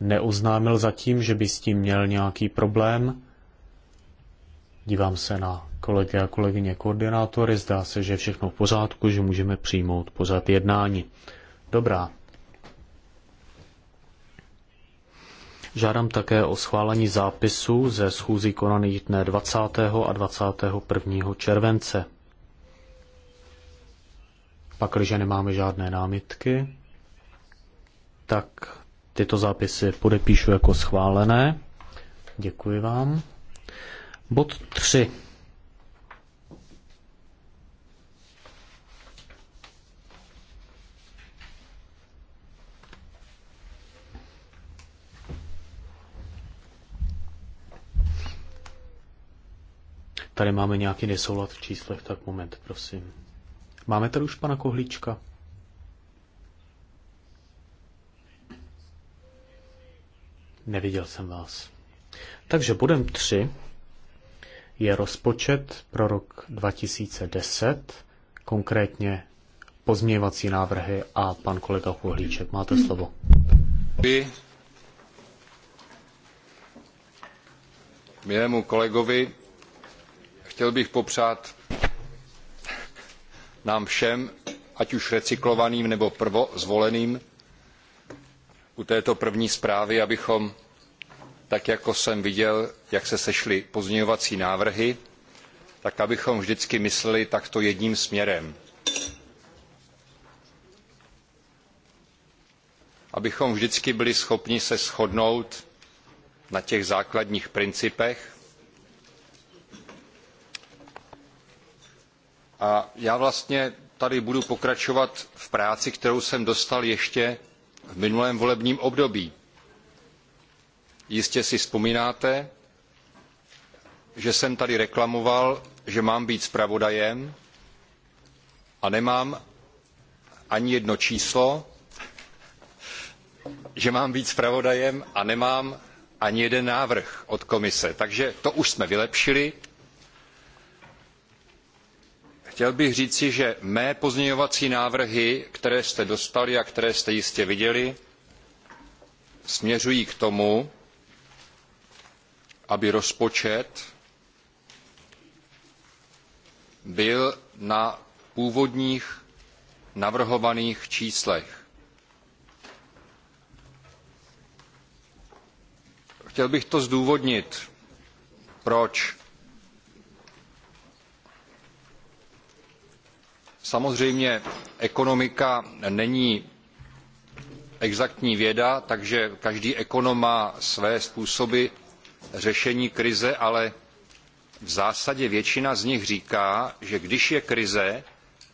neoznámil zatím, že by s tím měl nějaký problém. Dívám se na kolegy a kolegyně koordinátory. Zdá se, že je všechno v pořádku, že můžeme přijmout pořád jednání. Dobrá. Žádám také o schválení zápisu ze schůzí konaných dne 20. a 21. července. Pakliže nemáme žádné námitky, tak Tyto zápisy podepíšu jako schválené. Děkuji vám. Bod 3. Tady máme nějaký nesoulad v číslech, tak moment, prosím. Máme tady už pana Kohlíčka? Neviděl jsem vás. Takže bodem 3 je rozpočet pro rok 2010, konkrétně pozměvací návrhy a pan kolega Chuhlíček. Máte slovo. Milému kolegovi chtěl bych popřát nám všem, ať už recyklovaným nebo prvozvoleným, u této první zprávy, abychom tak jako jsem viděl, jak se sešly pozměňovací návrhy, tak abychom vždycky mysleli takto jedním směrem. Abychom vždycky byli schopni se shodnout na těch základních principech. A já vlastně tady budu pokračovat v práci, kterou jsem dostal ještě v minulém volebním období jistě si vzpomínáte že jsem tady reklamoval že mám být zpravodajem a nemám ani jedno číslo že mám být zpravodajem a nemám ani jeden návrh od komise takže to už jsme vylepšili. chtěl bych říci že mé pozměňovací návrhy které jste dostali a které jste jistě viděli směřují k tomu aby rozpočet byl na původních navrhovaných číslech. Chtěl bych to zdůvodnit, proč. Samozřejmě ekonomika není exaktní věda, takže každý ekonom má své způsoby řešení krize, ale v zásadě většina z nich říká, že když je krize,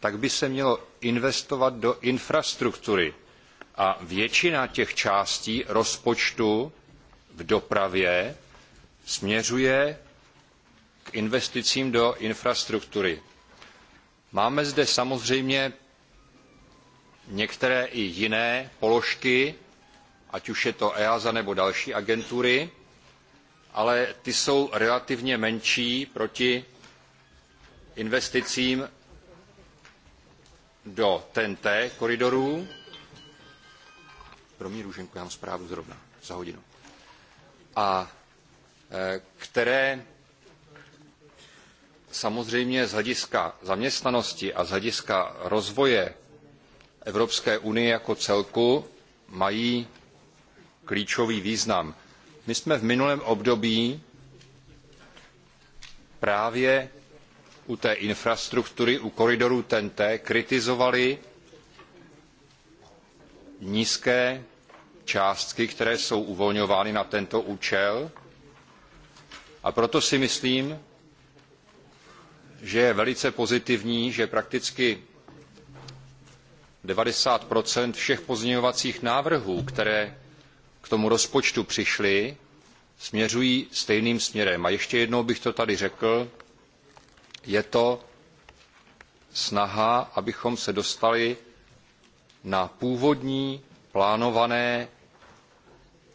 tak by se mělo investovat do infrastruktury. A většina těch částí rozpočtu v dopravě směřuje k investicím do infrastruktury. Máme zde samozřejmě některé i jiné položky, ať už je to EASA nebo další agentury, ale ty jsou relativně menší proti investicím do t koridorů. Pro mě růženku, já mám zprávu zrovna za hodinu. A e, které samozřejmě z hlediska zaměstnanosti a z hlediska rozvoje Evropské unie jako celku mají klíčový význam my jsme v minulém období právě u té infrastruktury u koridorů ten t kritizovali nízké částky které jsou uvolňovány na tento účel a proto si myslím že je velice pozitivní že prakticky ninety všech pozměňovacích návrhů které k tomu rozpočtu přišly směřují stejným směrem. A ještě jednou bych to tady řekl, je to snaha, abychom se dostali na původní plánované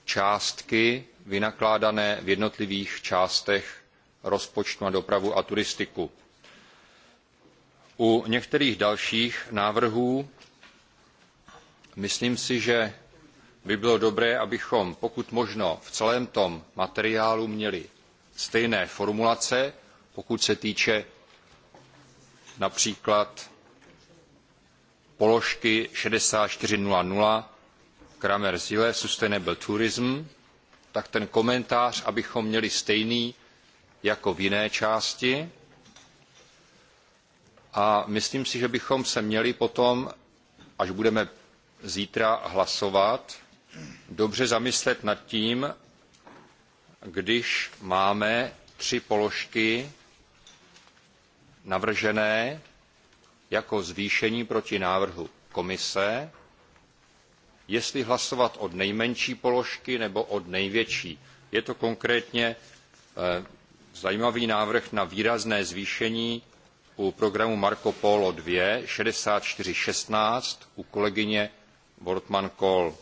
částky vynakládané v jednotlivých částech rozpočtu na dopravu a turistiku. U některých dalších návrhů myslím si, že by bylo dobré abychom pokud možno v celém tom materiálu měli stejné formulace pokud se týče například položky 6400 Kramer Zile Sustainable Tourism, tak ten komentář, abychom měli stejný jako v jiné části. A myslím si, že bychom se měli potom, až budeme zítra hlasovat, dobře zamyslet nad tím, když máme tři položky navržené jako zvýšení proti návrhu komise, jestli hlasovat od nejmenší položky nebo od největší. Je to konkrétně eh, zajímavý návrh na výrazné zvýšení u programu Marco Polo 2 6416 u kolegyně Wortmann Kohl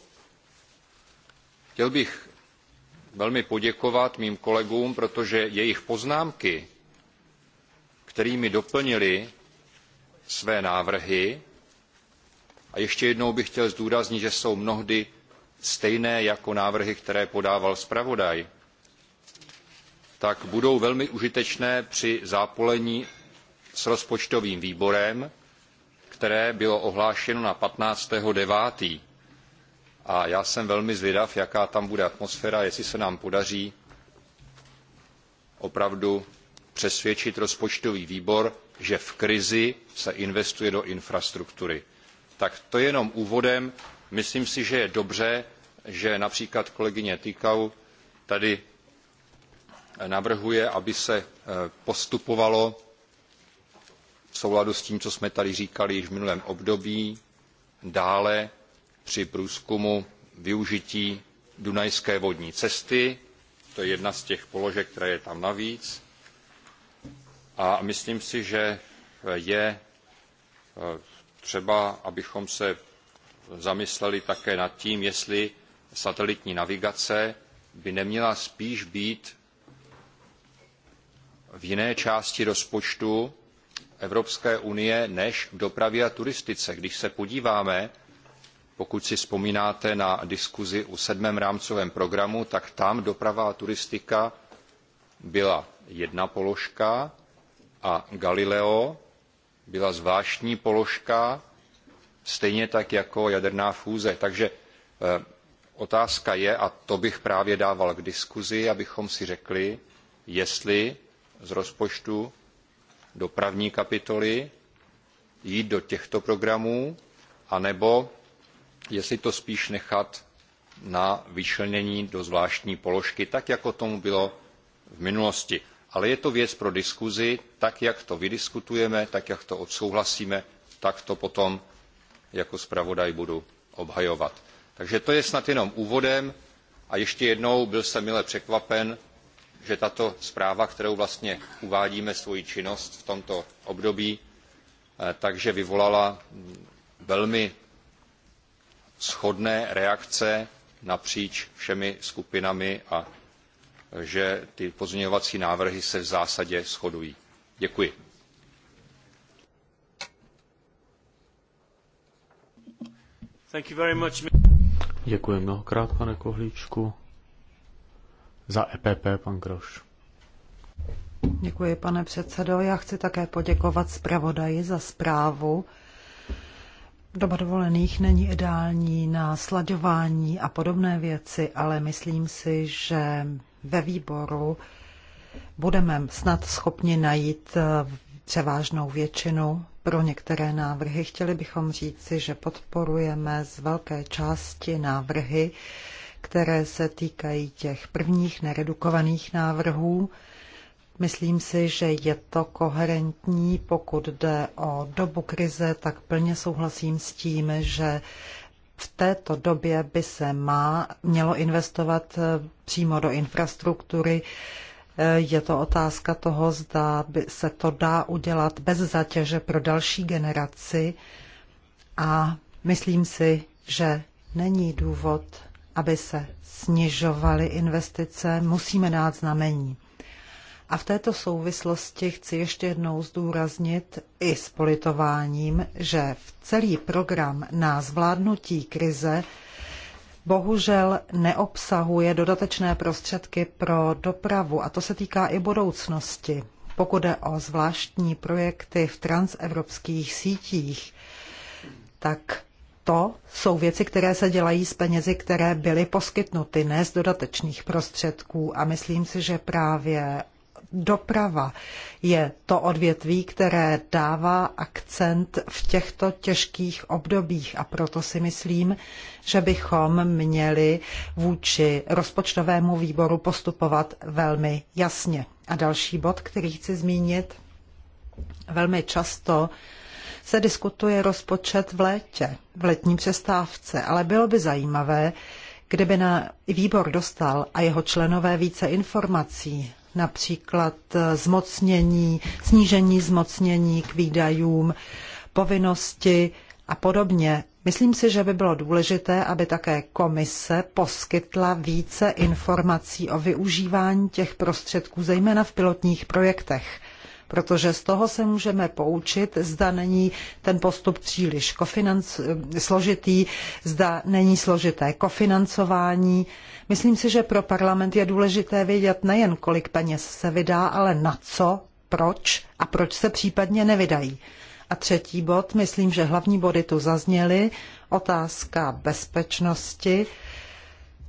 Chtěl bych velmi poděkovat mým kolegům, protože jejich poznámky, kterými doplnili své návrhy, a ještě jednou bych chtěl zdůraznit, že jsou mnohdy stejné jako návrhy, které podával zpravodaj, tak budou velmi užitečné při zápolení s rozpočtovým výborem, které bylo ohlášeno na 15. 9 a já jsem velmi zvědav, jaká tam bude atmosféra, jestli se nám podaří opravdu přesvědčit rozpočtový výbor, že v krizi se investuje do infrastruktury. Tak to jenom úvodem. Myslím si, že je dobře, že například kolegyně icu tady navrhuje, aby se eh, postupovalo v souladu s tím, co jsme tady říkali již v minulém období, dále při průzkumu využití Dunajské vodní cesty. To je jedna z těch položek, která je tam navíc. A myslím si, že je eh, třeba, abychom se zamysleli také nad tím, jestli satelitní navigace by neměla spíš být v jiné části rozpočtu Evropské unie než v dopravě a turistice. Když se podíváme pokud si vzpomínáte na diskusi o sedmém rámcovém programu, tak tam doprava a turistika byla jedna položka a Galileo byla zvláštní položka, stejně tak jako jaderná fúze. Takže eh, otázka je, a to bych právě dával k diskuzi, abychom si řekli, jestli z rozpočtu dopravní kapitoly jít do těchto programů, anebo jestli to spíš nechat na vyčlenění do zvláštní položky, tak jako tomu bylo v minulosti. Ale je to věc pro diskuzi, tak jak to vydiskutujeme, tak jak to odsouhlasíme, tak to potom jako zpravodaj budu obhajovat. Takže to je snad jenom úvodem a ještě jednou byl jsem mile překvapen, že tato zpráva, kterou vlastně uvádíme svoji činnost v tomto období, eh, takže vyvolala mm, velmi shodné reakce napříč všemi skupinami a že ty pozměňovací návrhy se v zásadě shodují. Děkuji. Děkuji mnohokrát, pane Kohlíčku. Za EPP pan Groš. Děkuji, pane předsedo. Já chci také poděkovat zpravodaji za zprávu Doba dovolených není ideální na slaďování a podobné věci, ale myslím si, že ve výboru budeme snad schopni najít eh, převážnou většinu pro některé návrhy. Chtěli bychom říci, že podporujeme z velké části návrhy, které se týkají těch prvních neredukovaných návrhů, Myslím si, že je to koherentní, pokud jde o dobu krize, tak plně souhlasím s tím, že v této době by se má, mělo investovat eh, přímo do infrastruktury. Eh, je to otázka toho, zda by se to dá udělat bez zatěže pro další generaci a myslím si, že není důvod, aby se snižovaly investice. Musíme dát znamení. A v této souvislosti chci ještě jednou zdůraznit i s politováním, že v celý program na zvládnutí krize bohužel neobsahuje dodatečné prostředky pro dopravu a to se týká i budoucnosti. Pokud jde o zvláštní projekty v transevropských sítích, tak to jsou věci, které se dělají z penězi, které byly poskytnuty, ne z dodatečných prostředků. A myslím si, že právě doprava je to odvětví, které dává akcent v těchto těžkých obdobích a proto si myslím, že bychom měli vůči rozpočtovému výboru postupovat velmi jasně. A další bod, který chci zmínit, velmi často se diskutuje rozpočet v létě, v letní přestávce, ale bylo by zajímavé, kdyby na výbor dostal a jeho členové více informací například eh, zmocnění, snížení zmocnění k výdajům, povinnosti a podobně. Myslím si, že by bylo důležité, aby také komise poskytla více informací o využívání těch prostředků, zejména v pilotních projektech protože z toho se můžeme poučit, zda není ten postup příliš složitý, zda není složité kofinancování. Myslím si, že pro parlament je důležité vědět nejen, kolik peněz se vydá, ale na co, proč a proč se případně nevydají. A třetí bod, myslím, že hlavní body tu zazněly, otázka bezpečnosti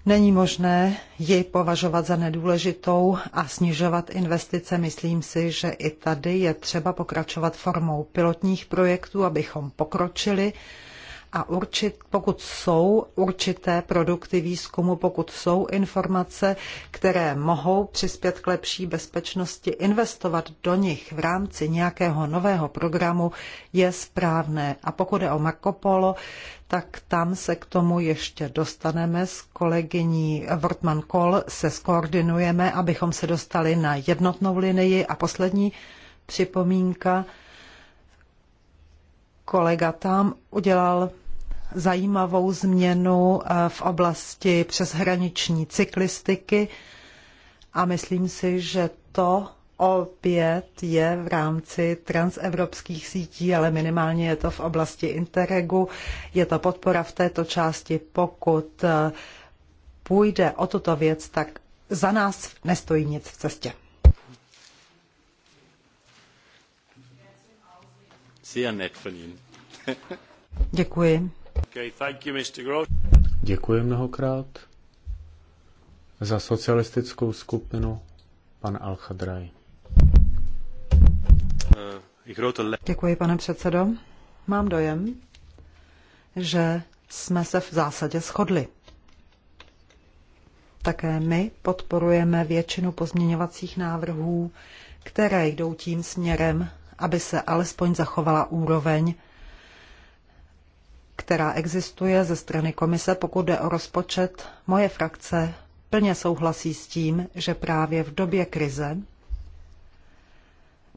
Není možné ji považovat za nedůležitou a snižovat investice. Myslím si, že i tady je třeba pokračovat formou pilotních projektů, abychom pokročili a určit, pokud jsou určité produkty výzkumu, pokud jsou informace, které mohou přispět k lepší bezpečnosti, investovat do nich v rámci nějakého nového programu je správné. A pokud je o Marco Polo, tak tam se k tomu ještě dostaneme s kolegyní Wortmann Kohl, se skoordinujeme, abychom se dostali na jednotnou linii. A poslední připomínka, kolega tam udělal zajímavou změnu eh, v oblasti přeshraniční cyklistiky a myslím si, že to opět je v rámci transevropských sítí, ale minimálně je to v oblasti Interregu. Je to podpora v této části. Pokud eh, půjde o tuto věc, tak za nás nestojí nic v cestě. Děkuji. Děkuji mnohokrát. Za socialistickou skupinu pan Alchadraj. Eh, Děkuji, pane předsedo. Mám dojem, že jsme se v zásadě shodli. Také my podporujeme většinu pozměňovacích návrhů, které jdou tím směrem, aby se alespoň zachovala úroveň, která existuje ze strany komise, pokud jde o rozpočet. Moje frakce plně souhlasí s tím, že právě v době krize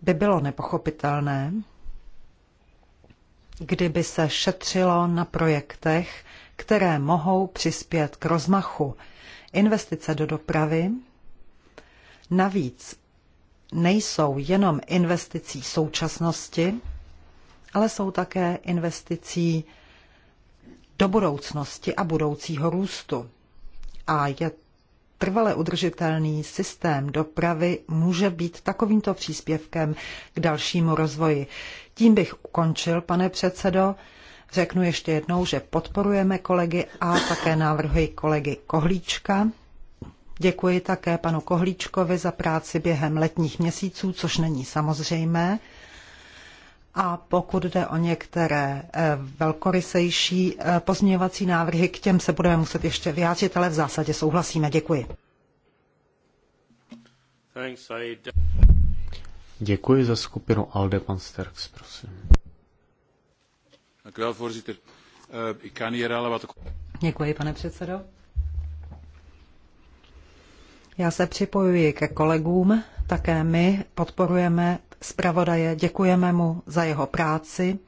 by bylo nepochopitelné, kdyby se šetřilo na projektech, které mohou přispět k rozmachu. Investice do dopravy, navíc nejsou jenom investicí současnosti, ale jsou také investicí do budoucnosti a budoucího růstu. A je trvale udržitelný systém dopravy může být takovýmto příspěvkem k dalšímu rozvoji. Tím bych ukončil, pane předsedo. Řeknu ještě jednou, že podporujeme kolegy a také návrhy kolegy Kohlíčka Děkuji také panu Kohlíčkovi za práci během letních měsíců, což není samozřejmé. A pokud jde o některé eh, velkorysejší eh, pozměňovací návrhy, k těm se budeme muset ještě vyjádřit, ale v zásadě souhlasíme. Děkuji. Děkuji za skupinu Alde, pan Sterks, prosím. Děkuji, pane předsedo. Já se připojuji ke kolegům, také my podporujeme zpravodaje, děkujeme mu za jeho práci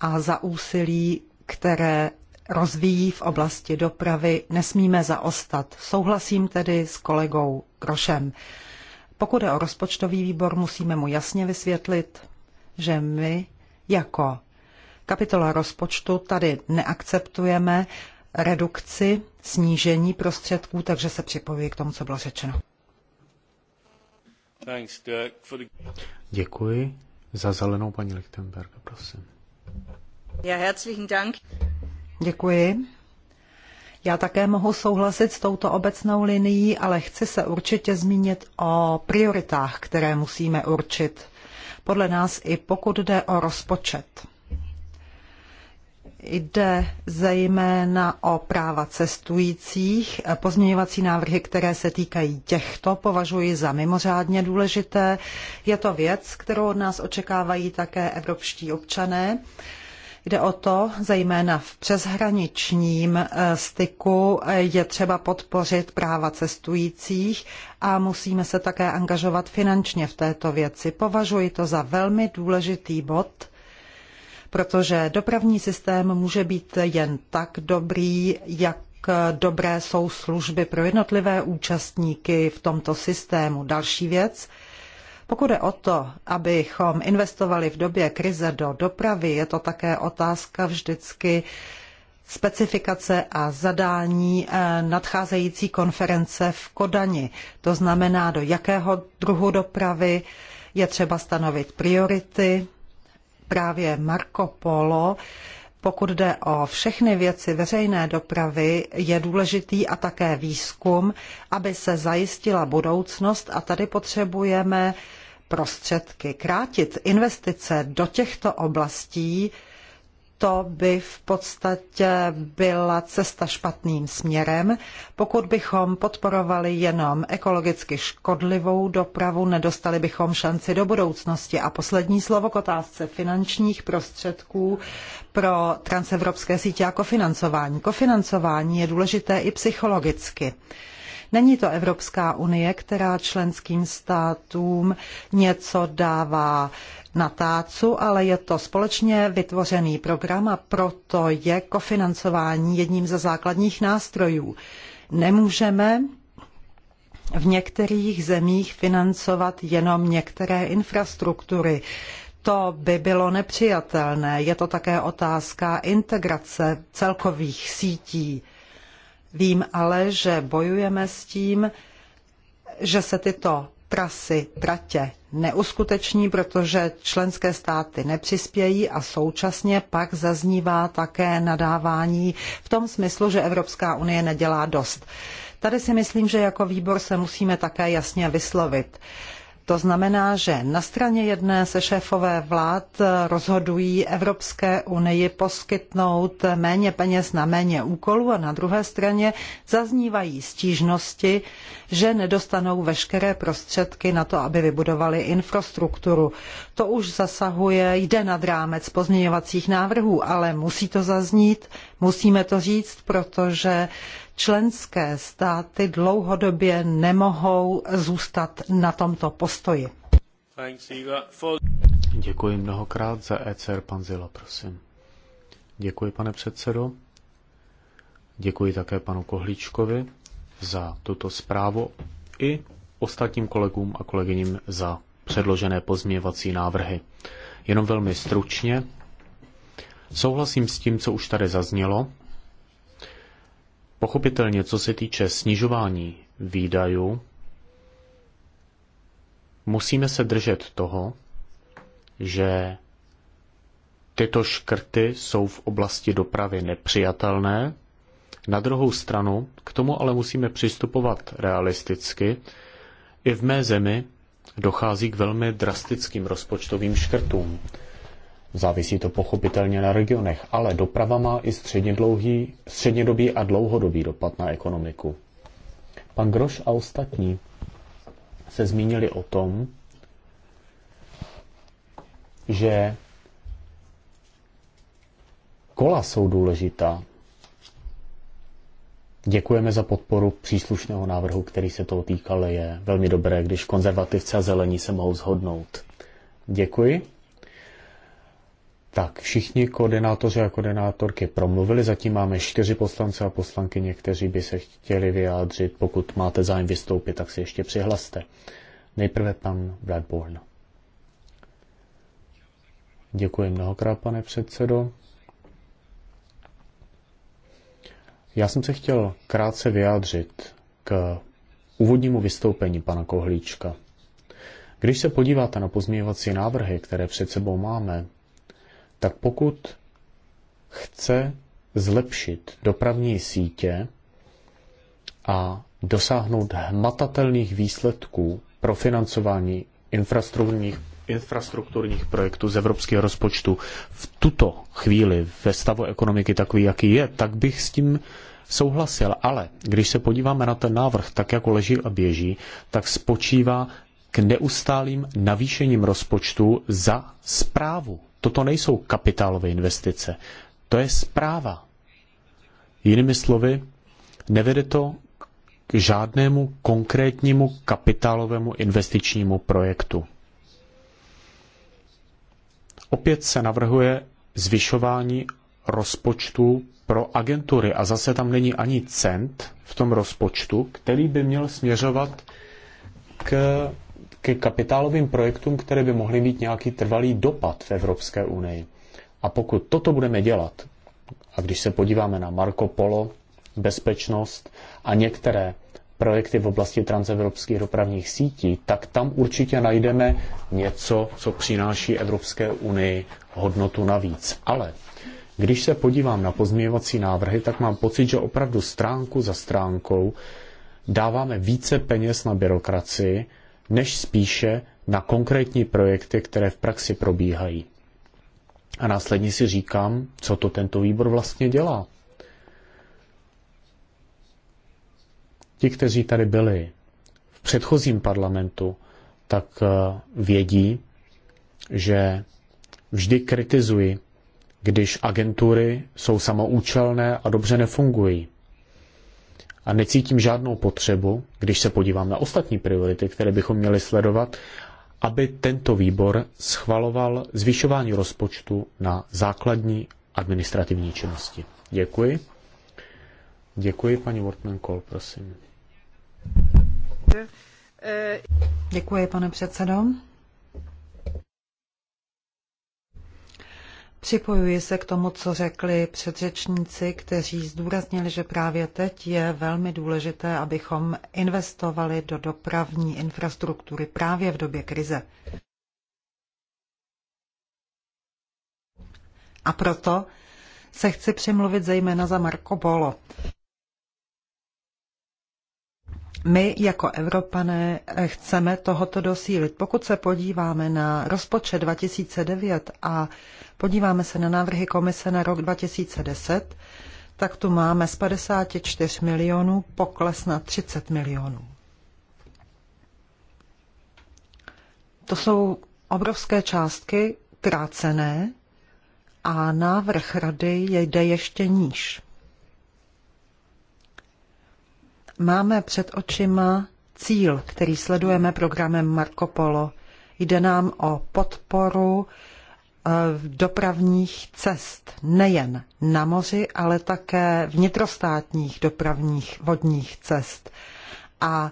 a za úsilí, které rozvíjí v oblasti dopravy, nesmíme zaostat. Souhlasím tedy s kolegou Grošem. Pokud je o rozpočtový výbor, musíme mu jasně vysvětlit, že my jako kapitola rozpočtu tady neakceptujeme redukci, snížení prostředků, takže se připojuji k tomu, co bylo řečeno. Děkuji. Za zelenou paní Lichtenberg, prosím. Ja, herzlichen Dank. Děkuji. Já také mohu souhlasit s touto obecnou linií, ale chci se určitě zmínit o prioritách, které musíme určit. Podle nás i pokud jde o rozpočet. Jde zejména o práva cestujících. Pozměňovací návrhy, které se týkají těchto, považuji za mimořádně důležité. Je to věc, kterou od nás očekávají také evropští občané. Jde o to, zejména v přeshraničním eh, styku eh, je třeba podpořit práva cestujících a musíme se také angažovat finančně v této věci. Považuji to za velmi důležitý bod protože dopravní systém může být jen tak dobrý, jak jak dobré jsou služby pro jednotlivé účastníky v tomto systému. Další věc, pokud je o to, abychom investovali v době krize do dopravy, je to také otázka vždycky specifikace a zadání eh, nadcházející konference v Kodani. To znamená, do jakého druhu dopravy je třeba stanovit priority, právě Marco Polo, pokud jde o všechny věci veřejné dopravy, je důležitý a také výzkum, aby se zajistila budoucnost a tady potřebujeme prostředky. Krátit investice do těchto oblastí to by v podstatě byla cesta špatným směrem, pokud bychom podporovali jenom ekologicky škodlivou dopravu, nedostali bychom šanci do budoucnosti. A poslední slovo k otázce finančních prostředků pro transevropské sítě a kofinancování. Kofinancování je důležité i psychologicky. Není to Evropská unie, která členským státům něco dává na tácu, ale je to společně vytvořený program a proto je kofinancování jedním ze základních nástrojů. Nemůžeme v některých zemích financovat jenom některé infrastruktury. To by bylo nepřijatelné. Je to také otázka integrace celkových sítí. Vím ale, že bojujeme s tím, že se tyto trasy, tratě neuskuteční, protože členské státy nepřispějí a současně pak zaznívá také nadávání v tom smyslu, že Evropská unie nedělá dost. Tady si myslím, že jako výbor se musíme také jasně vyslovit. To znamená, že na straně jedné se šéfové vlád rozhodují Evropské unii poskytnout méně peněz na méně úkolů a na druhé straně zaznívají stížnosti, že nedostanou veškeré prostředky na to, aby vybudovali infrastrukturu. To už zasahuje, jde nad rámec pozměňovacích návrhů, ale musí to zaznít, musíme to říct, protože členské státy dlouhodobě nemohou zůstat na tomto postoji. Děkuji mnohokrát za ECR, pan Zila, prosím. Děkuji, pane předsedo. Děkuji také panu Kohlíčkovi za tuto zprávu i ostatním kolegům a kolegyním za předložené pozměvací návrhy. Jenom velmi stručně. Souhlasím s tím, co už tady zaznělo. Pochopitelně, co se týče snižování výdajů, musíme se držet toho, že tyto škrty jsou v oblasti dopravy nepřijatelné. Na druhou stranu, k tomu ale musíme přistupovat realisticky. I v mé zemi dochází k velmi drastickým rozpočtovým škrtům. Závisí to pochopitelně na regionech, ale doprava má i středně dlouhý, střednědobý a dlouhodobý dopad na ekonomiku. Pan Groš a ostatní se zmínili o tom, že kola jsou důležitá. Děkujeme za podporu příslušného návrhu, který se toho týkal. Je velmi dobré, když konzervativce a zelení se mohou zhodnout. Děkuji. Tak, všichni koordinátoři a koordinátorky promluvili, zatím máme čtyři poslance a poslankyně, kteří by se chtěli vyjádřit. Pokud máte zájem vystoupit, tak se ještě přihlaste. Nejprve pan Bradborn. Děkuji mnohokrát, pane předsedo. Já jsem se chtěl krátce vyjádřit k úvodnímu vystoupení pana Kohlíčka. Když se podíváte na pozměňovací návrhy, které před sebou máme, tak pokud chce zlepšit dopravní sítě a dosáhnout hmatatelných výsledků pro financování infrastrukturních, infrastrukturních projektů z evropského rozpočtu v tuto chvíli ve stavu ekonomiky takový, jaký je, tak bych s tím souhlasil. Ale když se podíváme na ten návrh, tak jako leží a běží, tak spočívá k neustálým navýšením rozpočtu za zprávu toto nejsou kapitálové investice. To je zpráva. Jinými slovy, nevede to k žádnému konkrétnímu kapitálovému investičnímu projektu. Opět se navrhuje zvyšování rozpočtu pro agentury a zase tam není ani cent v tom rozpočtu, který by měl směřovat k k kapitálovým projektům, které by mohly mít nějaký trvalý dopad v Evropské unii. A pokud toto budeme dělat, a když se podíváme na Marco Polo, bezpečnost a některé projekty v oblasti transevropských dopravních sítí, tak tam určitě najdeme něco, co přináší Evropské unii hodnotu navíc. Ale když se podívám na pozměňovací návrhy, tak mám pocit, že opravdu stránku za stránkou dáváme více peněz na byrokracii, než spíše na konkrétní projekty, které v praxi probíhají. A následně si říkám, co to tento výbor vlastně dělá. Ti, kteří tady byli v předchozím parlamentu, tak eh, vědí, že vždy kritizuji, když agentury jsou samoučelné a dobře nefungují a necítím žádnou potřebu, když se podívám na ostatní priority, které bychom měli sledovat, aby tento výbor schvaloval zvyšování rozpočtu na základní administrativní činnosti. Děkuji. Děkuji, paní Wortman Kohl, prosím. Děkuji, pane předsedo. Připojuji se k tomu, co řekli předřečníci, kteří zdůraznili, že právě teď je velmi důležité, abychom investovali do dopravní infrastruktury právě v době krize. A proto se chci přimluvit zejména za Marco Polo. My jako Evropané eh, chceme tohoto dosílit. Pokud se podíváme na rozpočet 2009 a podíváme se na návrhy komise na rok 2010, tak tu máme z 54 milionů pokles na 30 milionů. To jsou obrovské částky krácené a návrh rady jde ještě níž. Máme před očima cíl, který sledujeme programem Marco Polo. Jde nám o podporu eh, dopravních cest nejen na moři, ale také vnitrostátních dopravních vodních cest. A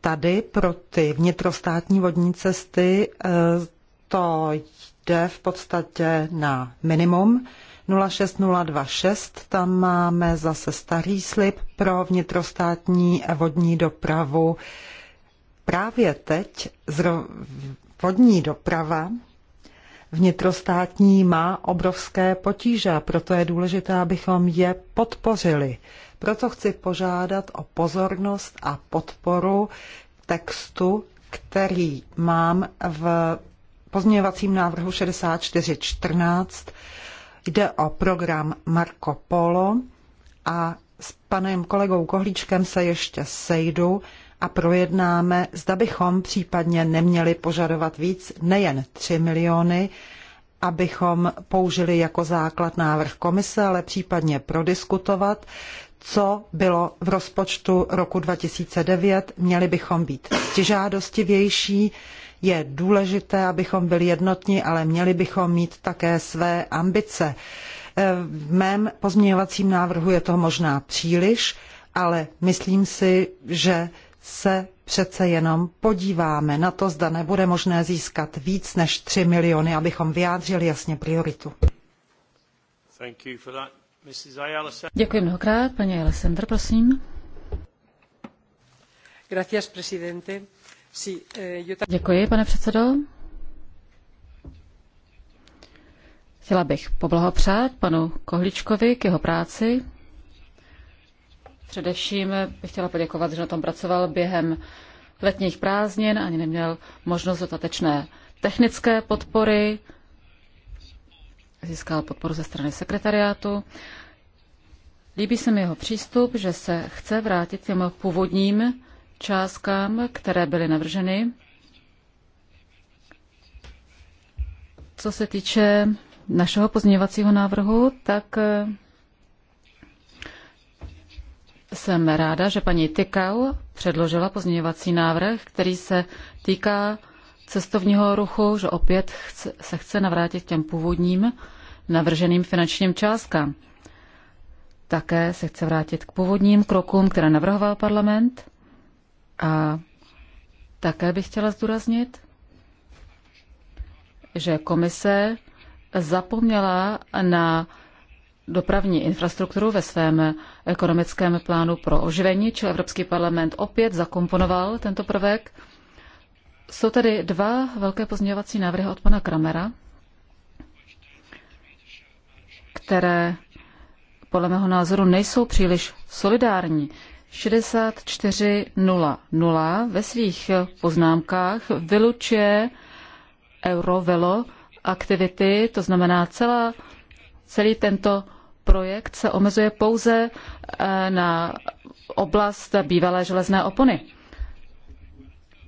tady pro ty vnitrostátní vodní cesty eh, to jde v podstatě na minimum. 06026, tam máme zase starý slib pro vnitrostátní vodní dopravu. Právě teď vodní doprava vnitrostátní má obrovské potíže proto je důležité, abychom je podpořili. Proto chci požádat o pozornost a podporu textu, který mám v pozměňovacím návrhu 6414 Jde o program Marco Polo a s panem kolegou Kohlíčkem se ještě sejdu a projednáme, zda bychom případně neměli požadovat víc, nejen 3 miliony, abychom použili jako základ návrh komise, ale případně prodiskutovat, co bylo v rozpočtu roku 2009. Měli bychom být stižádostivější. Je důležité, abychom byli jednotní, ale měli bychom mít také své ambice. E, v mém pozměňovacím návrhu je to možná příliš, ale myslím si, že se přece jenom podíváme na to, zda nebude možné získat víc než 3 miliony, abychom vyjádřili jasně prioritu. Děkuji mnohokrát. Paní Alessandra, prosím. Gracias, presidente. Eh, Děkuji, pane předsedo. Chtěla bych poblahopřát panu Kohličkovi k jeho práci. Především bych chtěla poděkovat, že na tom pracoval během letních prázdnin, ani neměl možnost dotatečné technické podpory. Získal podporu ze strany sekretariátu. Líbí se mi jeho přístup, že se chce vrátit těm původním částkám, které byly navrženy. Co se týče našeho pozměňovacího návrhu, tak eh, jsem ráda, že paní Tykau předložila pozměňovací návrh, který se týká cestovního ruchu, že opět se chce navrátit k těm původním navrženým finančním částkám. Také se chce vrátit k původním krokům, které navrhoval parlament. A také bych chtěla zdůraznit, že komise zapomněla na dopravní infrastrukturu ve svém ekonomickém plánu pro oživení, či Evropský parlament opět zakomponoval tento prvek. Jsou tady dva velké pozměňovací návrhy od pana Kramera, které podle mého názoru nejsou příliš solidární. 64.00 ve svých poznámkách vylučuje Eurovelo aktivity, to znamená celá, celý tento projekt se omezuje pouze eh, na oblast bývalé železné opony.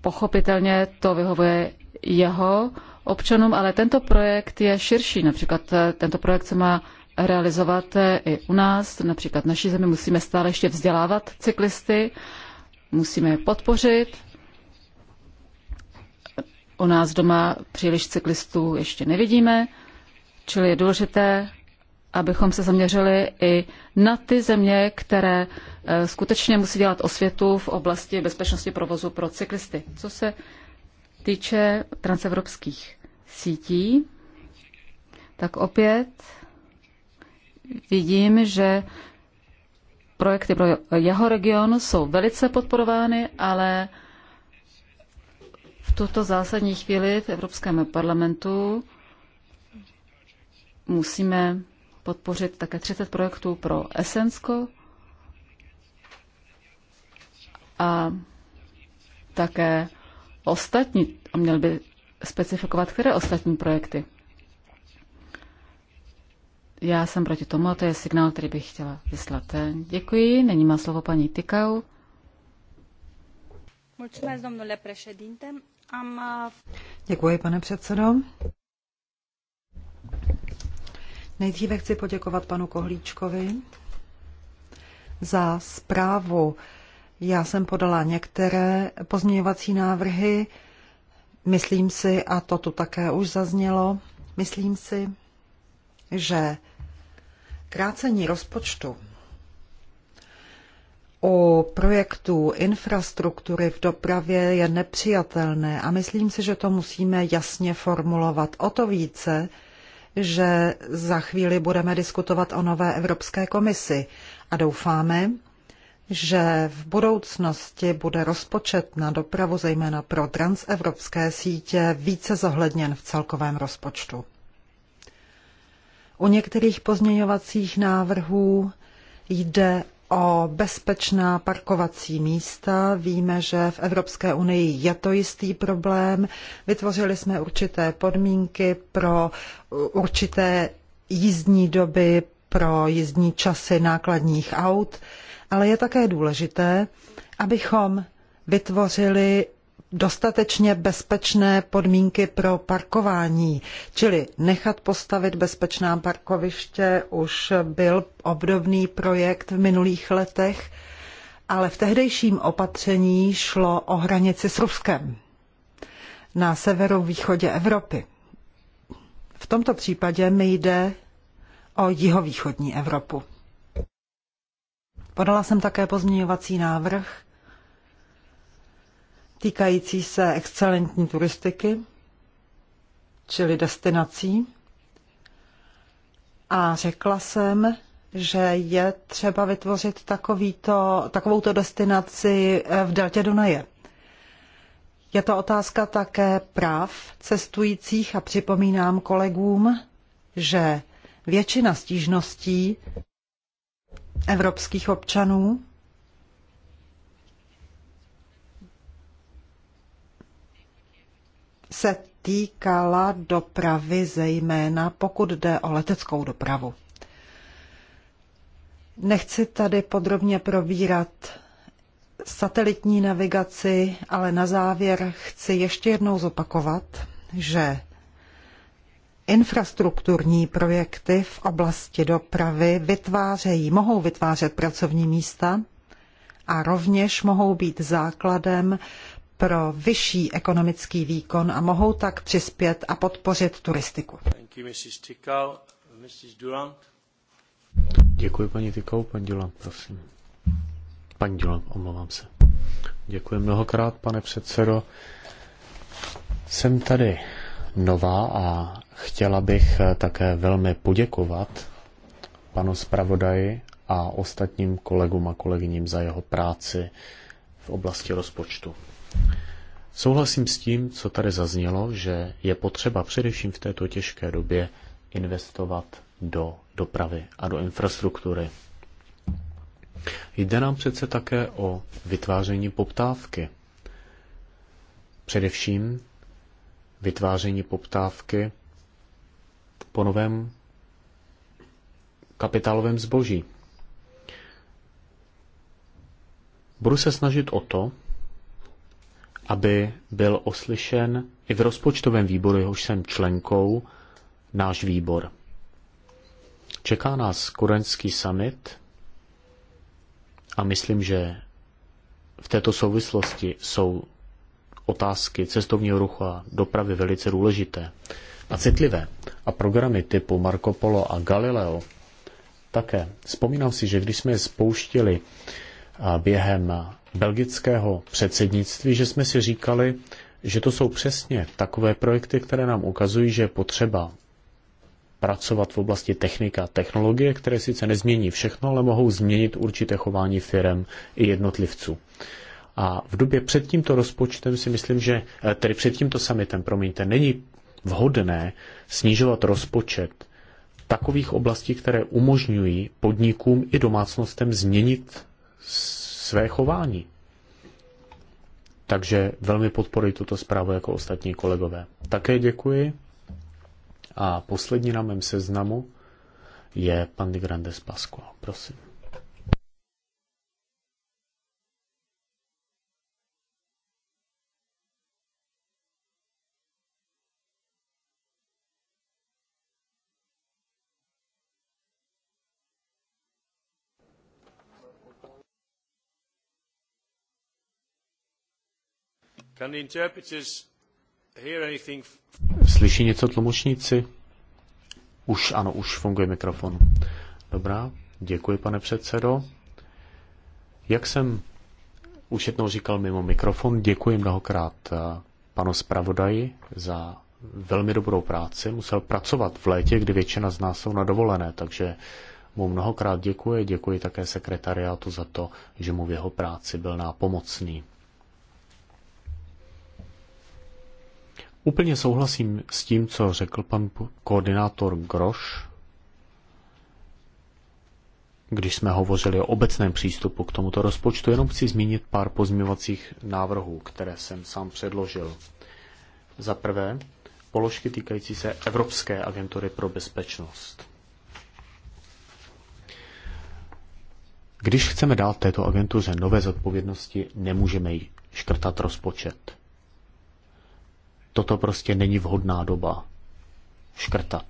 Pochopitelně to vyhovuje jeho občanům, ale tento projekt je širší. Například eh, tento projekt se má realizovat eh, i u nás. Například v naší zemi musíme stále ještě vzdělávat cyklisty, musíme je podpořit. U nás doma příliš cyklistů ještě nevidíme, čili je důležité, abychom se zaměřili i na ty země, které eh, skutečně musí dělat osvětu v oblasti bezpečnosti provozu pro cyklisty. Co se týče transevropských sítí, tak opět vidím, že projekty pro jeho region jsou velice podporovány, ale v tuto zásadní chvíli v Evropském parlamentu musíme podpořit také 30 projektů pro Esensko a také ostatní, a měl by specifikovat, které ostatní projekty. Já jsem proti tomu a to je signál, který bych chtěla vyslat. Děkuji. Není má slovo paní Tykau. Děkuji, pane předsedo. Nejdříve chci poděkovat panu Kohlíčkovi za zprávu. Já jsem podala některé pozměňovací návrhy. Myslím si, a to tu také už zaznělo, myslím si, že krácení rozpočtu u projektů infrastruktury v dopravě je nepřijatelné a myslím si, že to musíme jasně formulovat. O to více, že za chvíli budeme diskutovat o nové Evropské komisi a doufáme, že v budoucnosti bude rozpočet na dopravu, zejména pro transevropské sítě, více zohledněn v celkovém rozpočtu. U některých pozměňovacích návrhů jde o bezpečná parkovací místa. Víme, že v Evropské unii je to jistý problém. Vytvořili jsme určité podmínky pro určité jízdní doby, pro jízdní časy nákladních aut, ale je také důležité, abychom vytvořili dostatečně bezpečné podmínky pro parkování, čili nechat postavit bezpečná parkoviště už byl obdobný projekt v minulých letech, ale v tehdejším opatření šlo o hranici s Ruskem na severovýchodě Evropy. V tomto případě mi jde o jihovýchodní Evropu. Podala jsem také pozměňovací návrh, týkající se excelentní turistiky, čili destinací. A řekla jsem, že je třeba vytvořit takovýto, takovouto destinaci eh, v deltě Dunaje. Je to otázka také práv cestujících a připomínám kolegům, že většina stížností evropských občanů se týkala dopravy zejména, pokud jde o leteckou dopravu. Nechci tady podrobně probírat satelitní navigaci, ale na závěr chci ještě jednou zopakovat, že infrastrukturní projekty v oblasti dopravy vytvářejí, mohou vytvářet pracovní místa a rovněž mohou být základem pro vyšší ekonomický výkon a mohou tak přispět a podpořit turistiku. Děkuji paní Tykou, paní Dulan, prosím. Paní Dulan, omlouvám se. Děkuji mnohokrát, pane předsedo. Jsem tady nová a chtěla bych také velmi poděkovat panu zpravodaji a ostatním kolegům a kolegyním za jeho práci v oblasti rozpočtu. Souhlasím s tím, co tady zaznělo, že je potřeba především v této těžké době investovat do dopravy a do infrastruktury. Jde nám přece také o vytváření poptávky. Především vytváření poptávky po novém kapitálovém zboží. Budu se snažit o to, aby byl oslyšen i v rozpočtovém výboru, jehož jsem členkou, náš výbor. Čeká nás kurenský summit a myslím, že v této souvislosti jsou otázky cestovního ruchu a dopravy velice důležité a citlivé. A programy typu Marco Polo a Galileo také. Vzpomínám si, že když jsme je spouštili během belgického předsednictví, že jsme si říkali, že to jsou přesně takové projekty, které nám ukazují, že je potřeba pracovat v oblasti technika a technologie, které sice nezmění všechno, ale mohou změnit určité chování firm i jednotlivců. A v době před tímto rozpočtem si myslím, že, eh, tedy před tímto summitem, promiňte, není vhodné snižovat rozpočet takových oblastí, které umožňují podnikům i domácnostem změnit své chování. Takže velmi podporuji tuto zprávu jako ostatní kolegové. Také děkuji. A poslední na mém seznamu je pan Grandes Pasqua. Prosím. Can the interpreters hear anything? Slyší něco tlumočníci? Už ano, už funguje mikrofon. Dobrá, děkuji pane předsedo. Jak jsem už jednou říkal mimo mikrofon, děkuji mnohokrát eh, panu zpravodaji za velmi dobrou práci. Musel pracovat v létě, kdy většina z nás jsou na dovolené, takže mu mnohokrát děkuji. Děkuji také sekretariátu za to, že mu v jeho práci byl nápomocný. Úplně souhlasím s tím, co řekl pan koordinátor Groš, když jsme hovořili o obecném přístupu k tomuto rozpočtu, jenom chci zmínit pár pozměvacích návrhů, které jsem sám předložil. Za prvé, položky týkající se Evropské agentury pro bezpečnost. Když chceme dát této agentuře nové zodpovědnosti, nemůžeme jí škrtat rozpočet toto prostě není vhodná doba škrtat.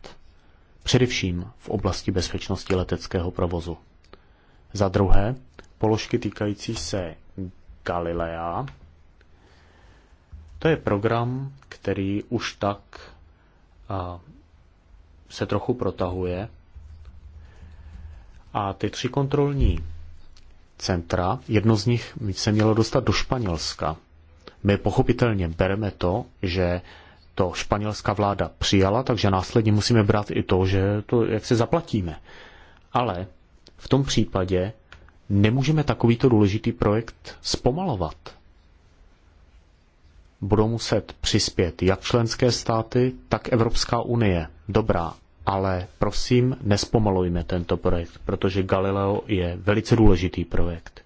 Především v oblasti bezpečnosti leteckého provozu. Za druhé, položky týkající se Galilea. To je program, který už tak a, se trochu protahuje. A ty tři kontrolní centra, jedno z nich se mělo dostat do Španělska. My pochopitelně bereme to, že to španělská vláda přijala, takže následně musíme brát i to, že to jak se zaplatíme. Ale v tom případě nemůžeme takovýto důležitý projekt zpomalovat. Budou muset přispět jak členské státy, tak Evropská unie. Dobrá, ale prosím, nespomalujme tento projekt, protože Galileo je velice důležitý projekt.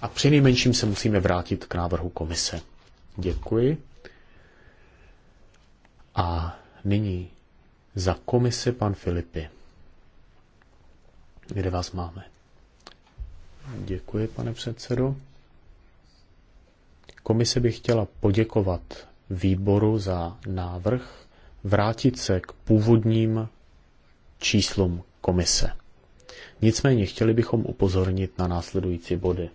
A při nejmenším se musíme vrátit k návrhu komise. Děkuji. A nyní za komisi pan Filipy. Kde vás máme? Děkuji, pane předsedo. Komise by chtěla poděkovat výboru za návrh vrátit se k původním číslům komise. Nicméně chtěli bychom upozornit na následující body.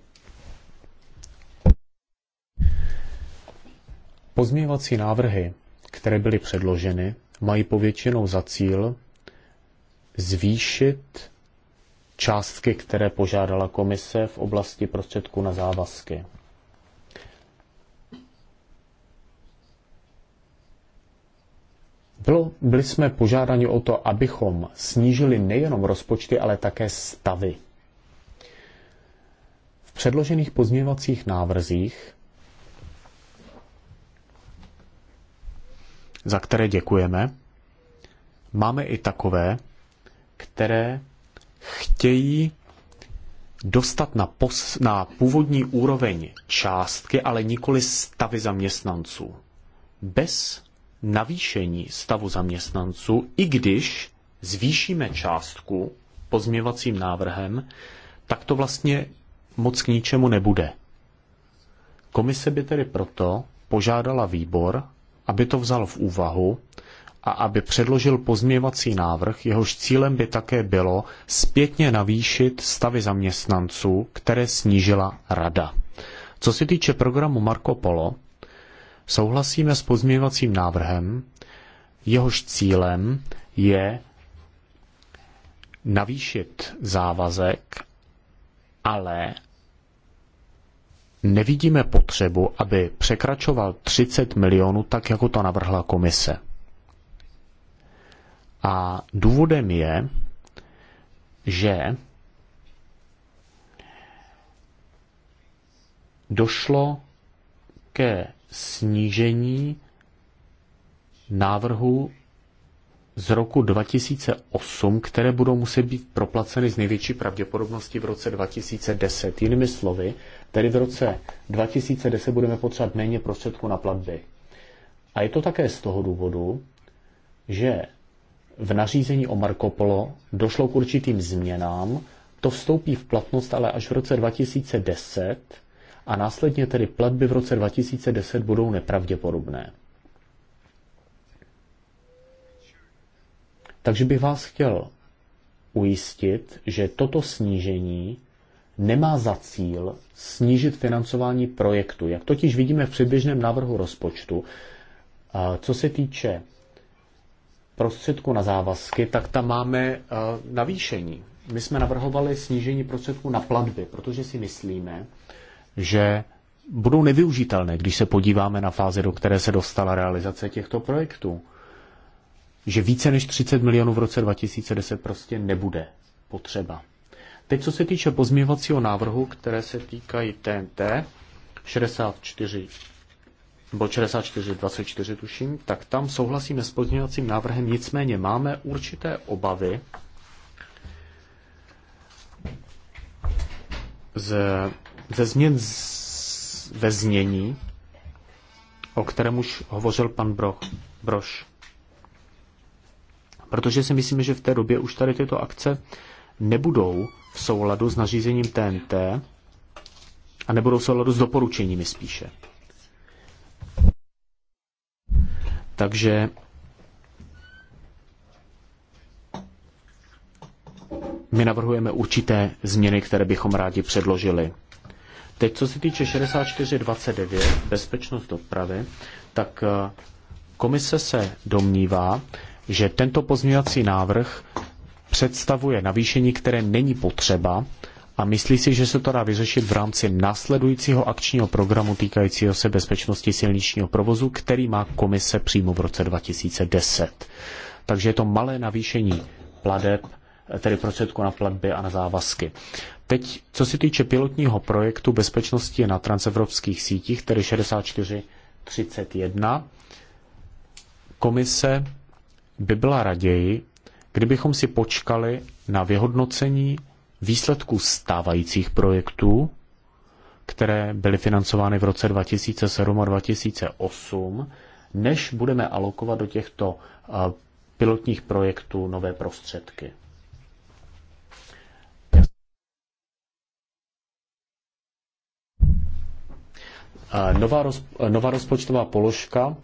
Pozměňovací návrhy, které byly předloženy, mají povětšinou za cíl zvýšit částky, které požádala komise v oblasti prostředků na závazky. Bylo, byli jsme požádani o to, abychom snížili nejenom rozpočty, ale také stavy. V předložených pozměňovacích návrzích za které děkujeme. Máme i takové, které chtějí dostat na, pos, na původní úroveň částky, ale nikoli stavy zaměstnanců. Bez navýšení stavu zaměstnanců, i když zvýšíme částku pozměvacím návrhem, tak to vlastně moc k ničemu nebude. Komise by tedy proto požádala výbor, aby to vzal v úvahu a aby předložil pozměvací návrh, jehož cílem by také bylo zpětně navýšit stavy zaměstnanců, které snížila rada. Co se týče programu Marco Polo, souhlasíme s pozměvacím návrhem, jehož cílem je navýšit závazek, ale nevidíme potřebu, aby překračoval 30 milionů, tak jako to navrhla komise. A důvodem je, že došlo ke snížení návrhu z roku 2008, které budou muset být proplaceny z největší pravděpodobnosti v roce 2010. Jinými slovy, Tedy v roce 2010 budeme potřebovat méně prostředků na platby. A je to také z toho důvodu, že v nařízení o Marco Polo došlo k určitým změnám, to vstoupí v platnost ale až v roce 2010 a následně tedy platby v roce 2010 budou nepravděpodobné. Takže bych vás chtěl ujistit, že toto snížení nemá za cíl snížit financování projektu. Jak totiž vidíme v předběžném návrhu rozpočtu, co se týče prostředku na závazky, tak tam máme navýšení. My jsme navrhovali snížení prostředků na platby, protože si myslíme, že budou nevyužitelné, když se podíváme na fáze, do které se dostala realizace těchto projektů. Že více než 30 milionů v roce 2010 prostě nebude potřeba. Teď, co se týče pozměvacího návrhu, které se týkají TNT 64 nebo 24, tuším, tak tam souhlasíme s pozměňovacím návrhem, nicméně máme určité obavy ze, ze změn z, ve znění, o kterém už hovořil pan Bro, Broš. Protože si myslíme, že v té době už tady tyto akce nebudou v souladu s nařízením TNT a nebudou v souladu s doporučeními spíše. Takže my navrhujeme určité změny, které bychom rádi předložili. Teď, co se týče 6429, bezpečnost dopravy, tak eh, komise se domnívá, že tento pozměňovací návrh představuje navýšení, které není potřeba a myslí si, že se to dá vyřešit v rámci následujícího akčního programu týkajícího se bezpečnosti silničního provozu, který má komise přímo v roce 2010. Takže je to malé navýšení pladeb, tedy prostředku na platby a na závazky. Teď, co se týče pilotního projektu bezpečnosti na transevropských sítích, tedy 6431, komise by byla raději, kdybychom si počkali na vyhodnocení výsledků stávajících projektů, které byly financovány v roce 2007 a 2008, než budeme alokovat do těchto eh, pilotních projektů nové prostředky. Eh, nová, eh, nová rozpočtová položka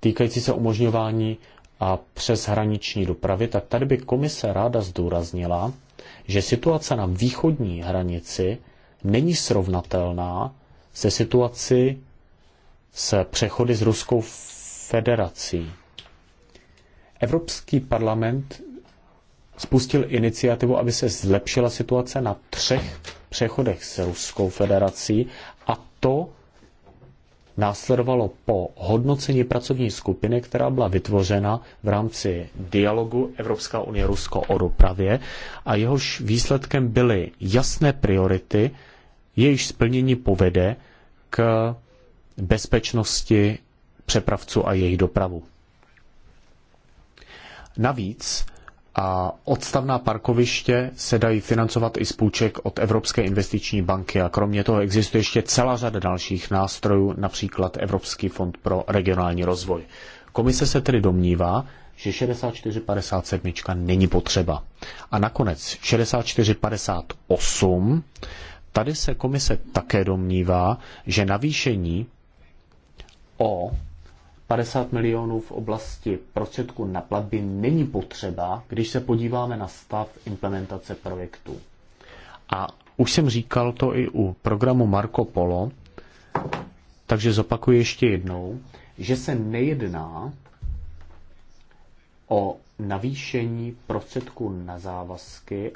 týkající se umožňování a přeshraniční dopravy, tak tady by komise ráda zdůraznila, že situace na východní hranici není srovnatelná se situaci s přechody s Ruskou federací. Evropský parlament spustil iniciativu, aby se zlepšila situace na třech přechodech s Ruskou federací a to následovalo po hodnocení pracovní skupiny, která byla vytvořena v rámci dialogu Evropská unie Rusko o dopravě a jehož výsledkem byly jasné priority, jejichž splnění povede k bezpečnosti přepravců a jejich dopravu. Navíc a odstavná parkoviště se dají financovat i z půjček od Evropské investiční banky a kromě toho existuje ještě celá řada dalších nástrojů, například Evropský fond pro regionální rozvoj. Komise se tedy domnívá, že 6457 není potřeba. A nakonec 6458, tady se komise také domnívá, že navýšení o 50 milionů v oblasti prostředků na platby není potřeba, když se podíváme na stav implementace projektu. A už jsem říkal to i u programu Marco Polo, takže zopakuji ještě jednou, že se nejedná o navýšení prostředků na závazky,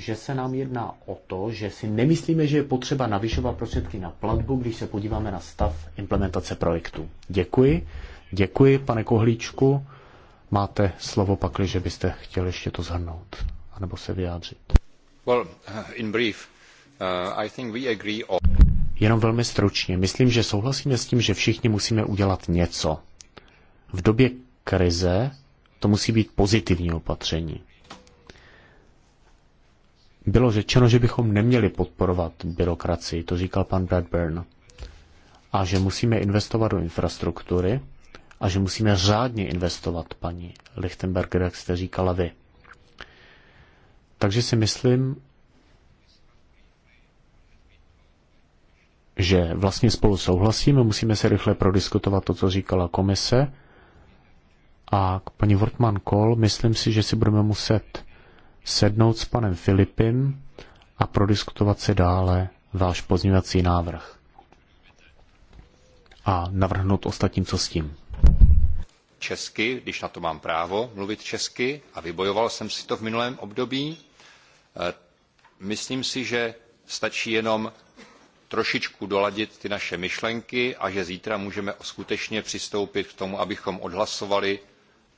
že se nám jedná o to, že si nemyslíme, že je potřeba navyšovat prostředky na platbu, když se podíváme na stav implementace projektu. Děkuji. Děkuji, pane Kohlíčku. Máte slovo pakli, že byste chtěl ještě to zhrnout, anebo se vyjádřit. Well, uh, in brief, uh, I think we agree on... Jenom velmi stručně. Myslím, že souhlasíme s tím, že všichni musíme udělat něco. V době krize to musí být pozitivní opatření bylo řečeno, že bychom neměli podporovat byrokracii, to říkal pan Bradburn, a že musíme investovat do infrastruktury a že musíme řádně investovat, paní Lichtenberger, jak jste říkala vy. Takže si myslím, že vlastně spolu souhlasíme, musíme se rychle prodiskutovat to, co říkala komise. A k paní Wortmann Kohl, myslím si, že si budeme muset sednout s panem Filipem a prodiskutovat si dále váš pozměňovací návrh a navrhnout ostatním, co s tím. Česky, když na to mám právo mluvit česky a vybojoval jsem si to v minulém období, eh, myslím si, že stačí jenom trošičku doladit ty naše myšlenky a že zítra můžeme skutečně přistoupit k tomu, abychom odhlasovali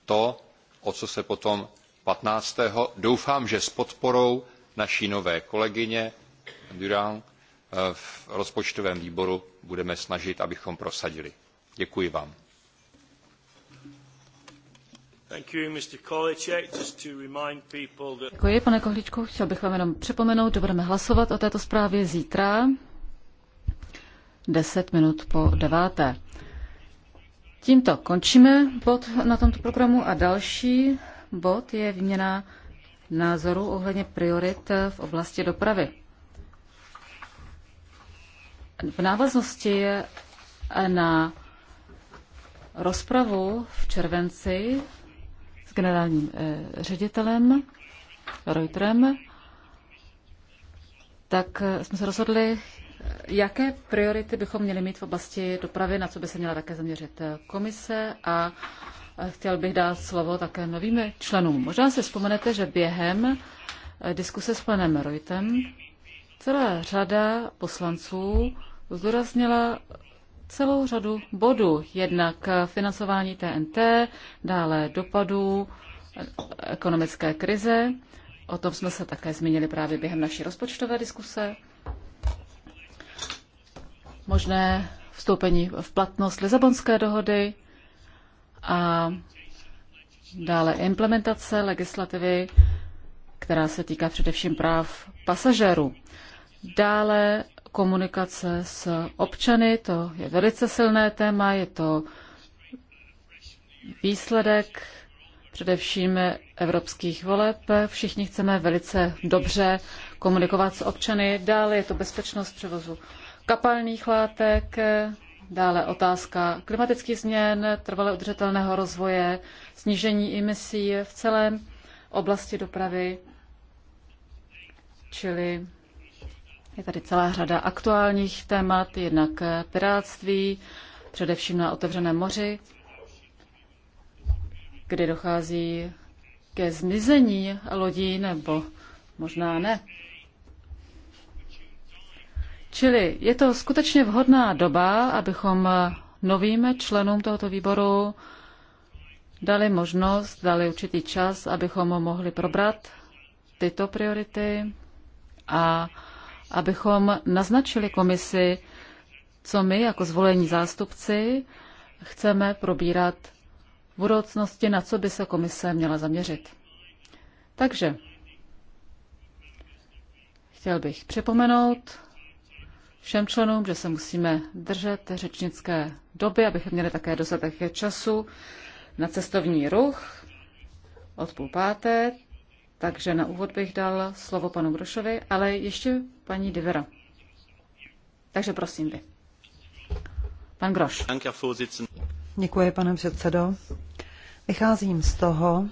to, o co se potom fifteen doufám že s podporou naší nové kolegyně durant eh, v rozpočtovém výboru budeme snažit abychom prosadili. děkuji vám. pane Kohličku. Chtěl bych vám jenom připomenout, že budeme hlasovat o této zprávě zítra 10 minut po deváté. Tímto končíme bod na tomto programu a další bod je výměna názorů ohledně priorit v oblasti dopravy. V návaznosti na rozpravu v červenci s generálním eh, ředitelem Reuterem, tak eh, jsme se rozhodli, jaké priority bychom měli mít v oblasti dopravy, na co by se měla také zaměřit eh, komise a chtěl bych dát slovo také novým členům. Možná si vzpomenete, že během eh, diskuse s panem Reutem celá řada poslanců zdůraznila celou řadu bodů. Jednak financování TNT, dále dopadů ekonomické krize. O tom jsme se také zmínili právě během naší rozpočtové diskuse. Možné vstoupení v platnost Lizabonské dohody, a dále implementace legislativy, která se týká především práv pasažérů. Dále komunikace s občany, to je velice silné téma, je to výsledek především evropských voleb. Všichni chceme velice dobře komunikovat s občany. Dále je to bezpečnost převozu kapalných látek, Dále otázka klimatických změn, trvale udržitelného rozvoje, snížení emisí v celé oblasti dopravy, čili je tady celá řada aktuálních témat, jednak piráctví, především na otevřeném moři, kdy dochází ke zmizení lodí, nebo možná ne. Čili je to skutečně vhodná doba, abychom novým členům tohoto výboru dali možnost, dali určitý čas, abychom mohli probrat tyto priority a abychom naznačili komisi, co my jako zvolení zástupci chceme probírat v budoucnosti, na co by se komise měla zaměřit. Takže chtěl bych připomenout, všem členům, že se musíme držet řečnické doby, abychom měli také dostatek času na cestovní ruch od půl páté. Takže na úvod bych dal slovo panu Grošovi, ale ještě paní Divera. Takže prosím vy. Pan Groš. Děkuji, pane předsedo. Vycházím z toho,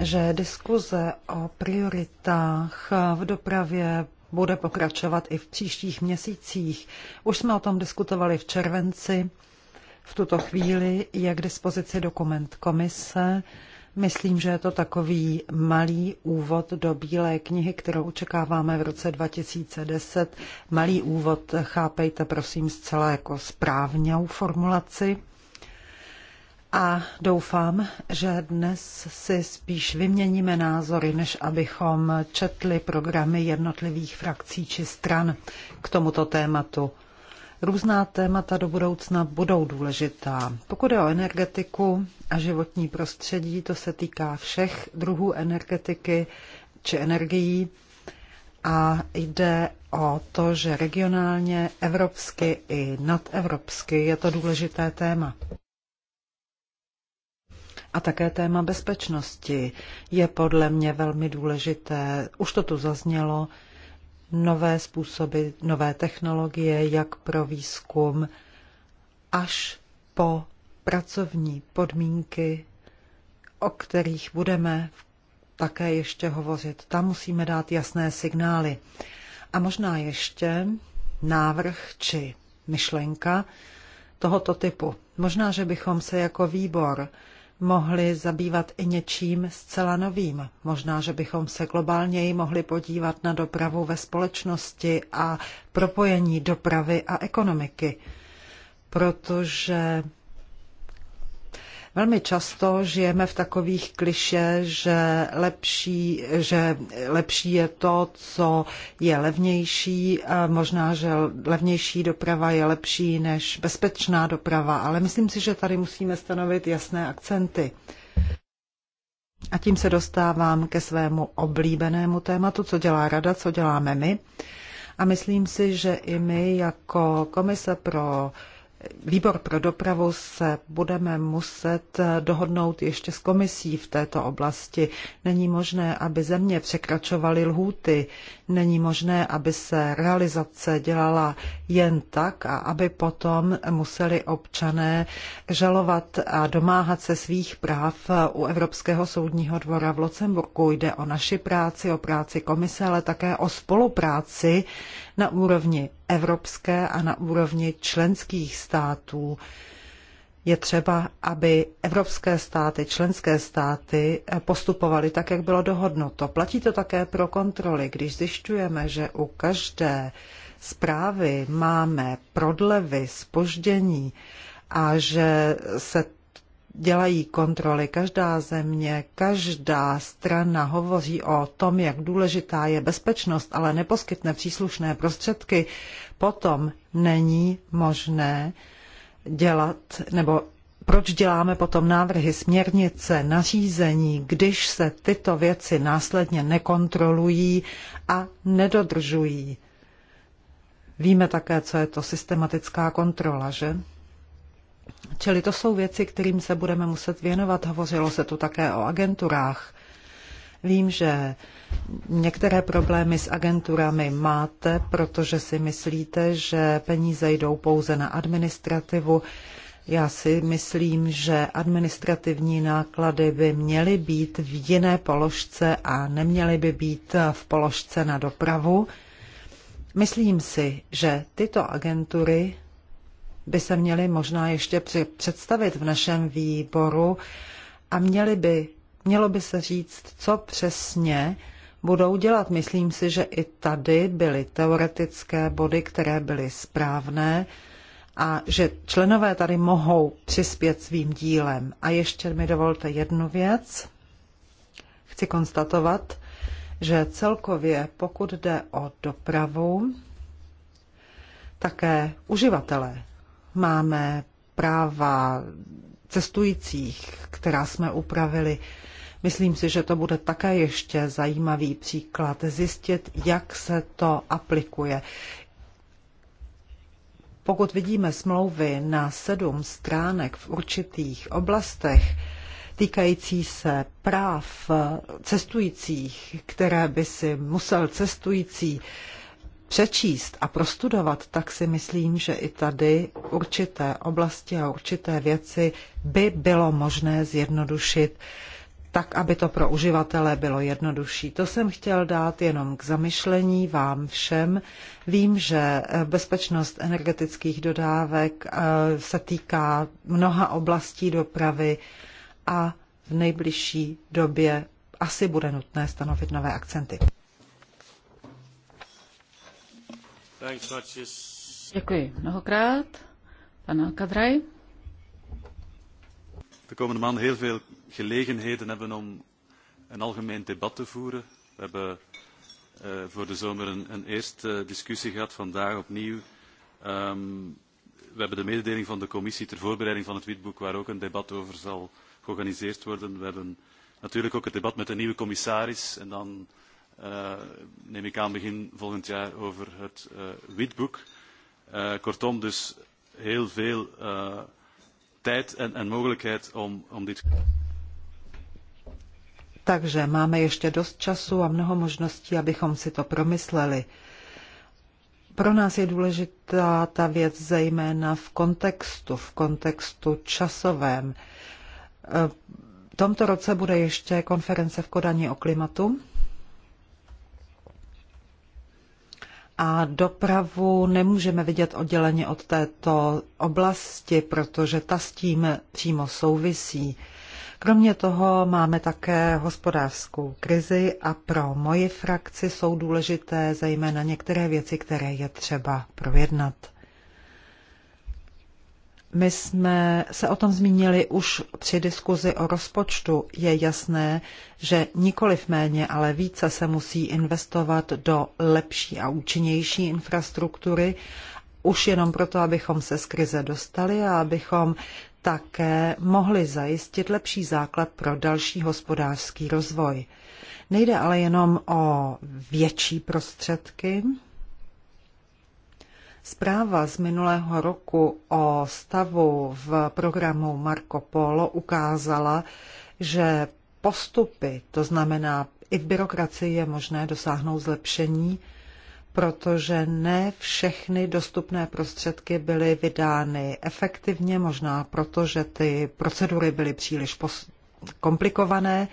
že diskuze o prioritách v dopravě bude pokračovat i v příštích měsících. Už jsme o tom diskutovali v červenci. V tuto chvíli je k dispozici dokument komise. Myslím, že je to takový malý úvod do Bílé knihy, kterou očekáváme v roce 2010. Malý úvod chápejte prosím zcela jako správnou formulaci a doufám, že dnes si spíš vyměníme názory, než abychom četli programy jednotlivých frakcí či stran k tomuto tématu. Různá témata do budoucna budou důležitá. Pokud je o energetiku a životní prostředí, to se týká všech druhů energetiky či energií a jde o to, že regionálně, evropsky i nadevropsky je to důležité téma. A také téma bezpečnosti je podle mě velmi důležité. Už to tu zaznělo, nové způsoby, nové technologie, jak pro výzkum, až po pracovní podmínky, o kterých budeme také ještě hovořit. Tam musíme dát jasné signály. A možná ještě návrh či myšlenka tohoto typu. Možná, že bychom se jako výbor mohli zabývat i něčím zcela novým. Možná, že bychom se globálněji mohli podívat na dopravu ve společnosti a propojení dopravy a ekonomiky, protože Velmi často žijeme v takových kliše, že lepší, že lepší je to, co je levnější. Možná, že levnější doprava je lepší než bezpečná doprava, ale myslím si, že tady musíme stanovit jasné akcenty. A tím se dostávám ke svému oblíbenému tématu, co dělá rada, co děláme my. A myslím si, že i my jako Komise pro Výbor pro dopravu se budeme muset dohodnout ještě s komisí v této oblasti. Není možné, aby země překračovaly lhůty, není možné, aby se realizace dělala jen tak a aby potom museli občané žalovat a domáhat se svých práv u Evropského soudního dvora v Lucemburku. Jde o naši práci, o práci komise, ale také o spolupráci na úrovni evropské a na úrovni členských států. Je třeba, aby evropské státy, členské státy postupovaly tak, jak bylo dohodnuto. Platí to také pro kontroly. Když zjišťujeme, že u každé zprávy máme prodlevy, spoždění a že se dělají kontroly. Každá země, každá strana hovoří o tom, jak důležitá je bezpečnost, ale neposkytne příslušné prostředky, potom není možné dělat nebo proč děláme potom návrhy směrnice, nařízení, když se tyto věci následně nekontrolují a nedodržují. Víme také, co je to systematická kontrola, že? Čili to jsou věci, kterým se budeme muset věnovat. Hovořilo se tu také o agenturách. Vím, že některé problémy s agenturami máte, protože si myslíte, že peníze jdou pouze na administrativu. Já si myslím, že administrativní náklady by měly být v jiné položce a neměly by být v položce na dopravu. Myslím si, že tyto agentury by se měli možná ještě představit v našem výboru a měli by, mělo by se říct, co přesně budou dělat. Myslím si, že i tady byly teoretické body, které byly správné a že členové tady mohou přispět svým dílem. A ještě mi dovolte jednu věc. Chci konstatovat, že celkově, pokud jde o dopravu, také uživatelé máme práva cestujících, která jsme upravili. Myslím si, že to bude také ještě zajímavý příklad zjistit, jak se to aplikuje. Pokud vidíme smlouvy na sedm stránek v určitých oblastech, týkající se práv cestujících, které by si musel cestující přečíst a prostudovat, tak si myslím, že i tady určité oblasti a určité věci by bylo možné zjednodušit tak, aby to pro uživatele bylo jednodušší. To jsem chtěl dát jenom k zamyšlení vám všem. Vím, že bezpečnost energetických dodávek eh, se týká mnoha oblastí dopravy a v nejbližší době asi bude nutné stanovit nové akcenty. Děkuji mnohokrát. Pan Alkadraj. De er komende maanden heel veel gelegenheden hebben om een algemeen debat te voeren. We hebben uh, voor de zomer een, een eerste discussie gehad, vandaag opnieuw. Um, we hebben de mededeling van de commissie ter voorbereiding van het witboek, waar ook een debat over zal georganiseerd worden. We hebben natuurlijk ook het debat met de nieuwe commissaris en dan Eh, neem ik aan begin volgend jaar over het uh, witboek. Uh, kortom, dus heel veel uh, tijd en, en mogelijkheid om, om dit. Takže máme ještě dost času a mnoho možností, abychom si to promysleli. Pro nás je důležitá ta věc zejména v kontextu, v kontextu časovém. V tomto roce bude ještě konference v Kodani o klimatu a dopravu nemůžeme vidět odděleně od této oblasti, protože ta s tím přímo souvisí. Kromě toho máme také hospodářskou krizi a pro moji frakci jsou důležité zejména některé věci, které je třeba projednat. My jsme se o tom zmínili už při diskuzi o rozpočtu. Je jasné, že nikoliv méně, ale více se musí investovat do lepší a účinnější infrastruktury, už jenom proto, abychom se z krize dostali a abychom také mohli zajistit lepší základ pro další hospodářský rozvoj. Nejde ale jenom o větší prostředky, Zpráva z minulého roku o stavu v programu Marco Polo ukázala, že postupy, to znamená i v byrokracii je možné dosáhnout zlepšení, protože ne všechny dostupné prostředky byly vydány efektivně, možná proto, že ty procedury byly příliš komplikované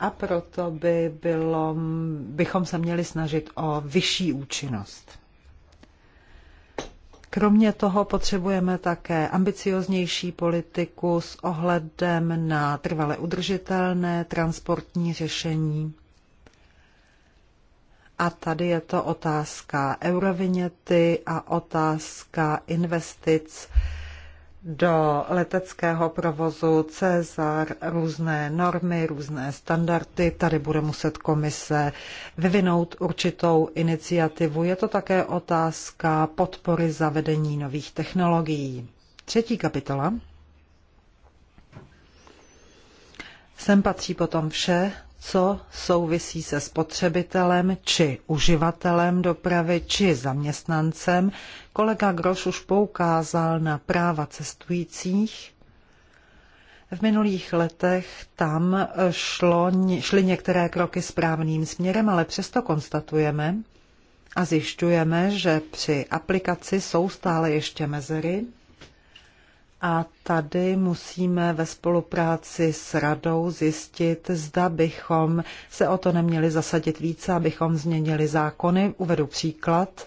a proto by bylo, bychom se měli snažit o vyšší účinnost. Kromě toho potřebujeme také ambicioznější politiku s ohledem na trvale udržitelné transportní řešení. A tady je to otázka eurovinety a otázka investic do leteckého provozu Cezar různé normy, různé standardy. Tady bude muset komise vyvinout určitou iniciativu. Je to také otázka podpory zavedení nových technologií. Třetí kapitola. Sem patří potom vše, co souvisí se spotřebitelem či uživatelem dopravy či zaměstnancem. Kolega Groš už poukázal na práva cestujících. V minulých letech tam šlo, šly některé kroky správným směrem, ale přesto konstatujeme a zjišťujeme, že při aplikaci jsou stále ještě mezery a tady musíme ve spolupráci s radou zjistit, zda bychom se o to neměli zasadit více, abychom změnili zákony. Uvedu příklad.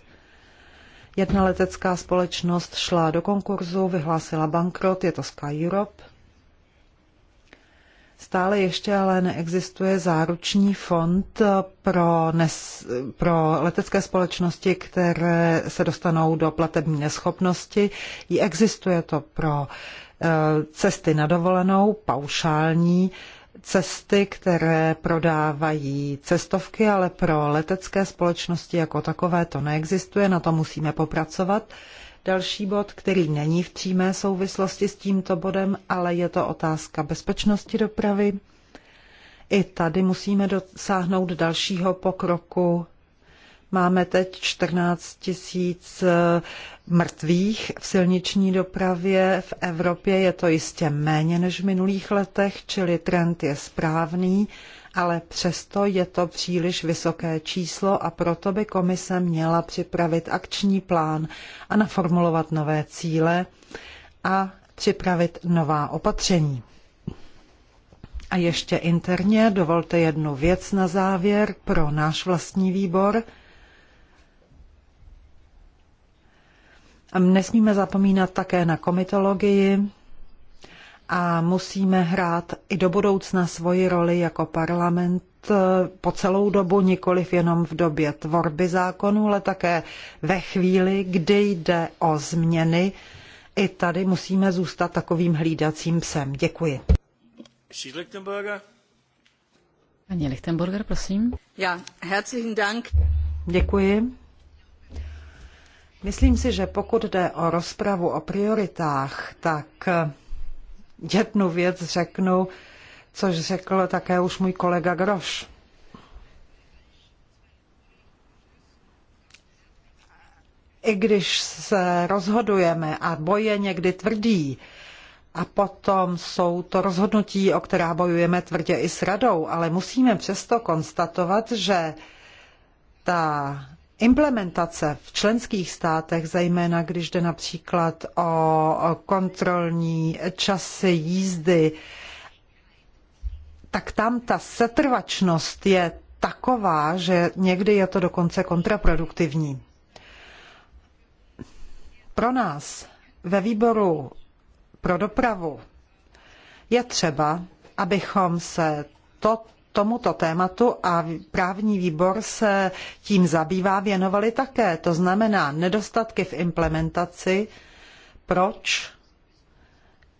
Jedna letecká společnost šla do konkurzu, vyhlásila bankrot, je to Sky Europe. Stále ještě ale neexistuje záruční fond pro, nes, pro letecké společnosti, které se dostanou do platební neschopnosti. I existuje to pro eh, cesty na dovolenou, paušální, cesty, které prodávají cestovky, ale pro letecké společnosti jako takové to neexistuje, na to musíme popracovat. Další bod, který není v přímé souvislosti s tímto bodem, ale je to otázka bezpečnosti dopravy. I tady musíme dosáhnout dalšího pokroku. Máme teď 14 tisíc eh, mrtvých v silniční dopravě. V Evropě je to jistě méně než v minulých letech, čili trend je správný ale přesto je to příliš vysoké číslo a proto by komise měla připravit akční plán a naformulovat nové cíle a připravit nová opatření. A ještě interně dovolte jednu věc na závěr pro náš vlastní výbor. A nesmíme zapomínat také na komitologii, a musíme hrát i do budoucna svoji roli jako parlament eh, po celou dobu, nikoliv jenom v době tvorby zákonů, ale také ve chvíli, kdy jde o změny. I tady musíme zůstat takovým hlídacím psem. Děkuji. Paní Lichtenburger, prosím. Ja, herzlichen Dank. Děkuji. Myslím si, že pokud jde o rozpravu o prioritách, tak jednu věc řeknu, což řekl také už můj kolega Groš. I když se rozhodujeme a boj je někdy tvrdý, a potom jsou to rozhodnutí, o která bojujeme tvrdě i s radou, ale musíme přesto konstatovat, že ta implementace v členských státech, zejména když jde například o kontrolní časy jízdy, tak tam ta setrvačnost je taková, že někdy je to dokonce kontraproduktivní. Pro nás ve výboru pro dopravu je třeba, abychom se toto tomuto tématu a právní výbor se tím zabývá, věnovali také. To znamená nedostatky v implementaci, proč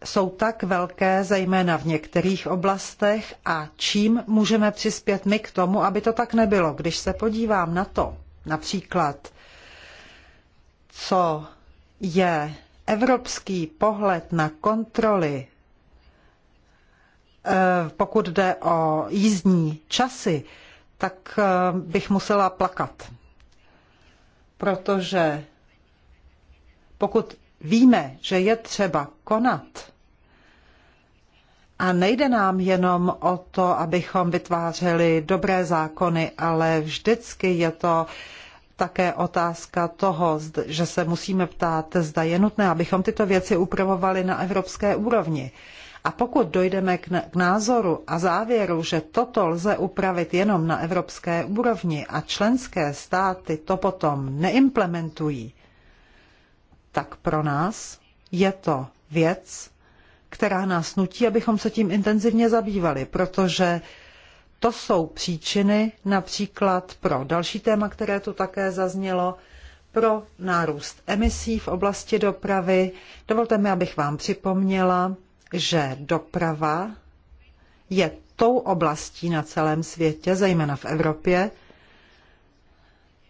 jsou tak velké, zejména v některých oblastech, a čím můžeme přispět my k tomu, aby to tak nebylo. Když se podívám na to, například, co je evropský pohled na kontroly Eh, pokud jde o jízdní časy, tak eh, bych musela plakat. Protože pokud víme, že je třeba konat, a nejde nám jenom o to, abychom vytvářeli dobré zákony, ale vždycky je to také otázka toho, že se musíme ptát, zda je nutné, abychom tyto věci upravovali na evropské úrovni. A pokud dojdeme k názoru a závěru, že toto lze upravit jenom na evropské úrovni a členské státy to potom neimplementují, tak pro nás je to věc, která nás nutí, abychom se tím intenzivně zabývali, protože to jsou příčiny například pro další téma, které tu také zaznělo, pro nárůst emisí v oblasti dopravy. Dovolte mi, abych vám připomněla, že doprava je tou oblastí na celém světě, zejména v Evropě,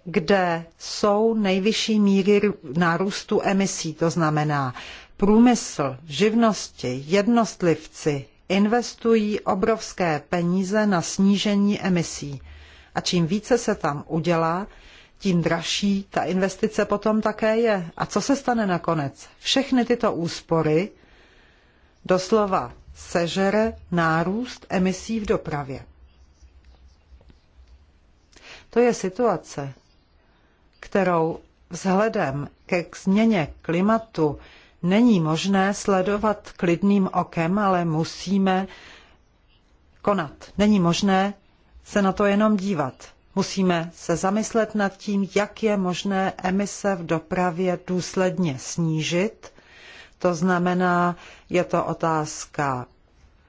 kde jsou nejvyšší míry nárůstu emisí, to znamená průmysl, živnosti, jednostlivci investují obrovské peníze na snížení emisí. A čím více se tam udělá, tím dražší ta investice potom také je. A co se stane nakonec? Všechny tyto úspory doslova sežere nárůst emisí v dopravě. To je situace, kterou vzhledem ke změně klimatu není možné sledovat klidným okem, ale musíme konat. Není možné se na to jenom dívat. Musíme se zamyslet nad tím, jak je možné emise v dopravě důsledně snížit to znamená, je to otázka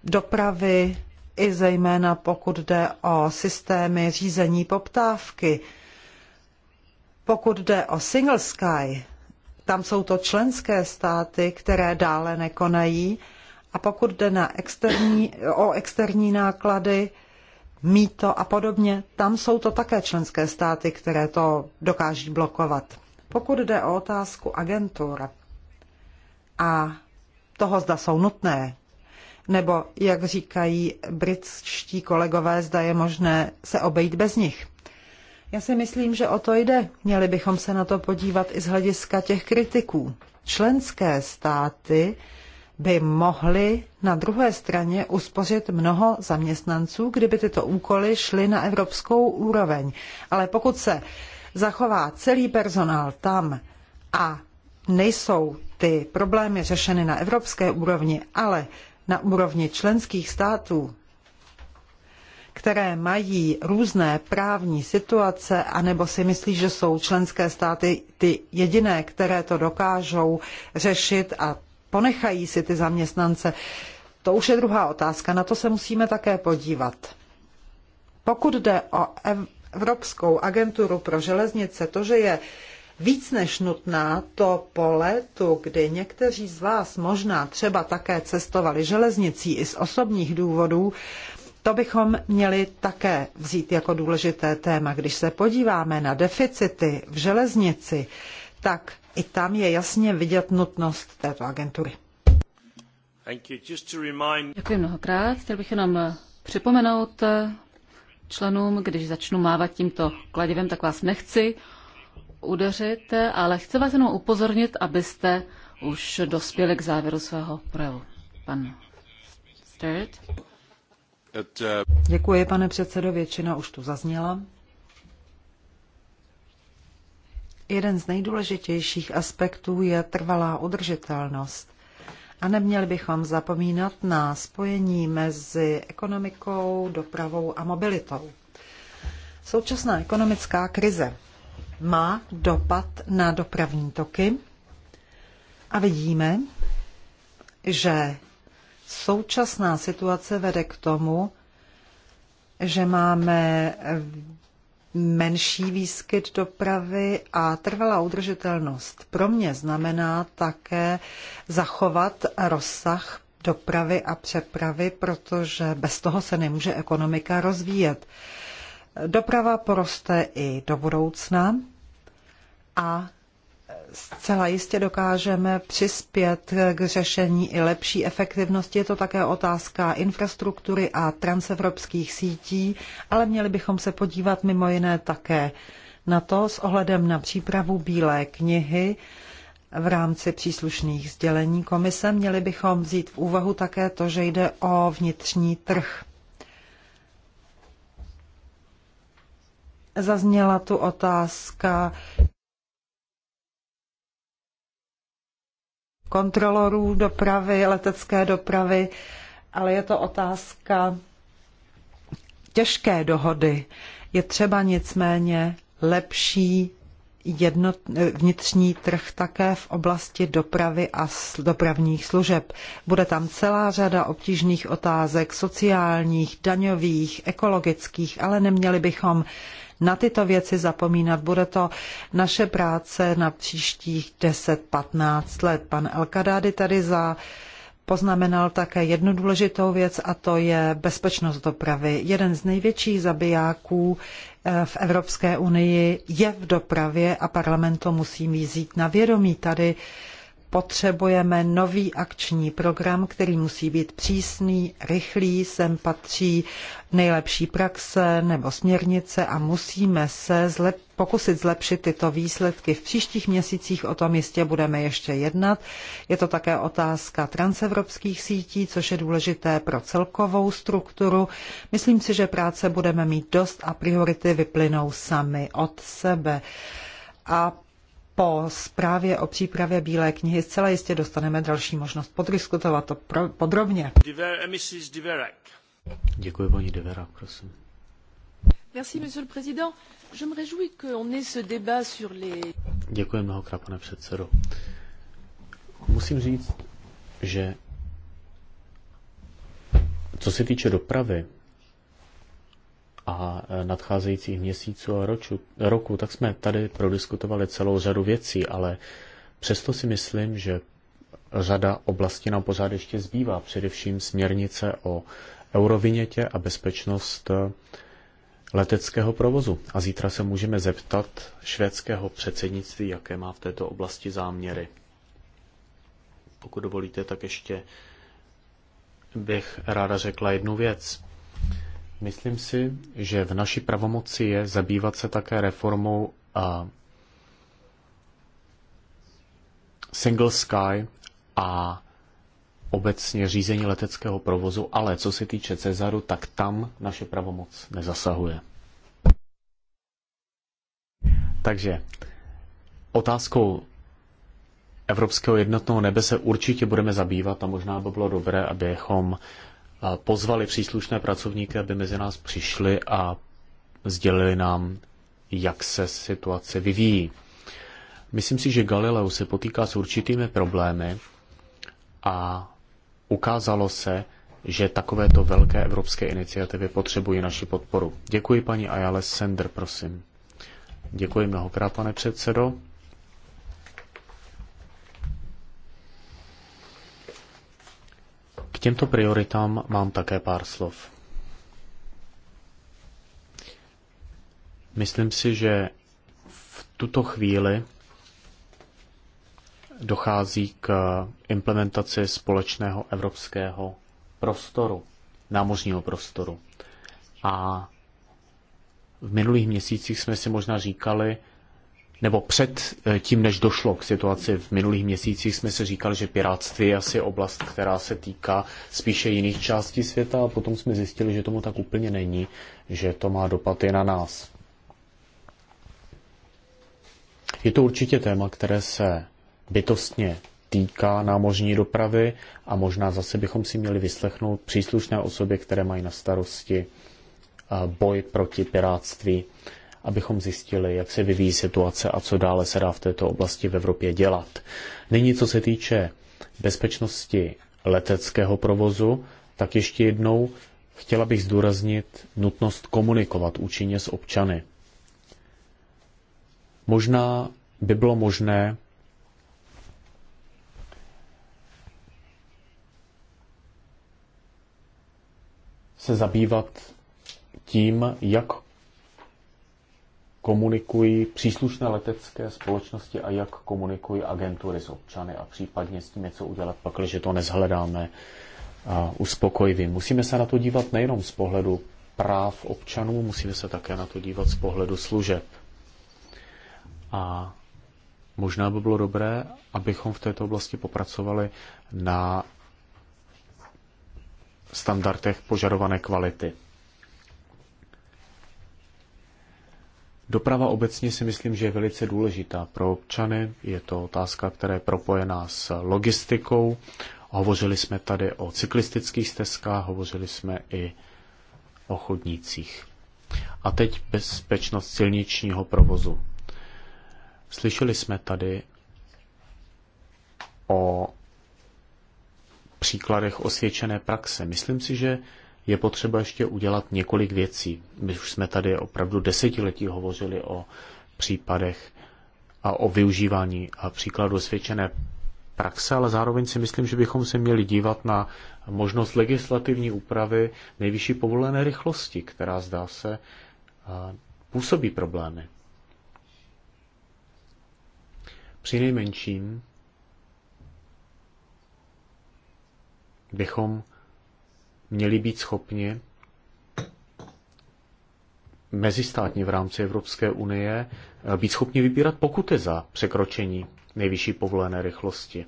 dopravy, i zejména pokud jde o systémy řízení poptávky. Pokud jde o Single Sky, tam jsou to členské státy, které dále nekonají. A pokud jde na externí, o externí náklady, mýto a podobně, tam jsou to také členské státy, které to dokáží blokovat. Pokud jde o otázku agentur, a toho zda jsou nutné, nebo, jak říkají britští kolegové, zda je možné se obejít bez nich. Já si myslím, že o to jde. Měli bychom se na to podívat i z hlediska těch kritiků. Členské státy by mohly na druhé straně uspořit mnoho zaměstnanců, kdyby tyto úkoly šly na evropskou úroveň. Ale pokud se zachová celý personál tam a nejsou ty problémy řešeny na evropské úrovni, ale na úrovni členských států, které mají různé právní situace, anebo si myslí, že jsou členské státy ty jediné, které to dokážou řešit a ponechají si ty zaměstnance, to už je druhá otázka, na to se musíme také podívat. Pokud jde o Evropskou agenturu pro železnice, to, že je víc než nutná, to po letu, kdy někteří z vás možná třeba také cestovali železnicí i z osobních důvodů, to bychom měli také vzít jako důležité téma. Když se podíváme na deficity v železnici, tak i tam je jasně vidět nutnost této agentury. Děkuji mnohokrát. Chtěl bych jenom eh, připomenout eh, členům, když začnu mávat tímto kladivem, tak vás nechci udeřit, ale chci vás jenom upozornit, abyste už dospěli k závěru svého projevu. Pan Sturt. Děkuji, pane předsedo, většina už tu zazněla. Jeden z nejdůležitějších aspektů je trvalá udržitelnost. A neměli bychom zapomínat na spojení mezi ekonomikou, dopravou a mobilitou. Současná ekonomická krize má dopad na dopravní toky a vidíme, že současná situace vede k tomu, že máme menší výskyt dopravy a trvalá udržitelnost pro mě znamená také zachovat rozsah dopravy a přepravy, protože bez toho se nemůže ekonomika rozvíjet. Doprava poroste i do budoucna a zcela jistě dokážeme přispět k řešení i lepší efektivnosti. Je to také otázka infrastruktury a transevropských sítí, ale měli bychom se podívat mimo jiné také na to s ohledem na přípravu Bílé knihy v rámci příslušných sdělení komise. Měli bychom vzít v úvahu také to, že jde o vnitřní trh. Zazněla tu otázka kontrolorů dopravy, letecké dopravy, ale je to otázka těžké dohody. Je třeba nicméně lepší jednot, vnitřní trh také v oblasti dopravy a dopravních služeb. Bude tam celá řada obtížných otázek sociálních, daňových, ekologických, ale neměli bychom na tyto věci zapomínat. Bude to naše práce na příštích 10-15 let. Pan Elkadády tady za poznamenal také jednu důležitou věc a to je bezpečnost dopravy. Jeden z největších zabijáků eh, v Evropské unii je v dopravě a parlament to musí mít na vědomí. Tady potřebujeme nový akční program, který musí být přísný, rychlý, sem patří nejlepší praxe nebo směrnice a musíme se zlep, pokusit zlepšit tyto výsledky. V příštích měsících o tom jistě budeme ještě jednat. Je to také otázka transevropských sítí, což je důležité pro celkovou strukturu. Myslím si, že práce budeme mít dost a priority vyplynou samy od sebe. A po zprávě o přípravě Bílé knihy zcela jistě dostaneme další možnost podiskutovat to pro, podrobně. Eh, Děkuji, paní Devera, prosím. Merci, monsieur le président. Je me réjouis qu'on ait ce débat sur les... Děkuji mnohokrát, pane předsedo. Musím říct, že co se týče dopravy, a e, nadcházejících měsíců a roču, roku, tak jsme tady prodiskutovali celou řadu věcí, ale přesto si myslím, že řada oblastí nám pořád ještě zbývá, především směrnice o eurovinětě a bezpečnost e, leteckého provozu. A zítra se můžeme zeptat švédského předsednictví, jaké má v této oblasti záměry. Pokud dovolíte, tak ještě bych ráda řekla jednu věc. Myslím si, že v naší pravomoci je zabývat se také reformou a Single Sky a obecně řízení leteckého provozu, ale co se týče Cezaru, tak tam naše pravomoc nezasahuje. Takže otázkou Evropského jednotného nebe se určitě budeme zabývat a možná by bylo dobré, abychom pozvali příslušné pracovníky, aby mezi nás přišli a sdělili nám, jak se situace vyvíjí. Myslím si, že Galileo se potýká s určitými problémy a ukázalo se, že takovéto velké evropské iniciativy potřebují naši podporu. Děkuji paní Ayala Sender, prosím. Děkuji mnohokrát, pane předsedo. těmto prioritám mám také pár slov. Myslím si, že v tuto chvíli dochází k implementaci společného evropského prostoru, námořního prostoru. A v minulých měsících jsme si možná říkali, nebo před eh, tím, než došlo k situaci v minulých měsících, jsme se říkali, že piráctví je asi oblast, která se týká spíše jiných částí světa a potom jsme zjistili, že tomu tak úplně není, že to má dopad i na nás. Je to určitě téma, které se bytostně týká námořní dopravy a možná zase bychom si měli vyslechnout příslušné osoby, které mají na starosti eh, boj proti piráctví abychom zjistili, jak se vyvíjí situace a co dále se dá v této oblasti v Evropě dělat. Nyní, co se týče bezpečnosti leteckého provozu, tak ještě jednou chtěla bych zdůraznit nutnost komunikovat účinně s občany. Možná by bylo možné se zabývat tím, jak komunikují příslušné letecké společnosti a jak komunikují agentury s občany a případně s tím něco udělat, pakliže to nezhledáme uspokojivým. Musíme se na to dívat nejenom z pohledu práv občanů, musíme se také na to dívat z pohledu služeb. A možná by bylo dobré, abychom v této oblasti popracovali na standardech požadované kvality. Doprava obecně si myslím, že je velice důležitá pro občany. Je to otázka, která je propojená s logistikou. Hovořili jsme tady o cyklistických stezkách, hovořili jsme i o chodnících. A teď bezpečnost silničního provozu. Slyšeli jsme tady o příkladech osvědčené praxe. Myslím si, že je potřeba ještě udělat několik věcí. My už jsme tady opravdu desetiletí hovořili o případech a o využívání a příkladu svědčené praxe, ale zároveň si myslím, že bychom se měli dívat na možnost legislativní úpravy nejvyšší povolené rychlosti, která zdá se působí problémy. Při nejmenším bychom měli být schopni mezistátně v rámci Evropské unie eh, být schopni vybírat pokuty za překročení nejvyšší povolené rychlosti.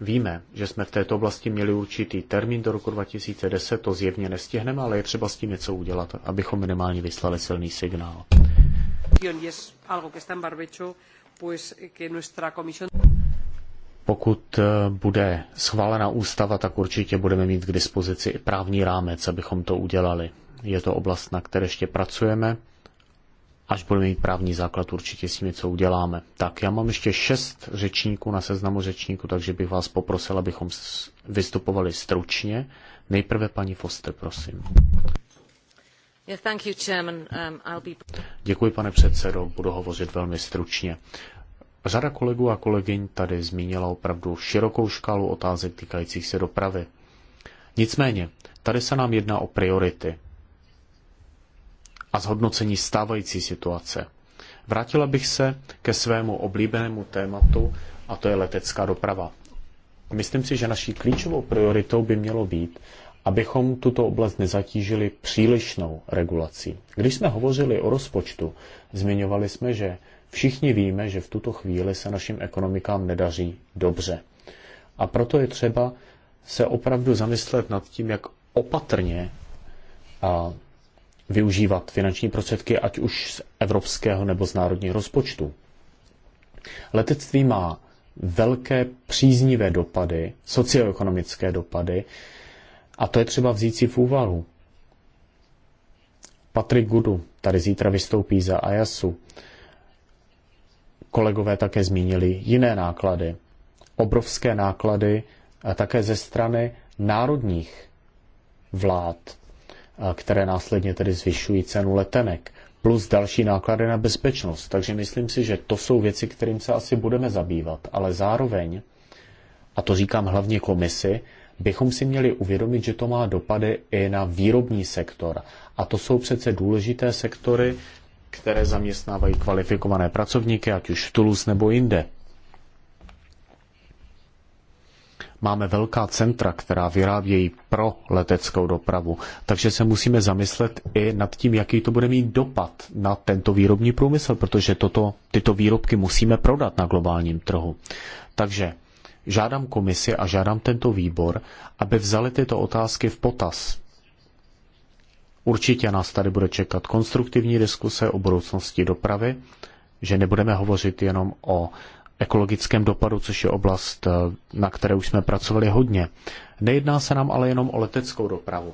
Víme, že jsme v této oblasti měli určitý termín do roku 2010, to zjevně nestihneme, ale je třeba s tím něco udělat, abychom minimálně vyslali silný signál pokud eh, bude schválena ústava, tak určitě budeme mít k dispozici i právní rámec, abychom to udělali. Je to oblast, na které ještě pracujeme. Až budeme mít právní základ, určitě s tím něco uděláme. Tak, já mám ještě šest řečníků na seznamu řečníků, takže bych vás poprosil, abychom vystupovali stručně. Nejprve paní Foster, prosím. Um, Děkuji, pane předsedo, budu hovořit velmi stručně. Řada kolegů a kolegyň tady zmínila opravdu širokou škálu otázek týkajících se dopravy. Nicméně, tady se nám jedná o priority a zhodnocení stávající situace. Vrátila bych se ke svému oblíbenému tématu, a to je letecká doprava. Myslím si, že naší klíčovou prioritou by mělo být, abychom tuto oblast nezatížili přílišnou regulací. Když jsme hovořili o rozpočtu, zmiňovali jsme, že Všichni víme, že v tuto chvíli se našim ekonomikám nedaří dobře. A proto je třeba se opravdu zamyslet nad tím, jak opatrně a využívat finanční prostředky, ať už z evropského nebo z národního rozpočtu. Letectví má velké příznivé dopady, socioekonomické dopady, a to je třeba vzít si v úvahu. Patrick Gudu tady zítra vystoupí za Ajasu kolegové také zmínili jiné náklady. Obrovské náklady a také ze strany národních vlád, které následně tedy zvyšují cenu letenek, plus další náklady na bezpečnost. Takže myslím si, že to jsou věci, kterým se asi budeme zabývat, ale zároveň, a to říkám hlavně komisi, bychom si měli uvědomit, že to má dopady i na výrobní sektor. A to jsou přece důležité sektory, které zaměstnávají kvalifikované pracovníky, ať už v Toulouse nebo jinde. Máme velká centra, která vyrábějí pro leteckou dopravu, takže se musíme zamyslet i nad tím, jaký to bude mít dopad na tento výrobní průmysl, protože toto, tyto výrobky musíme prodat na globálním trhu. Takže žádám komisi a žádám tento výbor, aby vzali tyto otázky v potaz Určitě nás tady bude čekat konstruktivní diskuse o budoucnosti dopravy, že nebudeme hovořit jenom o ekologickém dopadu, což je oblast, eh, na které už jsme pracovali hodně. Nejedná se nám ale jenom o leteckou dopravu.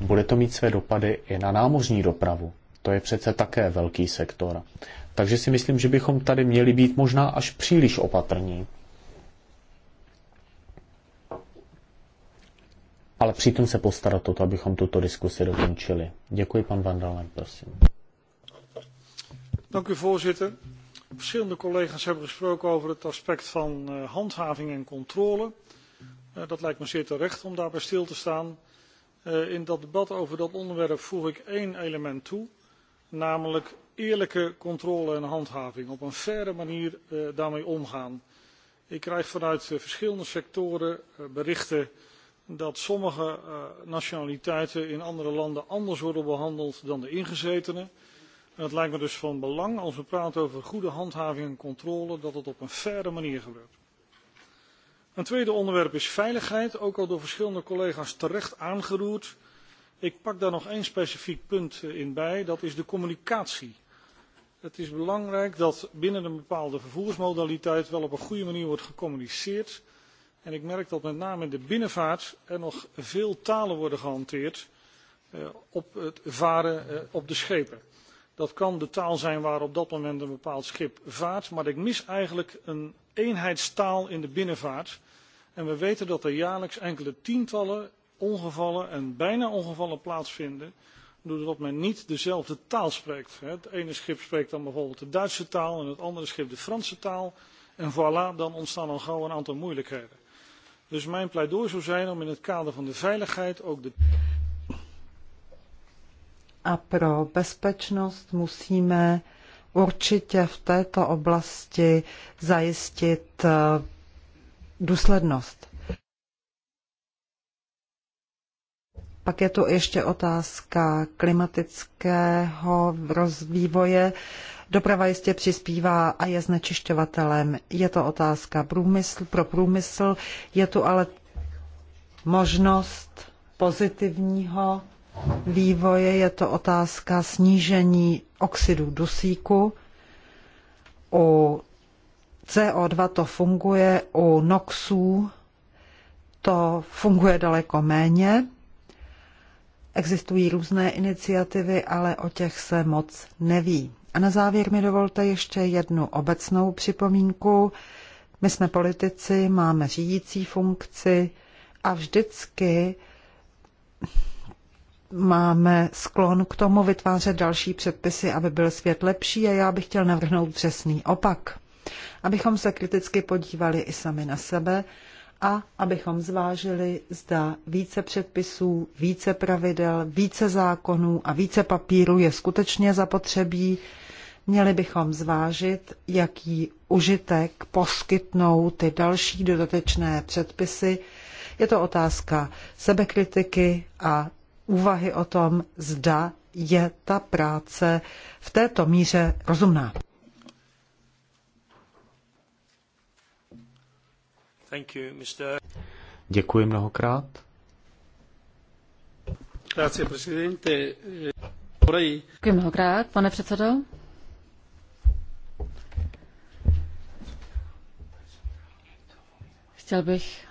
Bude to mít své dopady i na námořní dopravu. To je přece také velký sektor. Takže si myslím, že bychom tady měli být možná až příliš opatrní ale přitom se postarat o to, abychom tuto diskusi dokončili. Děkuji, pan Van Dalen, prosím. Dank u voorzitter. Verschillende collega's hebben gesproken over het aspect van eh, handhaving en controle. Eh, dat lijkt me zeer terecht om daarbij stil te staan. Eh, in dat debat over dat onderwerp voeg ik één element toe, namelijk eerlijke controle en handhaving. Op een faire manier daarmee omgaan. Ik krijg vanuit verschillende sectoren berichten dat sommige eh, nationaliteiten in andere landen anders worden behandeld dan de ingezetenen. En het lijkt me dus van belang als we praten over goede handhaving en controle dat het op een faire manier gebeurt. Een tweede onderwerp is veiligheid, ook al door verschillende collega's terecht aangeroerd. Ik pak daar nog één specifiek punt eh, in bij, dat is de communicatie. Het is belangrijk dat binnen een bepaalde vervoersmodaliteit wel op een goede manier wordt gecommuniceerd En ik merk dat met name in de binnenvaart er nog veel talen worden gehanteerd uh, op het varen uh, op de schepen. Dat kan de taal zijn waar op dat moment een bepaald schip vaart, maar ik mis eigenlijk een eenheidstaal in de binnenvaart. En we weten dat er jaarlijks enkele tientallen ongevallen en bijna ongevallen plaatsvinden doordat men niet dezelfde taal spreekt. Het ene schip spreekt dan bijvoorbeeld de Duitse taal en het andere schip de Franse taal. En voilà, dan ontstaan al gauw een aantal moeilijkheden. Dus mijn pleidooi zou zijn om in het kader van de veiligheid ook de. A pro bezpečnost musíme určitě v této oblasti zajistit eh, důslednost. Pak je tu ještě otázka klimatického rozvívoje. Doprava jistě přispívá a je znečišťovatelem. Je to otázka průmysl, pro průmysl. Je tu ale možnost pozitivního vývoje. Je to otázka snížení oxidu dusíku. U CO2 to funguje, u NOXů to funguje daleko méně. Existují různé iniciativy, ale o těch se moc neví. A na závěr mi dovolte ještě jednu obecnou připomínku. My jsme politici, máme řídící funkci a vždycky máme sklon k tomu vytvářet další předpisy, aby byl svět lepší a já bych chtěl navrhnout přesný opak. Abychom se kriticky podívali i sami na sebe a abychom zvážili, zda více předpisů, více pravidel, více zákonů a více papíru je skutečně zapotřebí. Měli bychom zvážit, jaký užitek poskytnou ty další dodatečné předpisy. Je to otázka sebekritiky a úvahy o tom, zda je ta práce v této míře rozumná. Thank you, Mr. Děkuji mnohokrát. Děkuji mnohokrát, pane předsedo. Chtěl bych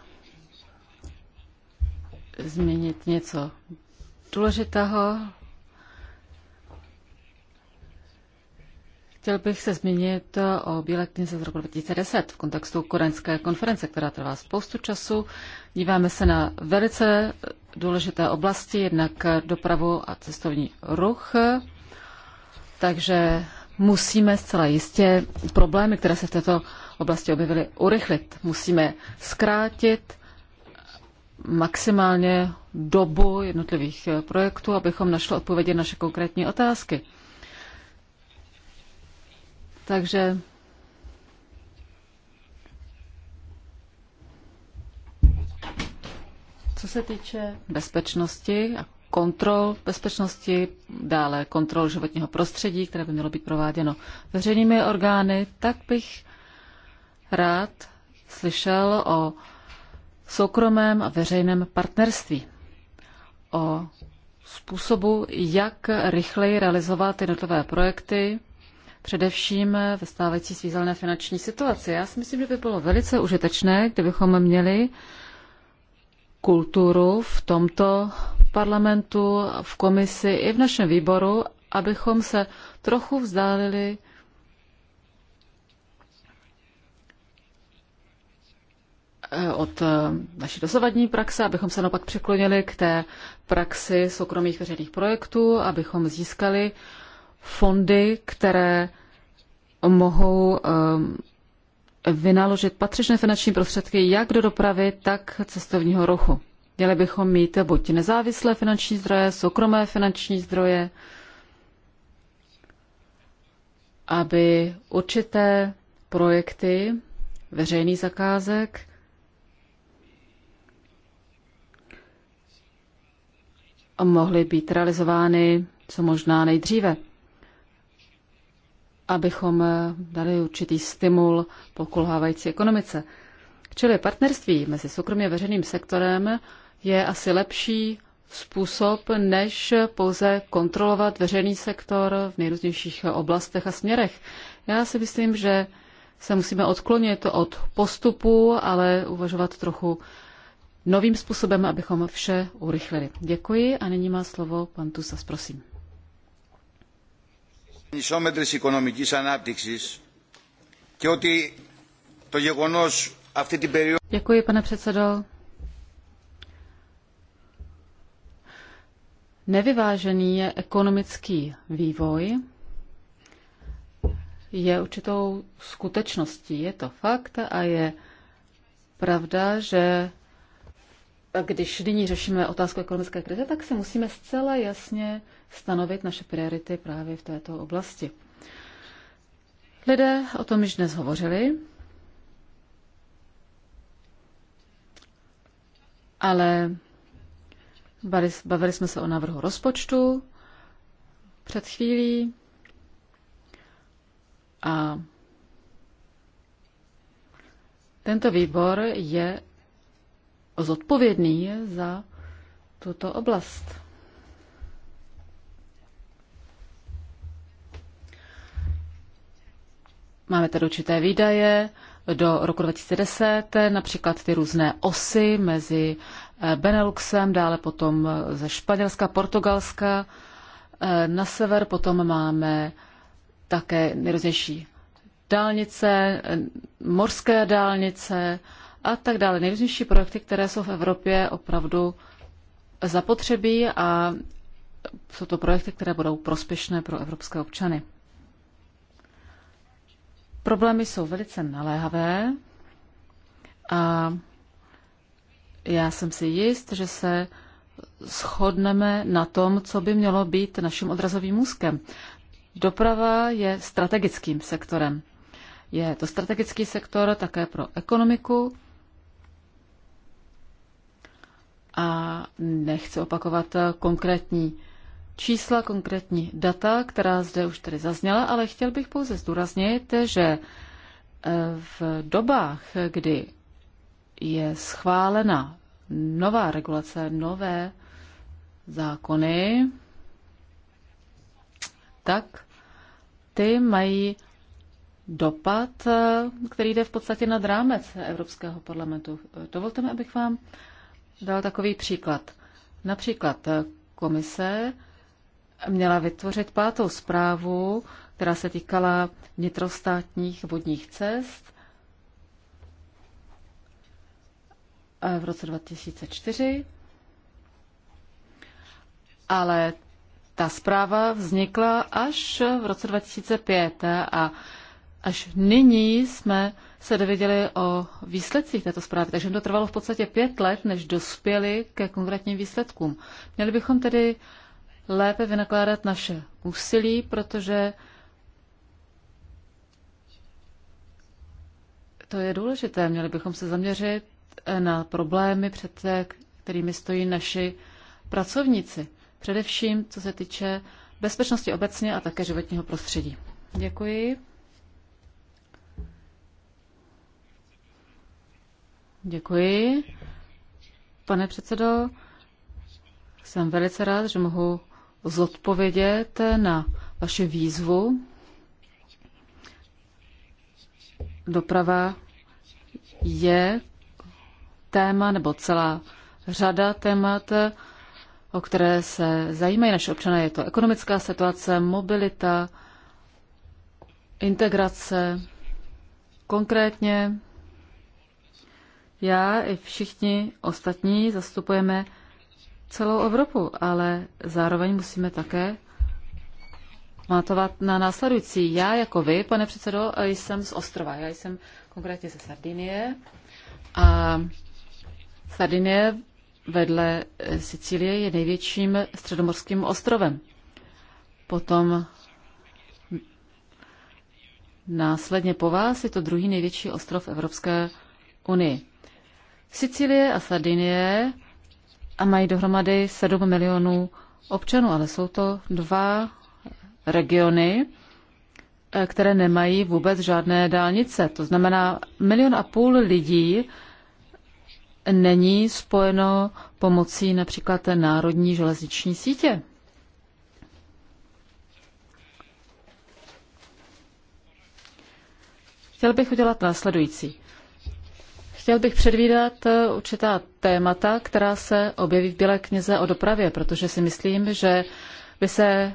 změnit něco důležitého Chtěl bych se zmínit o Bílé knize z roku 2010 v kontextu kodaňské konference, která trvá spoustu času. Díváme se na velice důležité oblasti, jednak dopravu a cestovní ruch. Takže musíme zcela jistě problémy, které se v této oblasti objevily, urychlit. Musíme zkrátit maximálně dobu jednotlivých projektů, abychom našli odpovědi na naše konkrétní otázky. Takže co se týče bezpečnosti a kontrol bezpečnosti, dále kontrol životního prostředí, které by mělo být prováděno veřejnými orgány, tak bych rád slyšel o soukromém a veřejném partnerství, o způsobu, jak rychleji realizovat jednotlivé projekty, především ve stávající svízelné finanční situaci. Já si myslím, že by bylo velice užitečné, kdybychom měli kulturu v tomto parlamentu, v komisi i v našem výboru, abychom se trochu vzdálili od eh, naší dosavadní praxe, abychom se naopak překlonili k té praxi soukromých veřejných projektů, abychom získali fondy, které mohou eh, vynaložit patřičné finanční prostředky jak do dopravy, tak cestovního ruchu. Měli bychom mít buď nezávislé finanční zdroje, soukromé finanční zdroje, aby určité projekty veřejných zakázek mohly být realizovány co možná nejdříve abychom eh, dali určitý stimul pokulhávající ekonomice. Čili partnerství mezi soukromě veřejným sektorem je asi lepší způsob, než pouze kontrolovat veřejný sektor v nejrůznějších oblastech a směrech. Já si myslím, že se musíme odklonit od postupu, ale uvažovat trochu novým způsobem, abychom vše urychlili. Děkuji a nyní má slovo pan Tusas, prosím ισόμετρης οικονομικής ανάπτυξης και ότι το γεγονός αυτή την περίοδο... Děkuji, pane předsedo. Nevyvážený je ekonomický vývoj je určitou skutečností. Je to fakt a je pravda, že když nyní řešíme otázku ekonomické krize, tak si musíme zcela jasně stanovit naše priority právě v této oblasti. Lidé o tom již dnes hovořili, ale bavili jsme se o návrhu rozpočtu před chvílí a tento výbor je zodpovědný za tuto oblast. Máme tady určité výdaje do roku 2010, například ty různé osy mezi eh, Beneluxem, dále potom eh, ze Španělska, Portugalska eh, na sever, potom máme také nejrůznější dálnice, morské dálnice, a tak dále. Nejrůznější projekty, které jsou v Evropě opravdu zapotřebí a jsou to projekty, které budou prospěšné pro evropské občany. Problémy jsou velice naléhavé a já jsem si jist, že se shodneme na tom, co by mělo být naším odrazovým úzkem. Doprava je strategickým sektorem. Je to strategický sektor také pro ekonomiku a nechci opakovat konkrétní čísla, konkrétní data, která zde už tady zazněla, ale chtěl bych pouze zdůraznit, že eh, v dobách, kdy je schválena nová regulace, nové zákony, tak ty mají dopad, eh, který jde v podstatě nad rámec Evropského parlamentu. Eh, dovolte mi, abych vám dal takový příklad. Například eh, komise měla vytvořit pátou zprávu, která se týkala vnitrostátních vodních cest eh, v roce 2004, ale ta zpráva vznikla až v roce 2005 a až nyní jsme se dověděli o výsledcích této zprávy, takže jim to trvalo v podstatě pět let, než dospěli ke konkrétním výsledkům. Měli bychom tedy lépe vynakládat naše úsilí, protože to je důležité. Měli bychom se zaměřit na problémy, před kterými stojí naši pracovníci. Především, co se týče bezpečnosti obecně a také životního prostředí. Děkuji. Děkuji. Pane předsedo, jsem velice rád, že mohu zodpovědět na vaši výzvu. Doprava je téma nebo celá řada témat, o které se zajímají naše občané. Je to ekonomická situace, mobilita, integrace. Konkrétně já i všichni ostatní zastupujeme celou Evropu, ale zároveň musíme také matovat na následující. Já jako vy, pane předsedo, jsem z ostrova. Já jsem konkrétně ze Sardinie. A Sardinie vedle Sicílie je největším středomorským ostrovem. Potom následně po vás je to druhý největší ostrov Evropské unii. Sicílie a Sardinie a mají dohromady 7 milionů občanů, ale jsou to dva regiony, eh, které nemají vůbec žádné dálnice. To znamená, milion a půl lidí není spojeno pomocí například té národní železniční sítě. Chtěl bych udělat následující. Chtěl bych předvídat eh, určitá témata, která se objeví v Bílé knize o dopravě, protože si myslím, že by se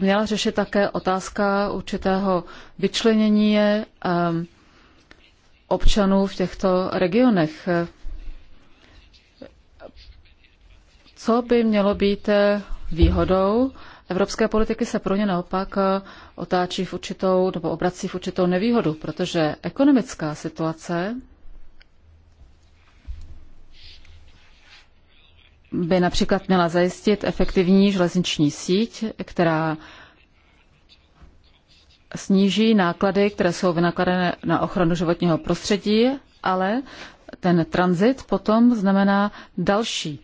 měla řešit také otázka určitého vyčlenění eh, občanů v těchto regionech. Co by mělo být eh, výhodou? Evropské politiky se pro ně naopak otáčí v určitou, nebo obrací v určitou nevýhodu, protože ekonomická situace by například měla zajistit efektivní železniční síť, která sníží náklady, které jsou vynakladené na ochranu životního prostředí, ale ten tranzit potom znamená další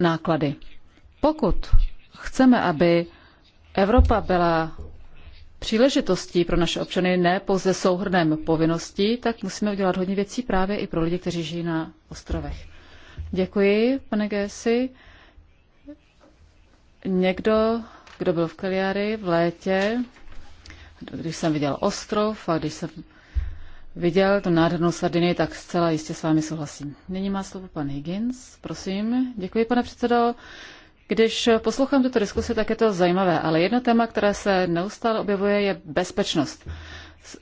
náklady. Pokud chceme, aby Evropa byla příležitostí pro naše občany, ne pouze souhrnem povinností, tak musíme udělat hodně věcí právě i pro lidi, kteří žijí na ostrovech. Děkuji, pane Gessi. Někdo, kdo byl v Kaliary v létě, když jsem viděl ostrov a když jsem viděl tu nádhernou Sardinii, tak zcela jistě s vámi souhlasím. Nyní má slovo pan Higgins, prosím. Děkuji, pane předsedo. Když poslouchám tuto diskusi, tak je to zajímavé, ale jedno téma, které se neustále objevuje, je bezpečnost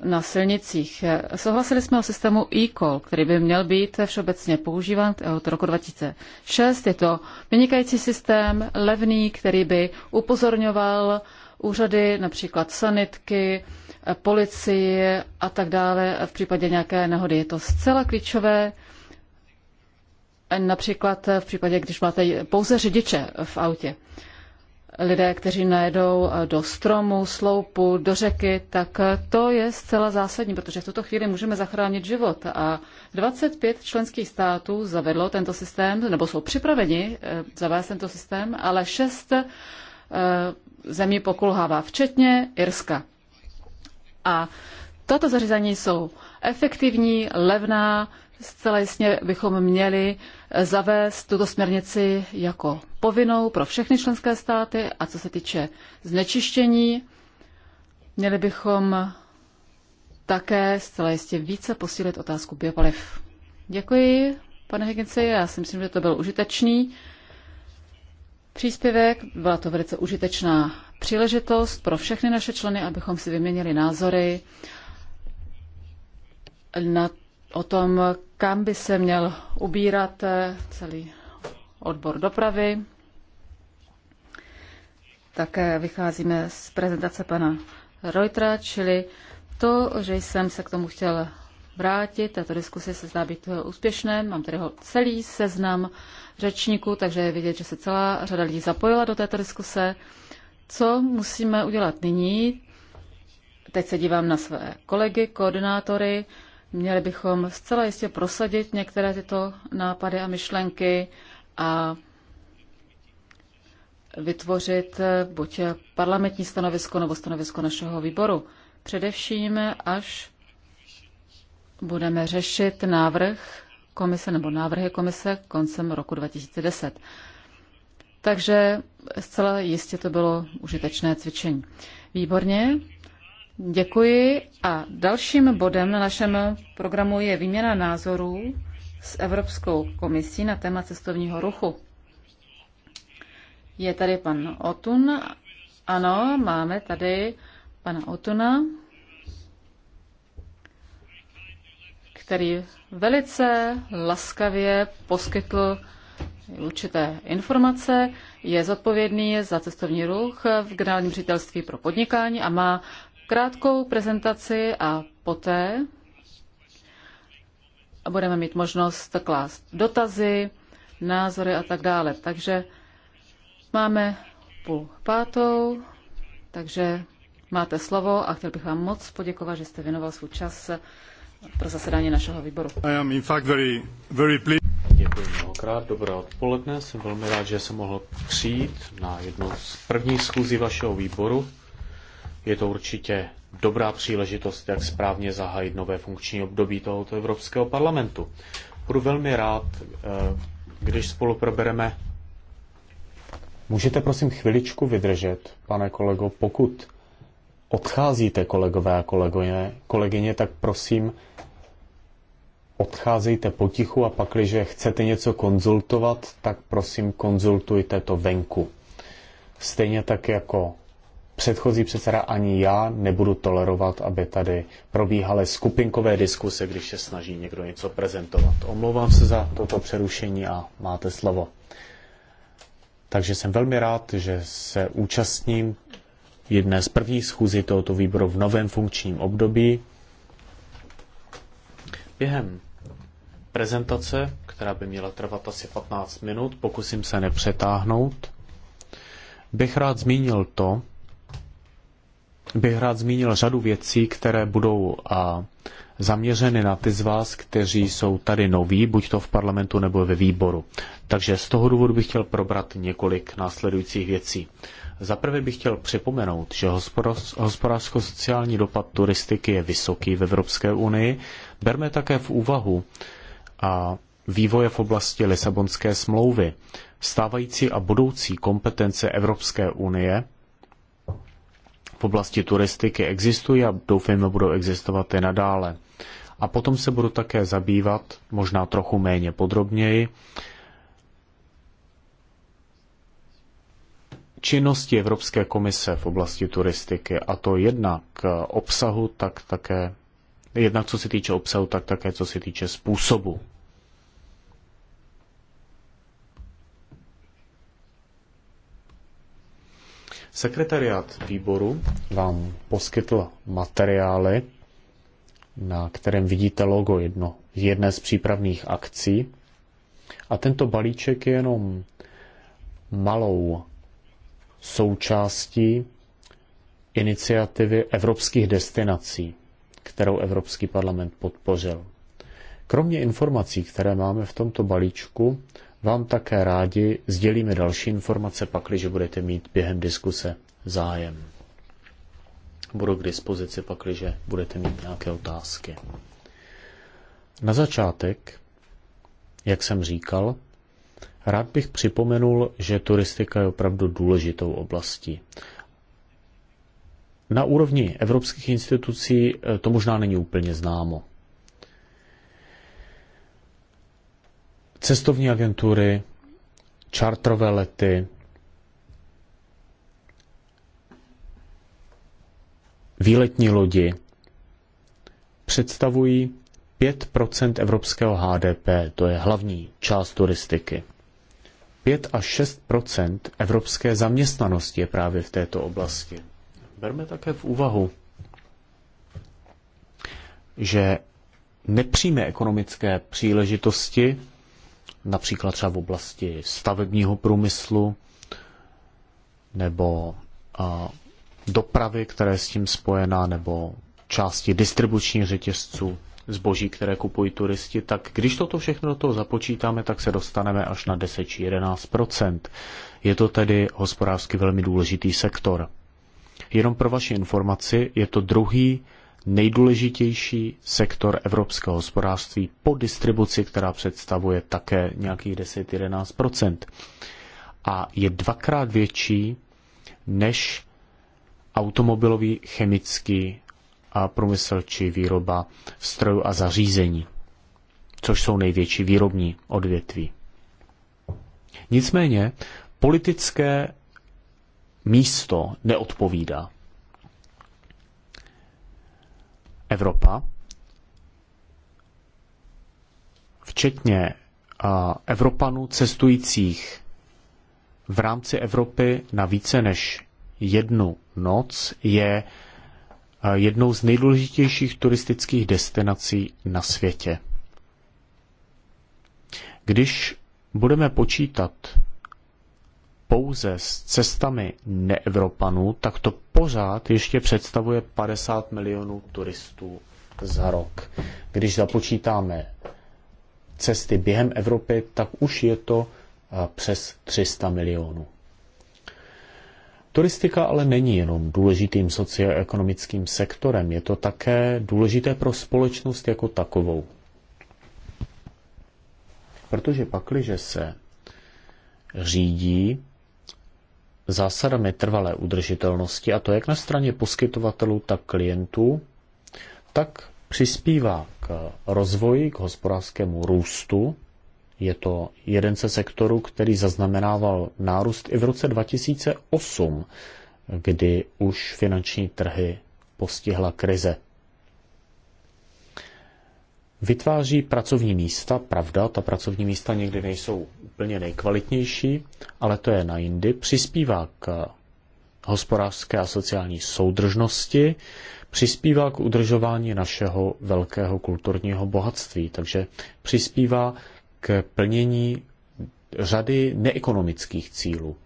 na silnicích. Souhlasili jsme o systému e-call, který by měl být všeobecně používán od roku 2006. Je to vynikající systém, levný, který by upozorňoval úřady, například sanitky, policii a tak dále v případě nějaké nehody. Je to zcela klíčové, například v případě, když máte pouze řidiče v autě lidé, kteří najedou eh, do stromu, sloupu, do řeky, tak eh, to je zcela zásadní, protože v tuto chvíli můžeme zachránit život. A 25 členských států zavedlo tento systém, nebo jsou připraveni eh, zavést tento systém, ale 6 zemí pokulhává, včetně Irska. A tato zařízení jsou efektivní, levná, Zcela jasně bychom měli zavést tuto směrnici jako povinnou pro všechny členské státy a co se týče znečištění, měli bychom také zcela jistě více posílit otázku biopaliv. Děkuji, pane Higginsi, já si myslím, že to byl užitečný příspěvek, byla to velice užitečná příležitost pro všechny naše členy, abychom si vyměnili názory nad o tom, kam by se měl ubírat eh, celý odbor dopravy. Také vycházíme z prezentace pana Reutera, čili to, že jsem se k tomu chtěl vrátit. Tato diskuse se zdá být eh, úspěšné. Mám tady celý seznam řečníků, takže je vidět, že se celá řada lidí zapojila do této diskuse. Co musíme udělat nyní? Teď se dívám na své kolegy, koordinátory. Měli bychom zcela jistě prosadit některé tyto nápady a myšlenky a vytvořit buď parlamentní stanovisko nebo stanovisko našeho výboru. Především, až budeme řešit návrh komise nebo návrhy komise koncem roku 2010. Takže zcela jistě to bylo užitečné cvičení. Výborně, Děkuji a dalším bodem na našem programu je výměna názorů s Evropskou komisí na téma cestovního ruchu. Je tady pan Otun. Ano, máme tady pana Otuna, který velice laskavě poskytl určité informace, je zodpovědný za cestovní ruch v generálním ředitelství pro podnikání a má krátkou prezentaci a poté budeme mít možnost klást dotazy, názory a tak dále. Takže máme půl pátou, takže máte slovo a chtěl bych vám moc poděkovat, že jste věnoval svůj čas pro zasedání našeho výboru. I am in fact very, very pleased. Děkuji mnohokrát, dobré odpoledne. Jsem velmi rád, že jsem mohl přijít na jednu z prvních schůzí vašeho výboru. Je to určitě dobrá příležitost, jak správně zahájit nové funkční období tohoto Evropského parlamentu. Budu velmi rád, eh, když spolu probereme. Můžete prosím chviličku vydržet, pane kolego, pokud odcházíte, kolegové a kolegyně, kolegyně, tak prosím, odcházejte potichu a pakliže chcete něco konzultovat, tak prosím konzultujte to venku. Stejně tak jako předchozí předseda ani já nebudu tolerovat, aby tady probíhaly skupinkové diskuse, když se snaží někdo něco prezentovat. Omlouvám se za toto přerušení a máte slovo. Takže jsem velmi rád, že se účastním jedné z prvních schůzí tohoto výboru v novém funkčním období. Během prezentace, která by měla trvat asi 15 minut, pokusím se nepřetáhnout, bych rád zmínil to, bych rád zmínil řadu věcí, které budou a, zaměřeny na ty z vás, kteří jsou tady noví, buď to v parlamentu nebo ve výboru. Takže z toho důvodu bych chtěl probrat několik následujících věcí. Za prvé bych chtěl připomenout, že hospodářsko-sociální dopad turistiky je vysoký v Evropské unii. Berme také v úvahu a vývoje v oblasti Lisabonské smlouvy, stávající a budoucí kompetence Evropské unie v oblasti turistiky existují a doufejme budou existovat i nadále. A potom se budu také zabývat, možná trochu méně podrobněji, činnosti Evropské komise v oblasti turistiky, a to jednak obsahu, tak také, jednak co se týče obsahu, tak také co se týče způsobu Sekretariát výboru vám poskytl materiály, na kterém vidíte logo jedno, z jedné z přípravných akcí. A tento balíček je jenom malou součástí iniciativy evropských destinací, kterou Evropský parlament podpořil. Kromě informací, které máme v tomto balíčku, vám také rádi sdělíme další informace, pakliže budete mít během diskuse zájem. Budu k dispozici, pakliže budete mít nějaké otázky. Na začátek, jak jsem říkal, rád bych připomenul, že turistika je opravdu důležitou oblastí. Na úrovni evropských institucí eh, to možná není úplně známo. cestovní agentury, čartrové lety, výletní lodi představují 5 evropského HDP, to je hlavní část turistiky. 5 až 6 evropské zaměstnanosti je právě v této oblasti. Berme také v úvahu, že nepřímé ekonomické příležitosti například třeba v oblasti stavebního průmyslu nebo dopravy, které je s tím spojená, nebo části distribučních řetězců zboží, které kupují turisti, tak když toto všechno do toho započítáme, tak se dostaneme až na 10 či 11 Je to tedy hospodářsky velmi důležitý sektor. Jenom pro vaši informaci, je to druhý nejdůležitější sektor evropského hospodářství po distribuci, která představuje také nějakých 10-11 A je dvakrát větší než automobilový, chemický a průmysl či výroba strojů a zařízení, což jsou největší výrobní odvětví. Nicméně politické místo neodpovídá Evropa, včetně Evropanů cestujících v rámci Evropy na více než jednu noc, je jednou z nejdůležitějších turistických destinací na světě. Když budeme počítat pouze s cestami neevropanů, tak to pořád ještě představuje 50 milionů turistů za rok. Když započítáme cesty během Evropy, tak už je to přes 300 milionů. Turistika ale není jenom důležitým socioekonomickým sektorem, je to také důležité pro společnost jako takovou. Protože pakliže se řídí zásadami trvalé udržitelnosti, a to jak na straně poskytovatelů, tak klientů, tak přispívá k rozvoji, k hospodářskému růstu. Je to jeden ze sektorů, který zaznamenával nárůst i v roce 2008, kdy už finanční trhy postihla krize. Vytváří pracovní místa, pravda, ta pracovní místa někdy nejsou úplně nejkvalitnější, ale to je na jindy, přispívá k hospodářské a sociální soudržnosti, přispívá k udržování našeho velkého kulturního bohatství, takže přispívá k plnění řady neekonomických cílů.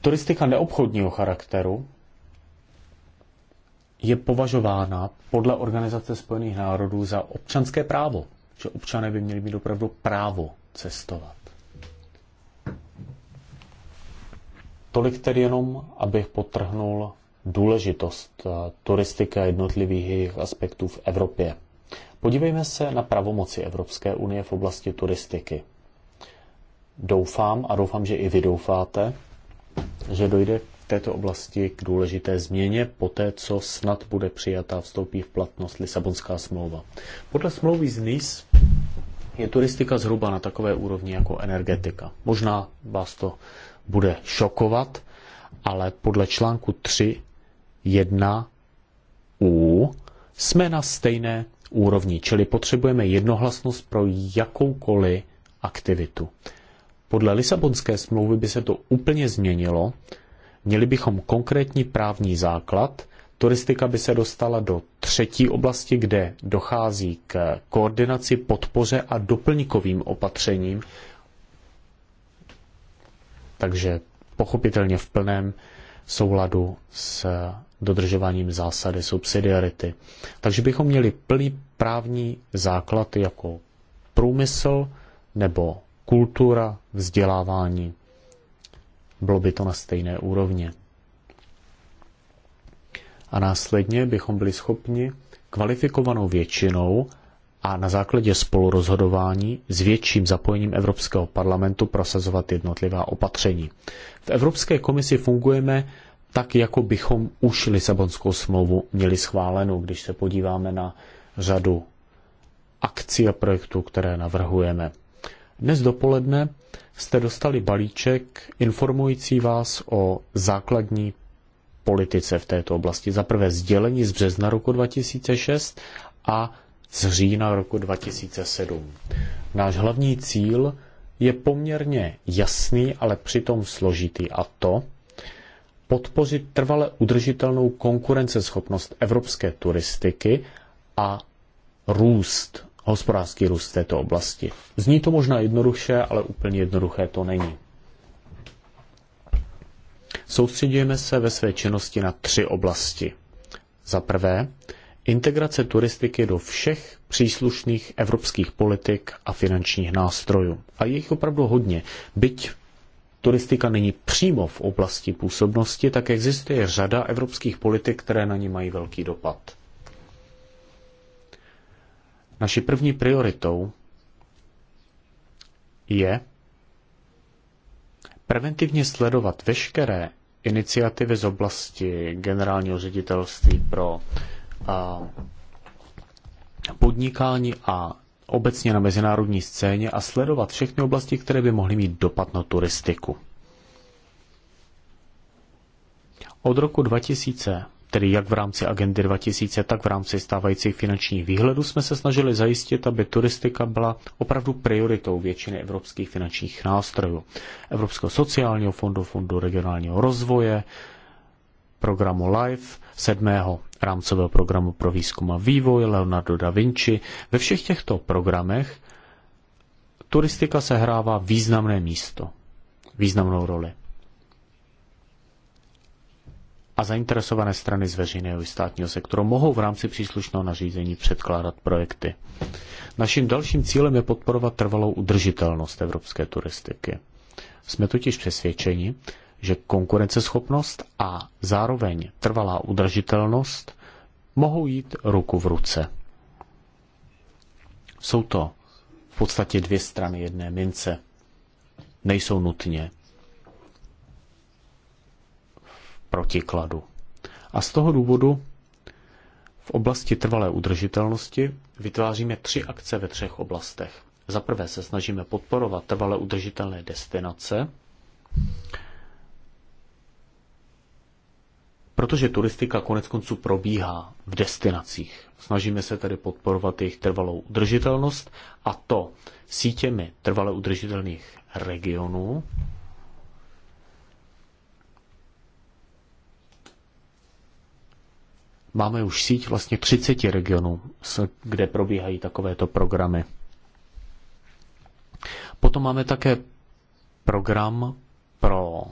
Turistika neobchodního charakteru je považována podle Organizace spojených národů za občanské právo, že občané by měli mít opravdu právo cestovat. Tolik tedy jenom, abych potrhnul důležitost eh, turistiky a jednotlivých jejich aspektů v Evropě. Podívejme se na pravomoci Evropské unie v oblasti turistiky. Doufám a doufám, že i vy doufáte, že dojde této oblasti k důležité změně poté, co snad bude přijata a vstoupí v platnost Lisabonská smlouva. Podle smlouvy z NIS je turistika zhruba na takové úrovni jako energetika. Možná vás to bude šokovat, ale podle článku 3.1.U u jsme na stejné úrovni, čili potřebujeme jednohlasnost pro jakoukoliv aktivitu. Podle Lisabonské smlouvy by se to úplně změnilo Měli bychom konkrétní právní základ, turistika by se dostala do třetí oblasti, kde dochází k koordinaci, podpoře a doplňkovým opatřením. Takže pochopitelně v plném souladu s dodržováním zásady subsidiarity. Takže bychom měli plný právní základ jako průmysl nebo kultura, vzdělávání bylo by to na stejné úrovni. A následně bychom byli schopni kvalifikovanou většinou a na základě spolurozhodování s větším zapojením Evropského parlamentu prosazovat jednotlivá opatření. V Evropské komisi fungujeme tak, jako bychom už Lisabonskou smlouvu měli schválenou, když se podíváme na řadu akcí a projektů, které navrhujeme. Dnes dopoledne jste dostali balíček informující vás o základní politice v této oblasti. Za prvé sdělení z března roku 2006 a z října roku 2007. Náš hlavní cíl je poměrně jasný, ale přitom složitý a to podpořit trvale udržitelnou konkurenceschopnost evropské turistiky a růst hospodářský růst v této oblasti. Zní to možná jednoduše, ale úplně jednoduché to není. Soustředujeme se ve své činnosti na tři oblasti. Za prvé, integrace turistiky do všech příslušných evropských politik a finančních nástrojů. A je jich opravdu hodně. Byť turistika není přímo v oblasti působnosti, tak existuje řada evropských politik, které na ní mají velký dopad. Naší první prioritou je preventivně sledovat veškeré iniciativy z oblasti generálního ředitelství pro a, podnikání a obecně na mezinárodní scéně a sledovat všechny oblasti, které by mohly mít dopad na turistiku. Od roku 2000 tedy jak v rámci agendy 2000, tak v rámci stávajících finančních výhledů jsme se snažili zajistit, aby turistika byla opravdu prioritou většiny evropských finančních nástrojů. Evropského sociálního fondu, fondu regionálního rozvoje, programu LIFE, sedmého rámcového programu pro výzkum a vývoj Leonardo da Vinci. Ve všech těchto programech turistika sehrává významné místo, významnou roli a zainteresované strany z veřejného i státního sektoru mohou v rámci příslušného nařízení předkládat projekty. Naším dalším cílem je podporovat trvalou udržitelnost evropské turistiky. Jsme totiž přesvědčeni, že konkurenceschopnost a zároveň trvalá udržitelnost mohou jít ruku v ruce. Jsou to v podstatě dvě strany jedné mince. Nejsou nutně protikladu. A z toho důvodu v oblasti trvalé udržitelnosti vytváříme tři akce ve třech oblastech. Za prvé se snažíme podporovat trvalé udržitelné destinace, protože turistika konec konců probíhá v destinacích. Snažíme se tedy podporovat jejich trvalou udržitelnost a to sítěmi trvale udržitelných regionů, Máme už síť vlastně 30 regionů, kde probíhají takovéto programy. Potom máme také program pro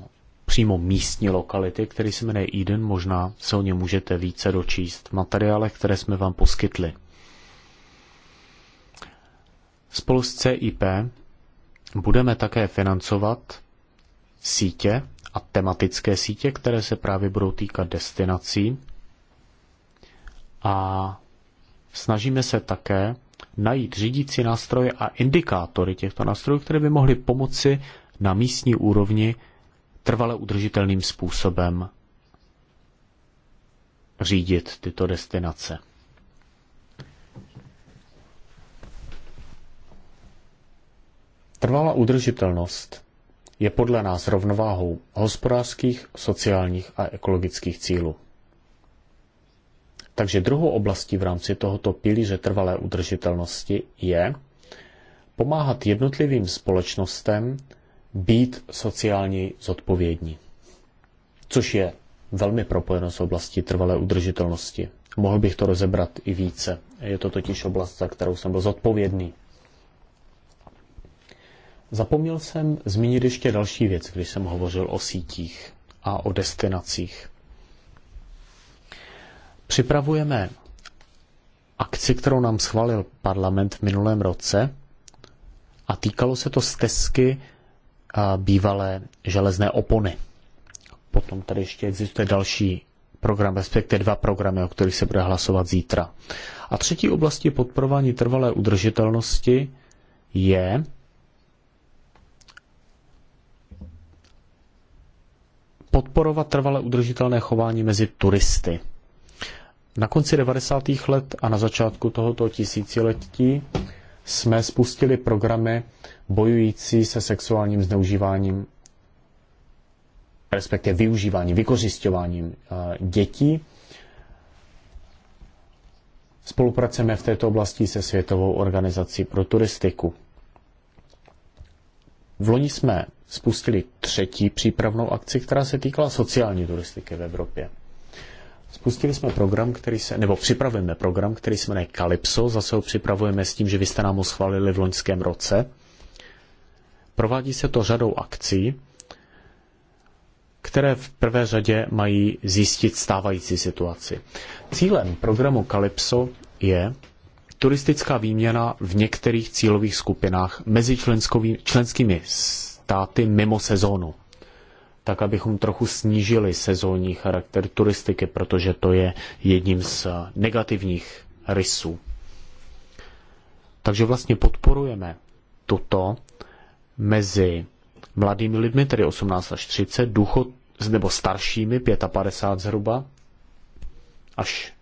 přímo místní lokality, který se jmenuje Eden, možná se o ně můžete více dočíst v materiálech, které jsme vám poskytli. Spolu s CIP budeme také financovat sítě a tematické sítě, které se právě budou týkat destinací, a snažíme se také najít řídící nástroje a indikátory těchto nástrojů, které by mohly pomoci na místní úrovni trvale udržitelným způsobem řídit tyto destinace. Trvalá udržitelnost je podle nás rovnováhou hospodářských, sociálních a ekologických cílů. Takže druhou oblastí v rámci tohoto pilíře trvalé udržitelnosti je pomáhat jednotlivým společnostem být sociálně zodpovědní, což je velmi propojeno s oblastí trvalé udržitelnosti. Mohl bych to rozebrat i více. Je to totiž oblast, za kterou jsem byl zodpovědný. Zapomněl jsem zmínit ještě další věc, když jsem hovořil o sítích a o destinacích. Připravujeme akci, kterou nám schválil parlament v minulém roce a týkalo se to stezky bývalé železné opony. Potom tady ještě existuje další program, respektive dva programy, o kterých se bude hlasovat zítra. A třetí oblastí podporování trvalé udržitelnosti je podporovat trvalé udržitelné chování mezi turisty. Na konci 90. let a na začátku tohoto tisíciletí jsme spustili programy bojující se sexuálním zneužíváním, respektive využíváním, vykořišťováním eh, dětí. Spolupracujeme v této oblasti se Světovou organizací pro turistiku. V loni jsme spustili třetí přípravnou akci, která se týkala sociální turistiky v Evropě. Spustili jsme program, který se, nebo připravujeme program, který se jmenuje Kalypso. zase ho připravujeme s tím, že vy jste nám ho schválili v loňském roce. Provádí se to řadou akcí, které v prvé řadě mají zjistit stávající situaci. Cílem programu Kalypso je turistická výměna v některých cílových skupinách mezi členskými státy mimo sezónu tak abychom trochu snížili sezónní charakter turistiky, protože to je jedním z eh, negativních rysů. Takže vlastně podporujeme toto mezi mladými lidmi, tedy 18 až 30, důchod, nebo staršími, 55 zhruba, až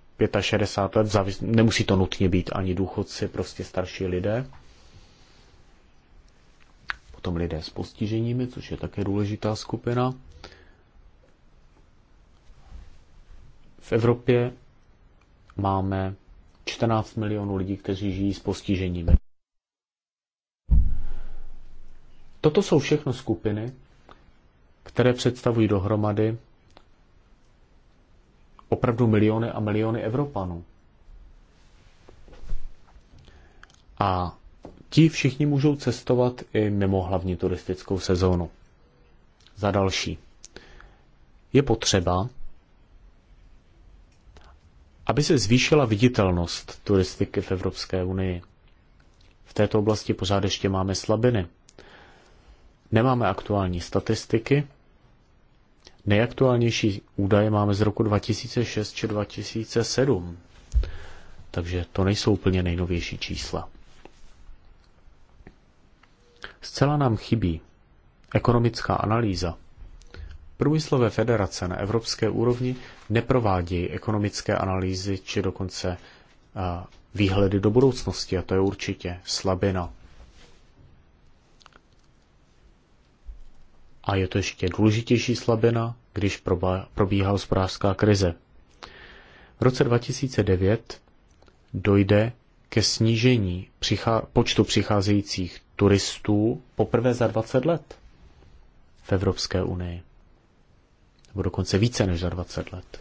65 let, nemusí to nutně být ani důchodci, prostě starší lidé potom lidé s postiženími, což je také důležitá skupina. V Evropě máme 14 milionů lidí, kteří žijí s postiženími. Toto jsou všechno skupiny, které představují dohromady opravdu miliony a miliony Evropanů. A ti všichni můžou cestovat i mimo hlavní turistickou sezónu. Za další. Je potřeba, aby se zvýšila viditelnost turistiky v Evropské unii. V této oblasti pořád ještě máme slabiny. Nemáme aktuální statistiky. Nejaktuálnější údaje máme z roku 2006 či 2007. Takže to nejsou úplně nejnovější čísla. Zcela nám chybí ekonomická analýza. Průmyslové federace na evropské úrovni neprovádějí ekonomické analýzy či dokonce výhledy do budoucnosti a to je určitě slabina. A je to ještě důležitější slabina, když probíhá hospodářská krize. V roce 2009 dojde ke snížení přichá- počtu přicházejících turistů poprvé za 20 let v Evropské unii. Nebo dokonce více než za 20 let.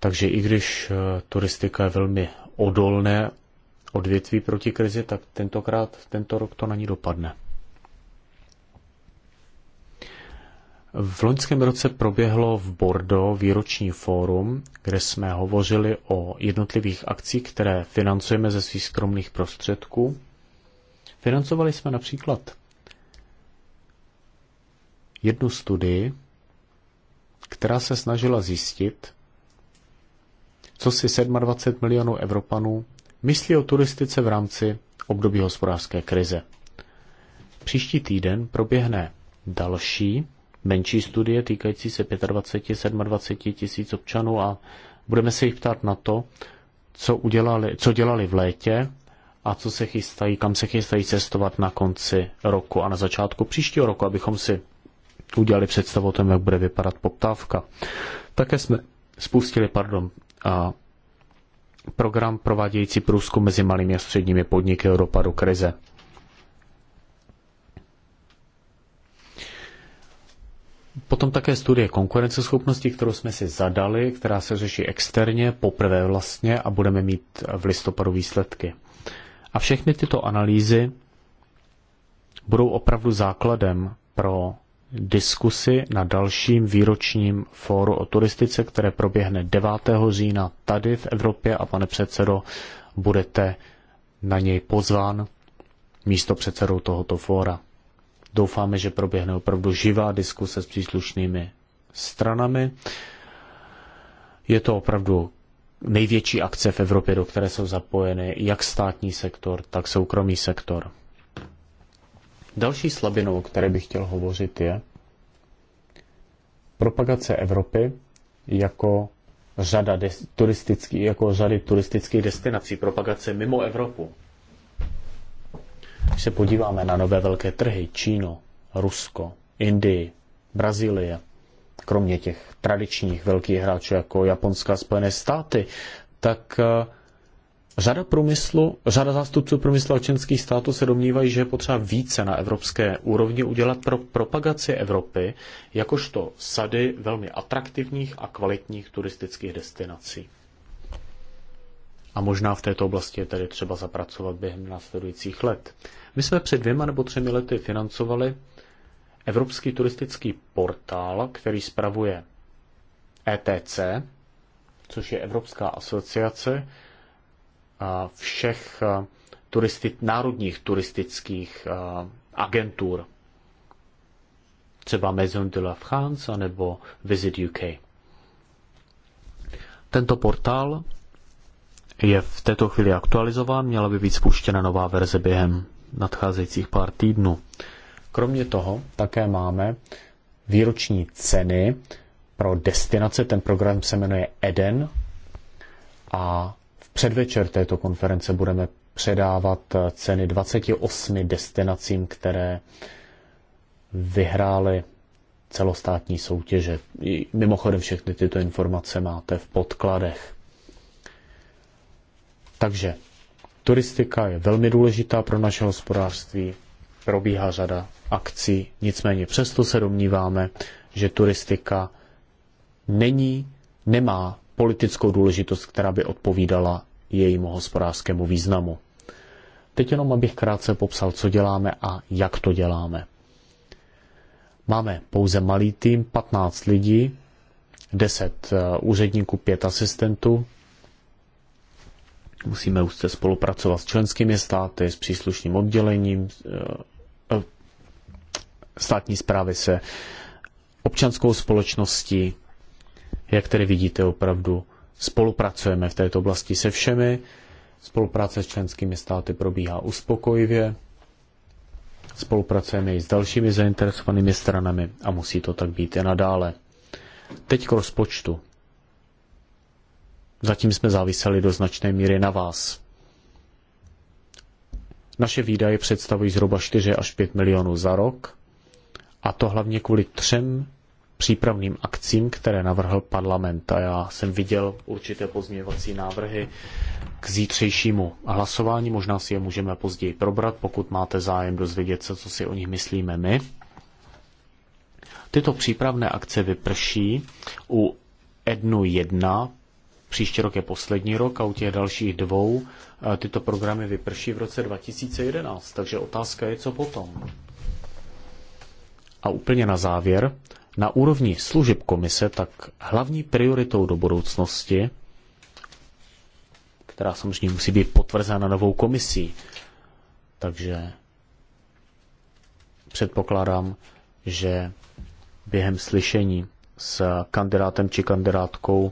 Takže i když eh, turistika je velmi odolné odvětví proti krizi, tak tentokrát, tento rok to na ní dopadne. V loňském roce proběhlo v Bordeaux výroční fórum, kde jsme hovořili o jednotlivých akcích, které financujeme ze svých skromných prostředků. Financovali jsme například jednu studii, která se snažila zjistit, co si 27 milionů Evropanů myslí o turistice v rámci období hospodářské krize. Příští týden proběhne další menší studie týkající se 25, 27 tisíc občanů a budeme se jich ptát na to, co, udělali, co dělali v létě a co se chystají, kam se chystají cestovat na konci roku a na začátku příštího roku, abychom si udělali představu o tom, jak bude vypadat poptávka. Také jsme spustili pardon, a program provádějící průzkum mezi malými a středními podniky o dopadu krize. Potom také studie konkurenceschopnosti, kterou jsme si zadali, která se řeší externě, poprvé vlastně, a budeme mít v listopadu výsledky. A všechny tyto analýzy budou opravdu základem pro diskusy na dalším výročním fóru o turistice, které proběhne 9. října tady v Evropě a pane předsedo, budete na něj pozván místo předsedou tohoto fóra. Doufáme, že proběhne opravdu živá diskuse s příslušnými stranami. Je to opravdu největší akce v Evropě, do které jsou zapojeny jak státní sektor, tak soukromý sektor. Další slabinou, o které bych chtěl hovořit, je propagace Evropy jako řada des, turistický, jako řady turistických destinací, propagace mimo Evropu. Když se podíváme na nové velké trhy, Čínu, Rusko, Indii, Brazílie, kromě těch tradičních velkých hráčů jako japonská a Spojené státy, tak eh, řada, průmyslu, řada zástupců průmyslu a členských států se domnívají, že je potřeba více na evropské úrovni udělat pro propagaci Evropy, jakožto sady velmi atraktivních a kvalitních turistických destinací. A možná v této oblasti je tedy třeba zapracovat během následujících let. My jsme před dvěma nebo třemi lety financovali Evropský turistický portál, který spravuje ETC, což je Evropská asociace všech turisti, národních turistických agentur, třeba Maison de la France nebo Visit UK. Tento portál je v této chvíli aktualizován, měla by být spuštěna nová verze během nadcházejících pár týdnů. Kromě toho také máme výroční ceny pro destinace. Ten program se jmenuje Eden a v předvečer této konference budeme předávat ceny 28 destinacím, které vyhrály celostátní soutěže. Mimochodem všechny tyto informace máte v podkladech. Takže turistika je velmi důležitá pro naše hospodářství, probíhá řada akcí, nicméně přesto se domníváme, že turistika není, nemá politickou důležitost, která by odpovídala jejímu hospodářskému významu. Teď jenom abych krátce popsal, co děláme a jak to děláme. Máme pouze malý tým, 15 lidí, 10 eh, úředníků, 5 asistentů, Musíme úzce spolupracovat s členskými státy, s příslušným oddělením, eh, eh, státní zprávy se občanskou společností. Jak tedy vidíte, opravdu spolupracujeme v této oblasti se všemi. Spolupráce s členskými státy probíhá uspokojivě. Spolupracujeme i s dalšími zainteresovanými stranami a musí to tak být i nadále. Teď k rozpočtu. Zatím jsme záviseli do značné míry na vás. Naše výdaje představují zhruba 4 až 5 milionů za rok, a to hlavně kvůli třem přípravným akcím, které navrhl parlament. A já jsem viděl určité pozměňovací návrhy k zítřejšímu hlasování. Možná si je můžeme později probrat, pokud máte zájem dozvědět se, co si o nich myslíme my. Tyto přípravné akce vyprší u EDNu 1 Příští rok je poslední rok a u těch dalších dvou eh, tyto programy vyprší v roce 2011. Takže otázka je, co potom. A úplně na závěr, na úrovni služeb komise, tak hlavní prioritou do budoucnosti, která samozřejmě musí být potvrzena novou komisí, takže předpokládám, že během slyšení s kandidátem či kandidátkou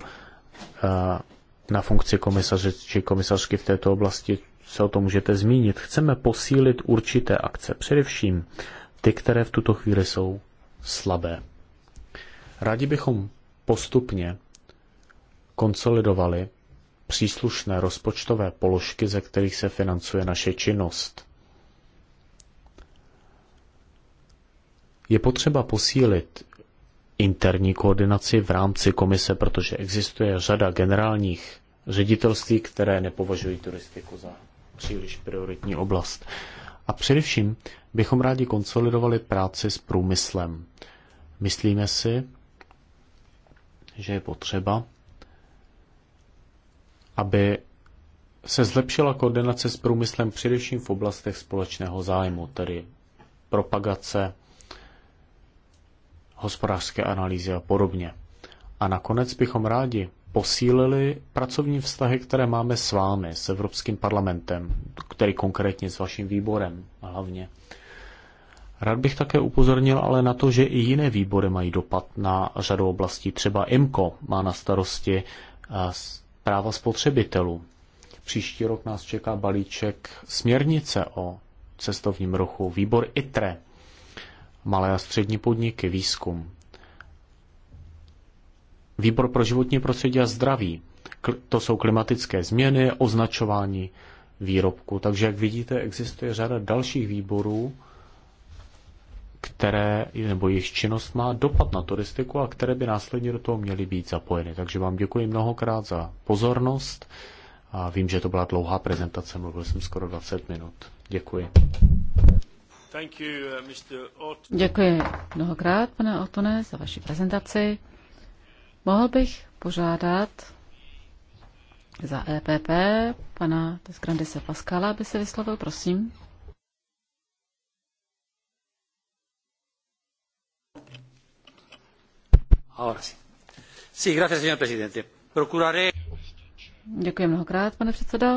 na funkci komisaře či komisařky v této oblasti se o to můžete zmínit. Chceme posílit určité akce, především ty, které v tuto chvíli jsou slabé. Rádi bychom postupně konsolidovali příslušné rozpočtové položky, ze kterých se financuje naše činnost. Je potřeba posílit interní koordinaci v rámci komise, protože existuje řada generálních ředitelství, které nepovažují turistiku za příliš prioritní oblast. A především bychom rádi konsolidovali práci s průmyslem. Myslíme si, že je potřeba, aby se zlepšila koordinace s průmyslem především v oblastech společného zájmu, tedy propagace hospodářské analýzy a podobně. A nakonec bychom rádi posílili pracovní vztahy, které máme s vámi, s Evropským parlamentem, který konkrétně s vaším výborem hlavně. Rád bych také upozornil ale na to, že i jiné výbory mají dopad na řadu oblastí. Třeba IMCO má na starosti eh, práva spotřebitelů. Příští rok nás čeká balíček směrnice o cestovním ruchu. Výbor ITRE malé a střední podniky, výzkum. Výbor pro životní prostředí a zdraví. To jsou klimatické změny, označování výrobku. Takže, jak vidíte, existuje řada dalších výborů, které, nebo jejich činnost má dopad na turistiku a které by následně do toho měly být zapojeny. Takže vám děkuji mnohokrát za pozornost a vím, že to byla dlouhá prezentace, mluvil jsem skoro 20 minut. Děkuji. Uh, Děkuji mnohokrát, pane Otone, za vaši prezentaci. Mohl bych požádat za EPP pana Desgrandise Pascala, aby se vyslovil, prosím. Děkuji mnohokrát, pane předsedo.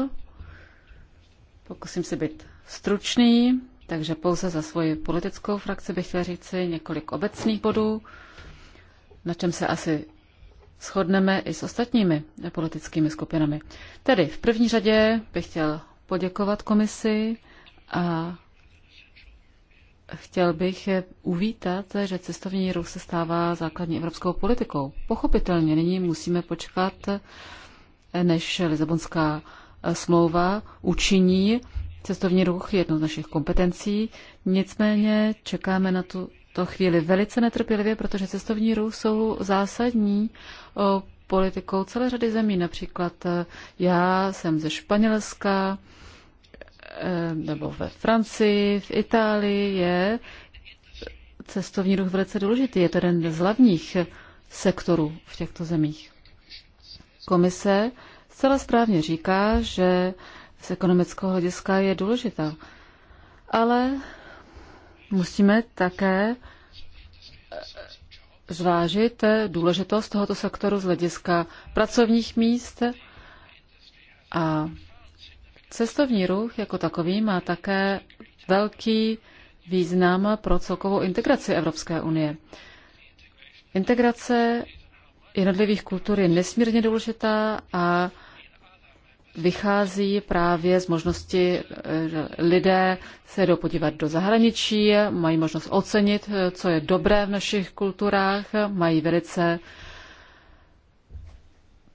Pokusím se být stručný. Takže pouze za svoji politickou frakci bych chtěla říci několik obecných bodů, na čem se asi shodneme i s ostatními politickými skupinami. Tedy v první řadě bych chtěl poděkovat komisi a chtěl bych uvítat, že cestovní ruch se stává základní evropskou politikou. Pochopitelně nyní musíme počkat, než Lisabonská smlouva učiní Cestovní ruch je jednou z našich kompetencí, nicméně čekáme na tu to chvíli velice netrpělivě, protože cestovní ruch jsou zásadní eh, politikou celé řady zemí. Například eh, já jsem ze Španělska, eh, nebo ve Francii, v Itálii je cestovní ruch velice důležitý. Je to jeden z hlavních sektorů v těchto zemích. Komise zcela správně říká, že z ekonomického hlediska je důležitá. Ale musíme také eh, zvážit eh, důležitost tohoto sektoru z hlediska pracovních míst a cestovní ruch jako takový má také velký význam pro celkovou integraci Evropské unie. Integrace jednotlivých kultur je nesmírně důležitá a vychází právě z možnosti, eh, že lidé se jdou podívat do zahraničí, mají možnost ocenit, eh, co je dobré v našich kulturách, mají velice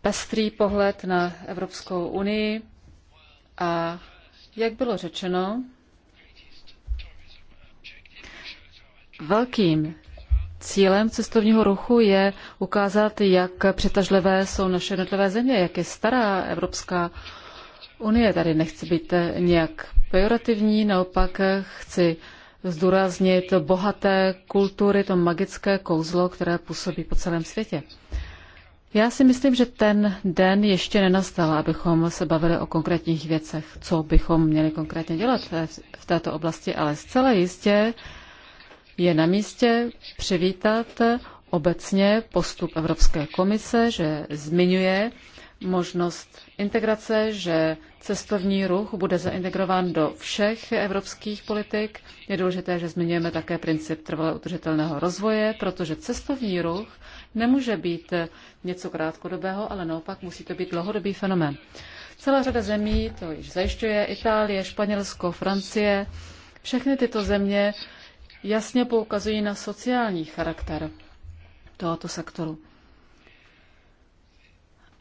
pestrý pohled na Evropskou unii a jak bylo řečeno, velkým Cílem cestovního ruchu je ukázat, jak přitažlivé jsou naše jednotlivé země, jak je stará Evropská unie. Tady nechci být nějak pejorativní, naopak chci zdůraznit bohaté kultury, to magické kouzlo, které působí po celém světě. Já si myslím, že ten den ještě nenastal, abychom se bavili o konkrétních věcech, co bychom měli konkrétně dělat v této oblasti, ale zcela jistě je na místě přivítat obecně postup Evropské komise, že zmiňuje možnost integrace, že cestovní ruch bude zaintegrován do všech evropských politik. Je důležité, že zmiňujeme také princip trvale udržitelného rozvoje, protože cestovní ruch nemůže být něco krátkodobého, ale naopak musí to být dlouhodobý fenomén. Celá řada zemí to již zajišťuje, Itálie, Španělsko, Francie. Všechny tyto země jasně poukazují na sociální charakter tohoto sektoru.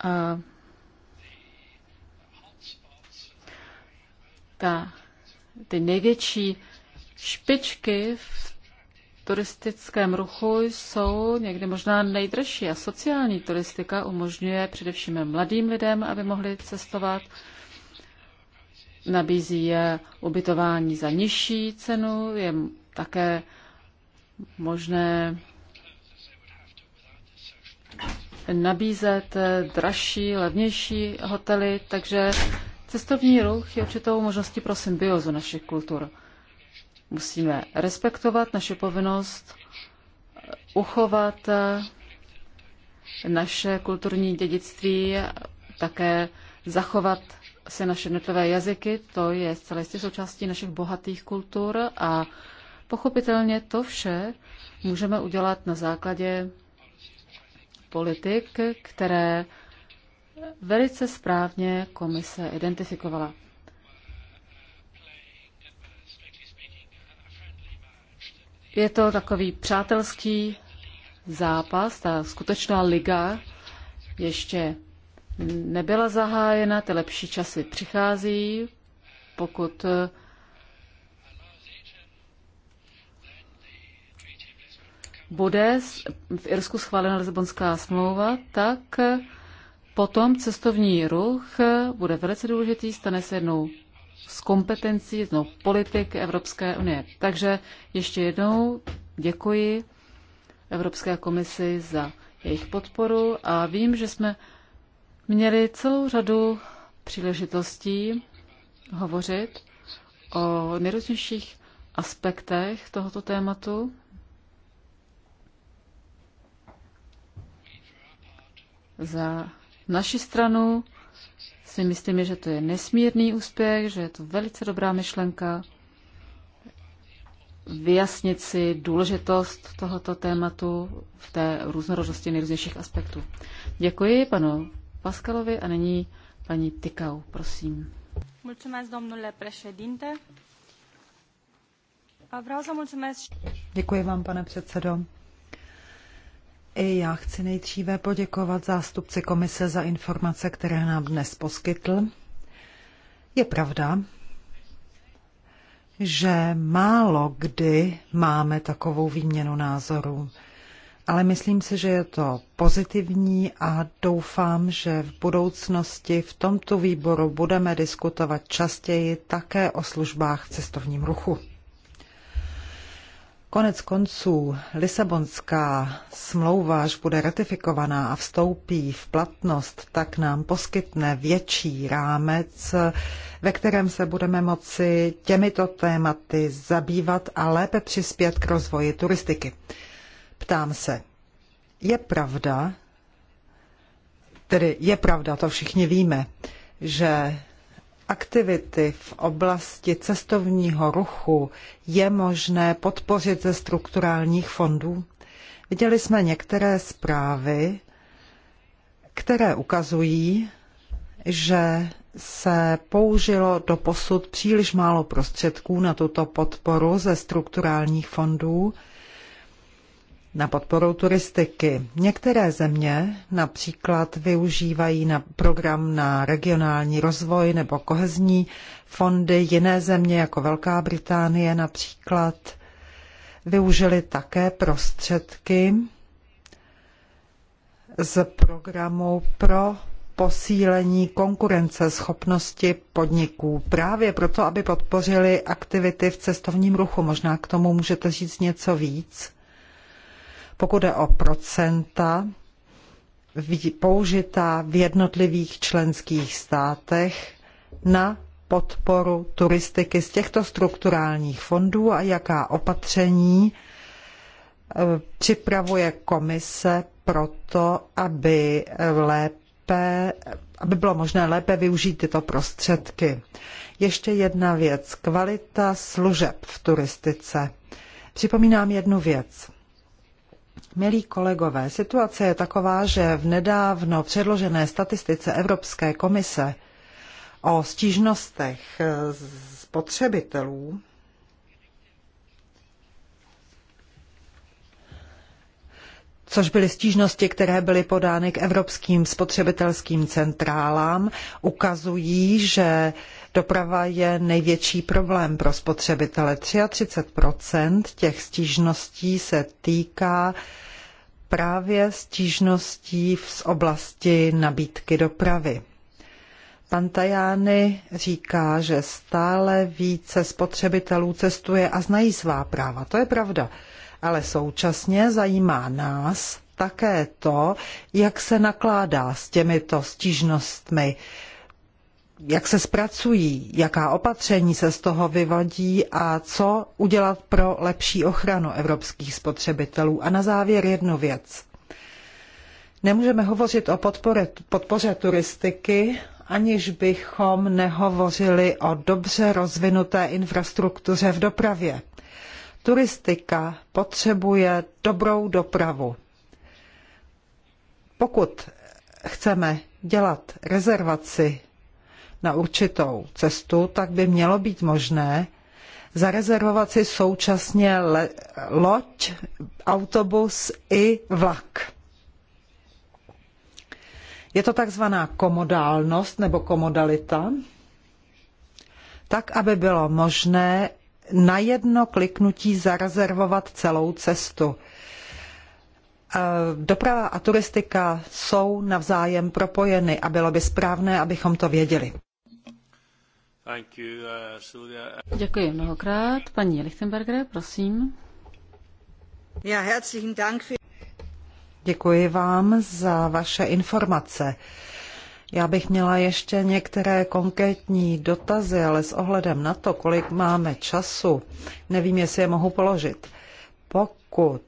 A ta, ty největší špičky v turistickém ruchu jsou někdy možná nejdražší a sociální turistika umožňuje především mladým lidem, aby mohli cestovat, nabízí je ubytování za nižší cenu, je také možné nabízet dražší, levnější hotely, takže cestovní ruch je určitou možností pro symbiozu našich kultur. Musíme respektovat naše povinnost uchovat naše kulturní dědictví, také zachovat si naše jednotlivé jazyky, to je zcela jistě součástí našich bohatých kultur a Pochopitelně to vše můžeme udělat na základě politik, které velice správně komise identifikovala. Je to takový přátelský zápas, ta skutečná liga ještě nebyla zahájena, ty lepší časy přichází, pokud bude v Irsku schválena Lisabonská smlouva, tak potom cestovní ruch bude velice důležitý, stane se jednou z kompetencí, jednou politik Evropské unie. Takže ještě jednou děkuji Evropské komisi za jejich podporu a vím, že jsme měli celou řadu příležitostí hovořit o nejrůznějších aspektech tohoto tématu. Za naši stranu si myslíme, že to je nesmírný úspěch, že je to velice dobrá myšlenka vyjasnit si důležitost tohoto tématu v té různorodosti nejrůznějších aspektů. Děkuji panu Paskalovi a nyní paní Tykau, prosím. Děkuji vám, pane předsedo. I já chci nejdříve poděkovat zástupci komise za informace, které nám dnes poskytl. Je pravda, že málo kdy máme takovou výměnu názorů, ale myslím si, že je to pozitivní a doufám, že v budoucnosti v tomto výboru budeme diskutovat častěji také o službách cestovním ruchu. Konec konců Lisabonská smlouva, až bude ratifikovaná a vstoupí v platnost, tak nám poskytne větší rámec, ve kterém se budeme moci těmito tématy zabývat a lépe přispět k rozvoji turistiky. Ptám se, je pravda, tedy je pravda, to všichni víme, že aktivity v oblasti cestovního ruchu je možné podpořit ze strukturálních fondů? Viděli jsme některé zprávy, které ukazují, že se použilo do posud příliš málo prostředků na tuto podporu ze strukturálních fondů na podporu turistiky. Některé země například využívají na program na regionální rozvoj nebo kohezní fondy. Jiné země, jako Velká Británie například, využili také prostředky z programu pro posílení konkurenceschopnosti podniků právě proto, aby podpořili aktivity v cestovním ruchu. Možná k tomu můžete říct něco víc pokud je o procenta použitá v jednotlivých členských státech na podporu turistiky z těchto strukturálních fondů a jaká opatření e, připravuje komise pro to, aby lépe aby bylo možné lépe využít tyto prostředky. Ještě jedna věc. Kvalita služeb v turistice. Připomínám jednu věc. Milí kolegové, situace je taková, že v nedávno předložené statistice Evropské komise o stížnostech spotřebitelů což byly stížnosti, které byly podány k evropským spotřebitelským centrálám, ukazují, že Doprava je největší problém pro spotřebitele. 33% těch stížností se týká právě stížností z oblasti nabídky dopravy. Pan Tajány říká, že stále více spotřebitelů cestuje a znají svá práva. To je pravda. Ale současně zajímá nás také to, jak se nakládá s těmito stížnostmi, jak se zpracují, jaká opatření se z toho vyvodí a co udělat pro lepší ochranu evropských spotřebitelů. A na závěr jednu věc. Nemůžeme hovořit o podpore, podpoře turistiky, aniž bychom nehovořili o dobře rozvinuté infrastruktuře v dopravě. Turistika potřebuje dobrou dopravu. Pokud chceme dělat rezervaci na určitou cestu, tak by mělo být možné zarezervovat si současně le- loď, autobus i vlak. Je to takzvaná komodálnost nebo komodalita, tak aby bylo možné na jedno kliknutí zarezervovat celou cestu. E, doprava a turistika jsou navzájem propojeny a bylo by správné, abychom to věděli. Uh, Děkuji mnohokrát. Paní Lichtenberger, prosím. Ja, herzlichen Dank für... Děkuji vám za vaše informace. Já bych měla ještě některé konkrétní dotazy, ale s ohledem na to, kolik máme času, nevím, jestli je mohu položit. Pokud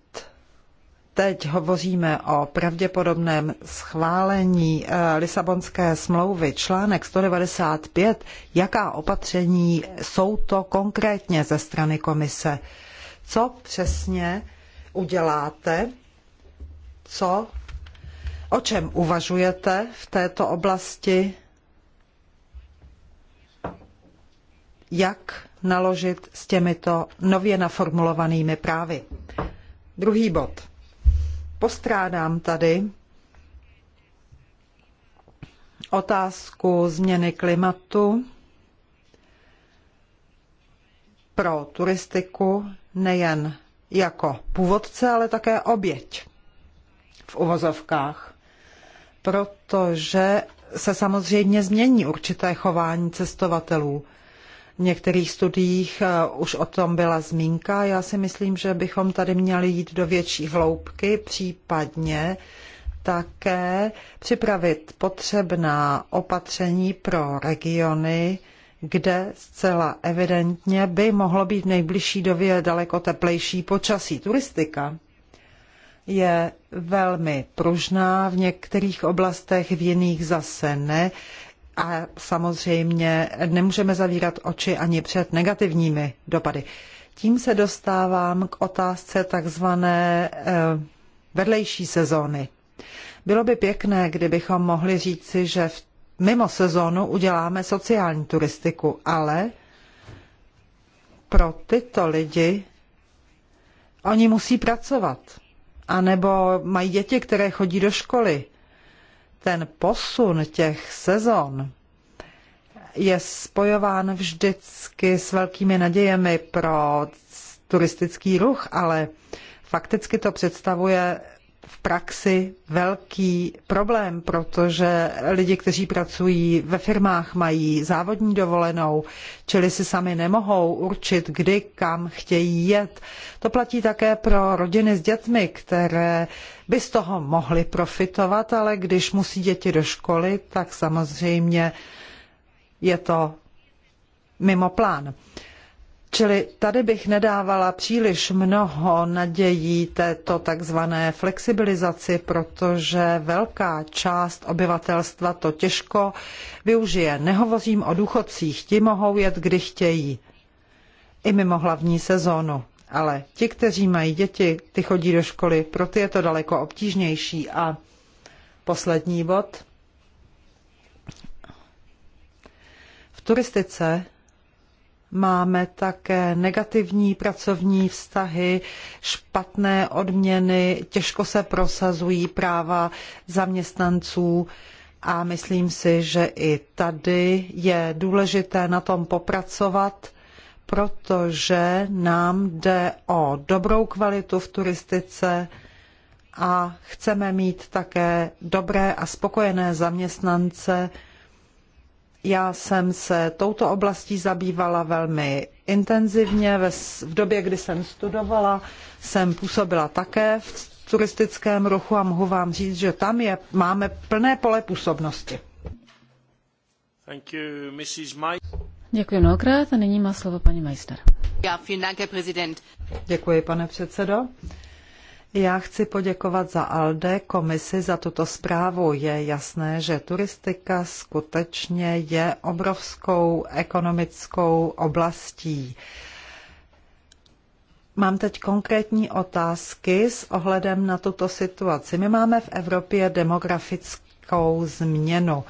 teď hovoříme o pravděpodobném schválení eh, Lisabonské smlouvy, článek 195, jaká opatření jsou to konkrétně ze strany komise? Co přesně uděláte? Co? O čem uvažujete v této oblasti? Jak naložit s těmito nově naformulovanými právy? Druhý bod postrádám tady otázku změny klimatu pro turistiku nejen jako původce, ale také oběť v uvozovkách, protože se samozřejmě změní určité chování cestovatelů některých studiích eh, už o tom byla zmínka. Já si myslím, že bychom tady měli jít do větší hloubky, případně také připravit potřebná opatření pro regiony, kde zcela evidentně by mohlo být v nejbližší době daleko teplejší počasí. Turistika je velmi pružná, v některých oblastech, v jiných zase ne a samozřejmě nemůžeme zavírat oči ani před negativními dopady. Tím se dostávám k otázce takzvané eh, vedlejší sezóny. Bylo by pěkné, kdybychom mohli říci, že v mimo sezónu uděláme sociální turistiku, ale pro tyto lidi oni musí pracovat. A nebo mají děti, které chodí do školy ten posun těch sezon je spojován vždycky s velkými nadějemi pro turistický ruch, ale fakticky to představuje v praxi velký problém, protože lidi, kteří pracují ve firmách, mají závodní dovolenou, čili si sami nemohou určit, kdy kam chtějí jet. To platí také pro rodiny s dětmi, které by z toho mohly profitovat, ale když musí děti do školy, tak samozřejmě je to mimo plán. Čili tady bych nedávala příliš mnoho nadějí této takzvané flexibilizaci, protože velká část obyvatelstva to těžko využije. Nehovořím o důchodcích, ti mohou jet, kdy chtějí. I mimo hlavní sezónu. Ale ti, kteří mají děti, ty chodí do školy, pro ty je to daleko obtížnější. A poslední bod. V turistice Máme také negativní pracovní vztahy, špatné odměny, těžko se prosazují práva zaměstnanců a myslím si, že i tady je důležité na tom popracovat, protože nám jde o dobrou kvalitu v turistice a chceme mít také dobré a spokojené zaměstnance, já jsem se touto oblastí zabývala velmi intenzivně. V době, kdy jsem studovala, jsem působila také v turistickém ruchu a mohu vám říct, že tam je, máme plné pole působnosti. You, Děkuji mnohokrát a nyní má slovo paní Meister. Ja, Dank, Děkuji, pane předsedo. Já chci poděkovat za ALDE komisi za tuto zprávu. Je jasné, že turistika skutečně je obrovskou ekonomickou oblastí. Mám teď konkrétní otázky s ohledem na tuto situaci. My máme v Evropě demografickou změnu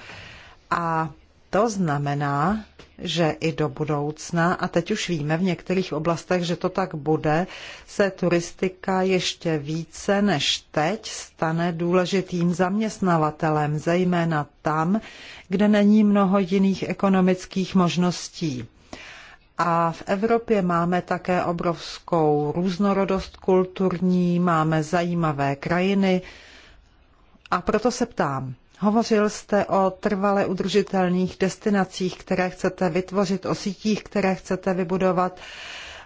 a to znamená, že i do budoucna, a teď už víme v některých oblastech, že to tak bude, se turistika ještě více než teď stane důležitým zaměstnavatelem, zejména tam, kde není mnoho jiných ekonomických možností. A v Evropě máme také obrovskou různorodost kulturní, máme zajímavé krajiny. A proto se ptám, Hovořil jste o trvale udržitelných destinacích, které chcete vytvořit, o sítích, které chcete vybudovat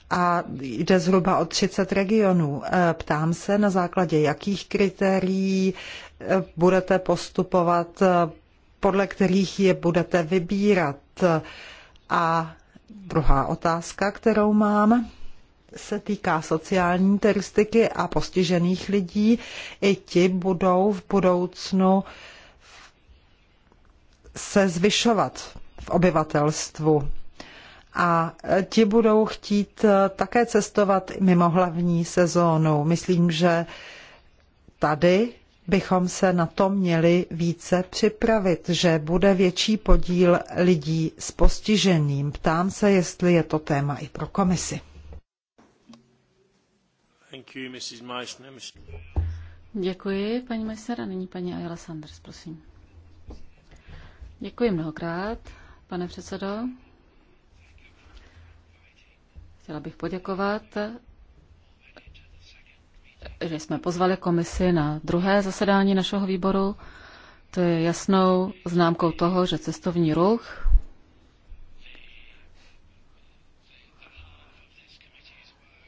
a jde zhruba o 30 regionů. E, ptám se, na základě jakých kritérií e, budete postupovat, e, podle kterých je budete vybírat. A druhá otázka, kterou mám, se týká sociální turistiky a postižených lidí. I ti budou v budoucnu se zvyšovat v obyvatelstvu. A e, ti budou chtít e, také cestovat mimo hlavní sezónu. Myslím, že tady bychom se na to měli více připravit, že bude větší podíl lidí s postižením. Ptám se, jestli je to téma i pro komisi. Děkuji, paní Meissner. nyní paní Ayala Sanders, prosím. Děkuji mnohokrát, pane předsedo. Chtěla bych poděkovat, že jsme pozvali komisi na druhé zasedání našeho výboru. To je jasnou známkou toho, že cestovní ruch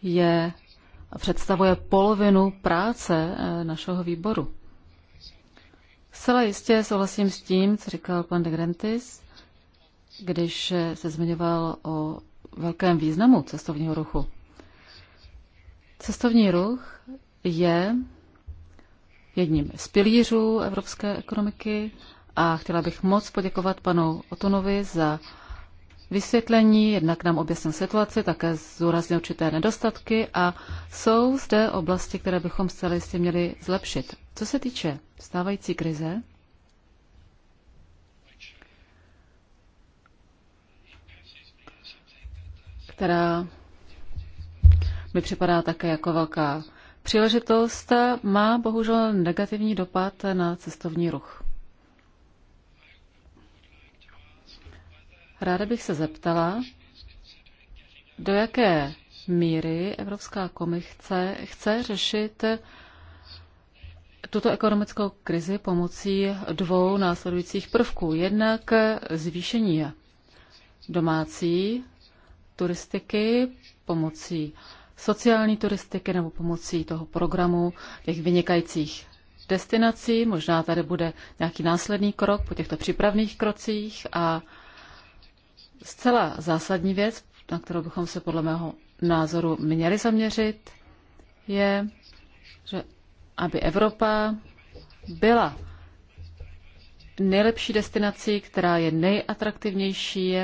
je představuje polovinu práce eh, našeho výboru. Zcela jistě souhlasím s tím, co říkal pan de Grantis, když se zmiňoval o velkém významu cestovního ruchu. Cestovní ruch je jedním z pilířů evropské ekonomiky a chtěla bych moc poděkovat panu Otonovi za vysvětlení, jednak nám objasnil situaci, také zúrazně určité nedostatky a jsou zde oblasti, které bychom zcela jistě měli zlepšit. Co se týče stávající krize, která mi připadá také jako velká příležitost, má bohužel negativní dopad na cestovní ruch. Ráda bych se zeptala, do jaké míry Evropská komise chce řešit tuto ekonomickou krizi pomocí dvou následujících prvků. Jednak zvýšení domácí turistiky pomocí sociální turistiky nebo pomocí toho programu těch vynikajících destinací. Možná tady bude nějaký následný krok po těchto přípravných krocích a zcela zásadní věc, na kterou bychom se podle mého názoru měli zaměřit, je, že aby Evropa byla nejlepší destinací, která je nejatraktivnější,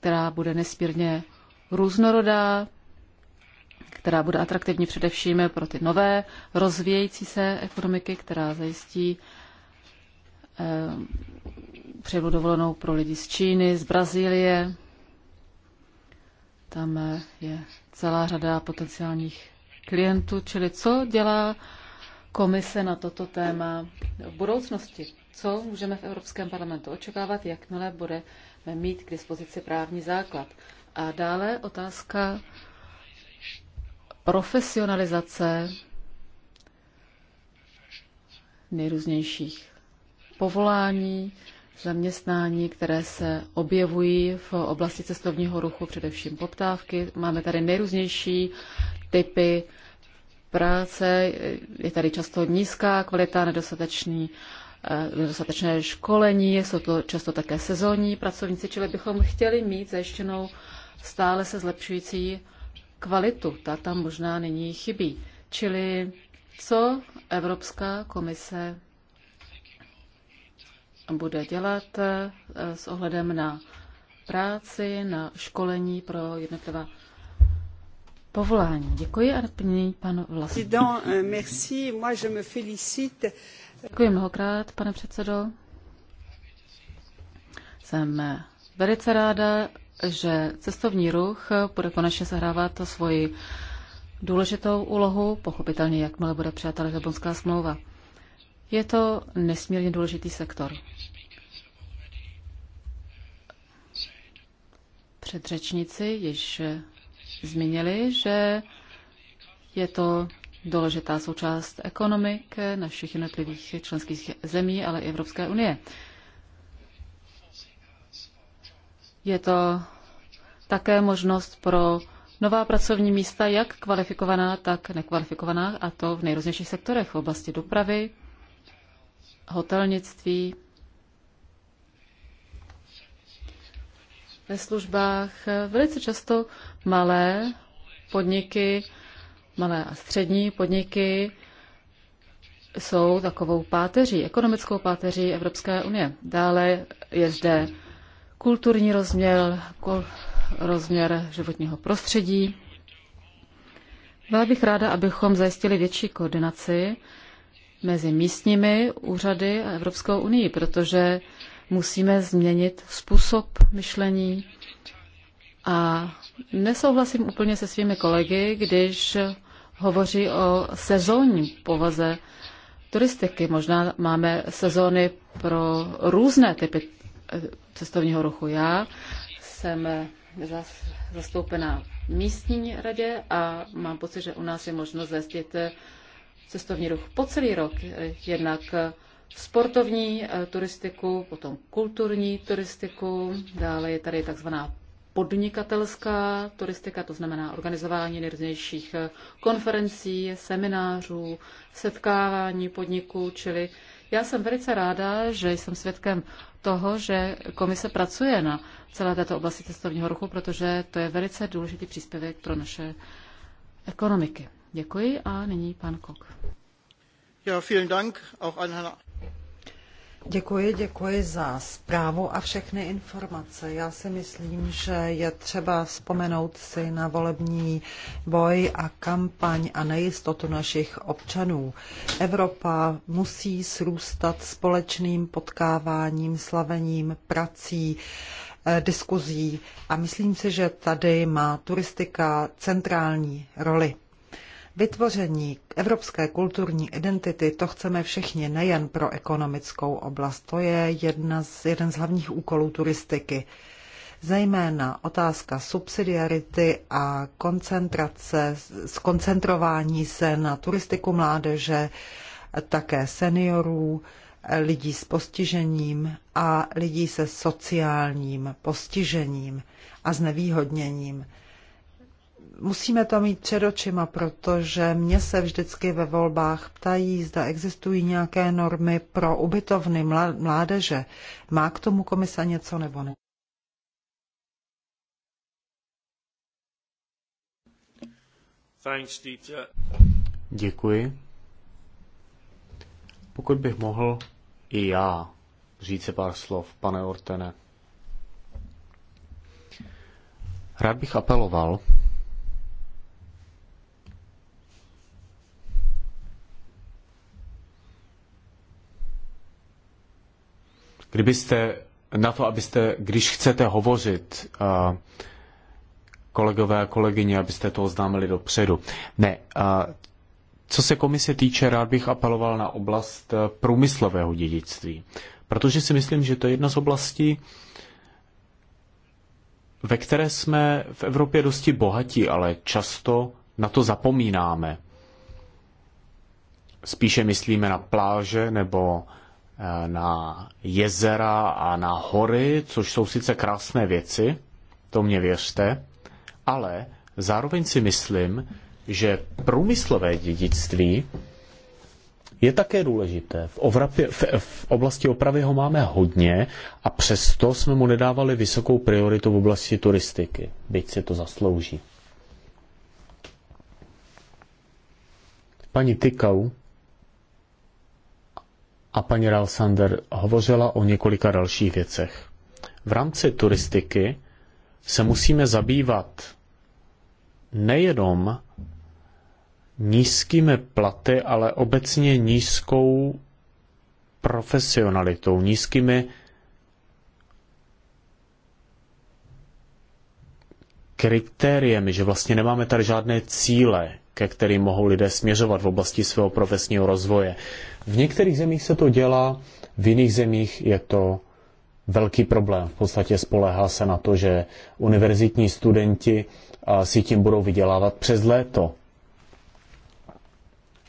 která bude nesmírně různorodá, která bude atraktivní především pro ty nové rozvíjející se ekonomiky, která zajistí přijelu dovolenou pro lidi z Číny, z Brazílie. Tam je celá řada potenciálních klientů, čili co dělá komise na toto téma v budoucnosti? Co můžeme v Evropském parlamentu očekávat, jakmile budeme mít k dispozici právní základ? A dále otázka profesionalizace nejrůznějších povolání, zaměstnání, které se objevují v oblasti cestovního ruchu, především poptávky. Máme tady nejrůznější typy práce, je tady často nízká kvalita, nedostatečný eh, nedostatečné školení, jsou to často také sezónní pracovníci, čili bychom chtěli mít zajištěnou stále se zlepšující kvalitu. Ta tam možná nyní chybí. Čili co Evropská komise bude dělat eh, s ohledem na práci, na školení pro jednotlivá povolání. Děkuji a nyní pan Vlastní. Euh, Děkuji mnohokrát, pane předsedo. Jsem eh, velice ráda, že cestovní ruch bude konečně sehrávat svoji důležitou úlohu, pochopitelně jakmile bude přijata Lisabonská smlouva. Je to nesmírně důležitý sektor. Předřečníci již zmínili, že je to důležitá součást ekonomik našich jednotlivých členských zemí, ale i Evropské unie. Je to také možnost pro nová pracovní místa, jak kvalifikovaná, tak nekvalifikovaná, a to v nejrůznějších sektorech v oblasti dopravy, hotelnictví, ve službách. Velice často malé podniky, malé a střední podniky jsou takovou páteří, ekonomickou páteří Evropské unie. Dále je zde kulturní rozměr, rozměr životního prostředí. Byla bych ráda, abychom zajistili větší koordinaci mezi místními úřady a Evropskou unii, protože musíme změnit způsob myšlení. A nesouhlasím úplně se svými kolegy, když hovoří o sezónní povaze turistiky. Možná máme sezóny pro různé typy eh, cestovního ruchu. Já jsem zastoupená v místní radě a mám pocit, že u nás je možnost zjistit eh, cestovní ruch po celý rok, eh, jednak eh, sportovní eh, turistiku, potom kulturní turistiku, dále je tady takzvaná podnikatelská turistika, to znamená organizování nejrůznějších konferencí, seminářů, setkávání podniků, čili já jsem velice ráda, že jsem svědkem toho, že komise pracuje na celé této oblasti cestovního ruchu, protože to je velice důležitý příspěvek pro naše ekonomiky. Děkuji a nyní pan Kok. Ja, vielen Dank auch an Herrn Děkuji, děkuji za zprávu a všechny informace. Já si myslím, že je třeba vzpomenout si na volební boj a kampaň a nejistotu našich občanů. Evropa musí srůstat společným potkáváním, slavením, prací, eh, diskuzí a myslím si, že tady má turistika centrální roli. Vytvoření evropské kulturní identity, to chceme všichni, nejen pro ekonomickou oblast. To je jedna z, jeden z hlavních úkolů turistiky. Zejména otázka subsidiarity a koncentrace, skoncentrování se na turistiku mládeže, také seniorů, lidí s postižením a lidí se sociálním postižením a znevýhodněním musíme to mít před očima, protože mě se vždycky ve volbách ptají, zda existují nějaké normy pro ubytovny mládeže. Má k tomu komisa něco nebo ne? Děkuji. Pokud bych mohl i já říct se pár slov, pane Ortene. Rád bych apeloval Kdybyste na to, abyste, když chcete hovořit, kolegové a kolegyně, abyste to oznámili dopředu. Ne, co se komise týče, rád bych apeloval na oblast e, průmyslového dědictví, protože si myslím, že to je jedna z oblastí, ve které jsme v Evropě dosti bohatí, ale často na to zapomínáme. Spíše myslíme na pláže nebo na jezera a na hory, což jsou sice krásné věci, to mě věřte, ale zároveň si myslím, že průmyslové dědictví je také důležité. V, ovrapě, v, v oblasti opravy ho máme hodně a přesto jsme mu nedávali vysokou prioritu v oblasti turistiky, byť si to zaslouží. Paní Tykau a paní Ralsander hovořila o několika dalších věcech. V rámci turistiky se musíme zabývat nejenom nízkými platy, ale obecně nízkou profesionalitou, nízkými kritériemi, že vlastně nemáme tady žádné cíle, ke kterým mohou lidé směřovat v oblasti svého profesního rozvoje. V některých zemích se to dělá, v jiných zemích je to velký problém. V podstatě spolehá se na to, že univerzitní studenti si tím budou vydělávat přes léto.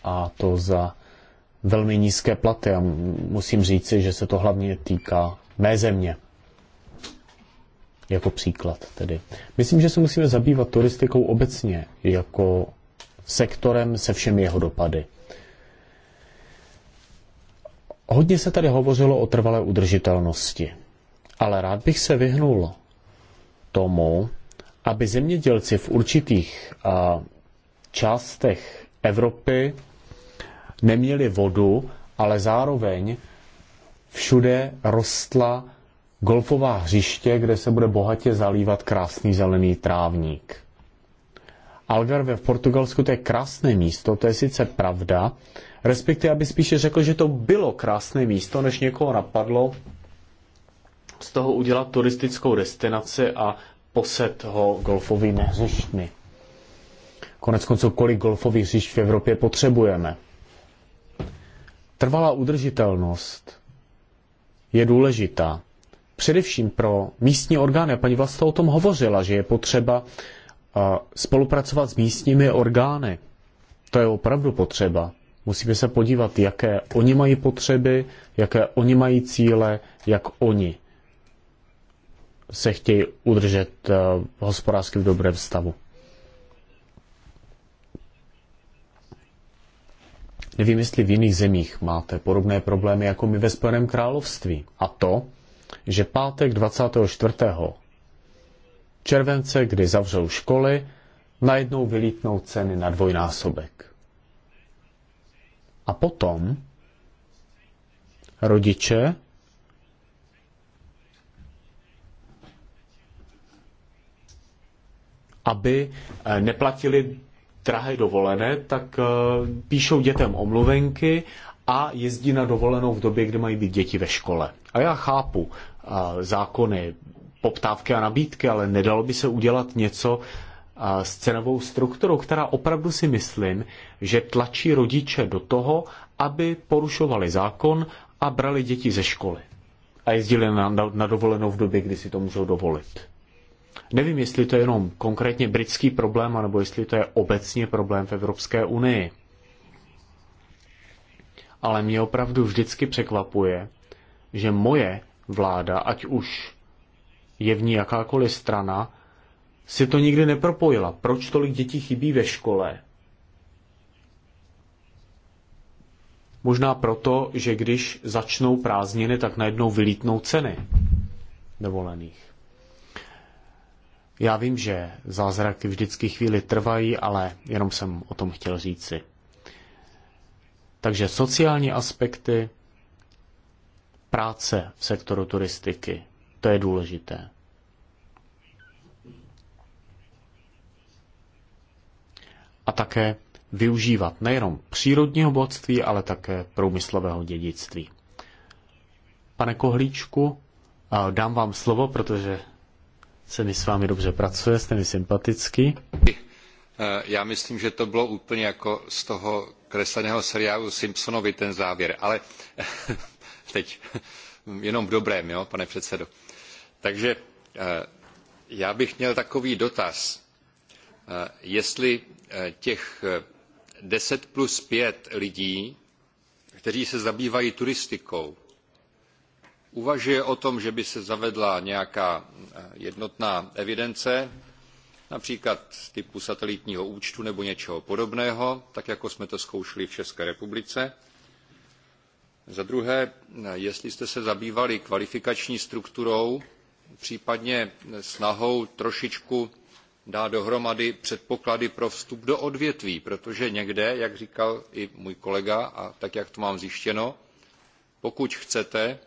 A to za velmi nízké platy. A musím říci, že se to hlavně týká mé země. Jako příklad tedy. Myslím, že se musíme zabývat turistikou obecně jako sektorem se všemi jeho dopady. Hodně se tady hovořilo o trvalé udržitelnosti, ale rád bych se vyhnul tomu, aby zemědělci v určitých částech Evropy neměli vodu, ale zároveň všude rostla golfová hřiště, kde se bude bohatě zalívat krásný zelený trávník. Algarve v Portugalsku, to je krásné místo, to je sice pravda, respektive aby spíše řekl, že to bylo krásné místo, než někoho napadlo z toho udělat turistickou destinaci a poset ho golfovými hřištmi. Konec konců, kolik golfových hřišť v Evropě potřebujeme. Trvalá udržitelnost je důležitá. Především pro místní orgány, paní Vlasta o tom hovořila, že je potřeba spolupracovat s místními orgány. To je opravdu potřeba. Musíme se podívat, jaké oni mají potřeby, jaké oni mají cíle, jak oni se chtějí udržet hospodářsky eh, v dobrém stavu. Nevím, jestli v jiných zemích máte podobné problémy jako my ve Spojeném království. A to, že pátek 24 července, kdy zavřou školy, najednou vylítnou ceny na dvojnásobek. A potom rodiče aby eh, neplatili drahé dovolené, tak eh, píšou dětem omluvenky a jezdí na dovolenou v době, kdy mají být děti ve škole. A já chápu eh, zákony poptávky a nabídky, ale nedalo by se udělat něco s cenovou strukturou, která opravdu si myslím, že tlačí rodiče do toho, aby porušovali zákon a brali děti ze školy a jezdili na, na, na dovolenou v době, kdy si to můžou dovolit. Nevím, jestli to je jenom konkrétně britský problém, anebo jestli to je obecně problém v Evropské unii. Ale mě opravdu vždycky překvapuje, že moje vláda, ať už je v ní jakákoliv strana, si to nikdy nepropojila. Proč tolik dětí chybí ve škole? Možná proto, že když začnou prázdniny, tak najednou vylítnou ceny dovolených. Já vím, že zázraky vždycky chvíli trvají, ale jenom jsem o tom chtěl říci. Takže sociální aspekty, práce v sektoru turistiky, to je důležité. A také využívat nejenom přírodního bohatství, ale také průmyslového dědictví. Pane Kohlíčku, dám vám slovo, protože se mi s vámi dobře pracuje, jste mi sympatický. Já myslím, že to bylo úplně jako z toho kresleného seriálu Simpsonovi ten závěr, ale teď jenom v dobrém, jo, pane předsedo. Takže eh, já bych měl takový dotaz, eh, jestli eh, těch 10 plus 5 lidí, kteří se zabývají turistikou, uvažuje o tom, že by se zavedla nějaká jednotná evidence, například typu satelitního účtu nebo něčeho podobného, tak jako jsme to zkoušeli v České republice. Za druhé, jestli jste se zabývali kvalifikační strukturou případně snahou trošičku dát dohromady předpoklady pro vstup do odvětví, protože někde, jak říkal i můj kolega a tak, jak to mám zjištěno, pokud chcete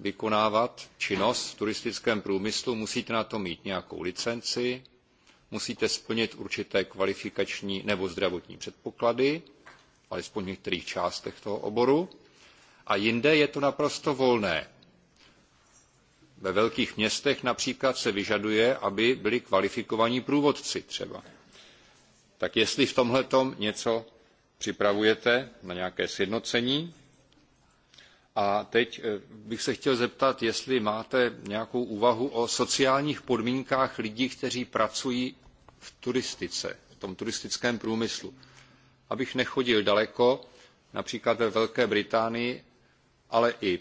vykonávat činnost v turistickém průmyslu, musíte na to mít nějakou licenci, musíte splnit určité kvalifikační nebo zdravotní předpoklady, alespoň v některých částech toho oboru, a jinde je to naprosto volné ve velkých městech například se vyžaduje, aby byli kvalifikovaní průvodci třeba. Tak jestli v tomhle něco připravujete na nějaké sjednocení. A teď eh, bych se chtěl zeptat, jestli máte nějakou úvahu o sociálních podmínkách lidí, kteří pracují v turistice, v tom turistickém průmyslu. Abych nechodil daleko, například ve Velké Británii, ale i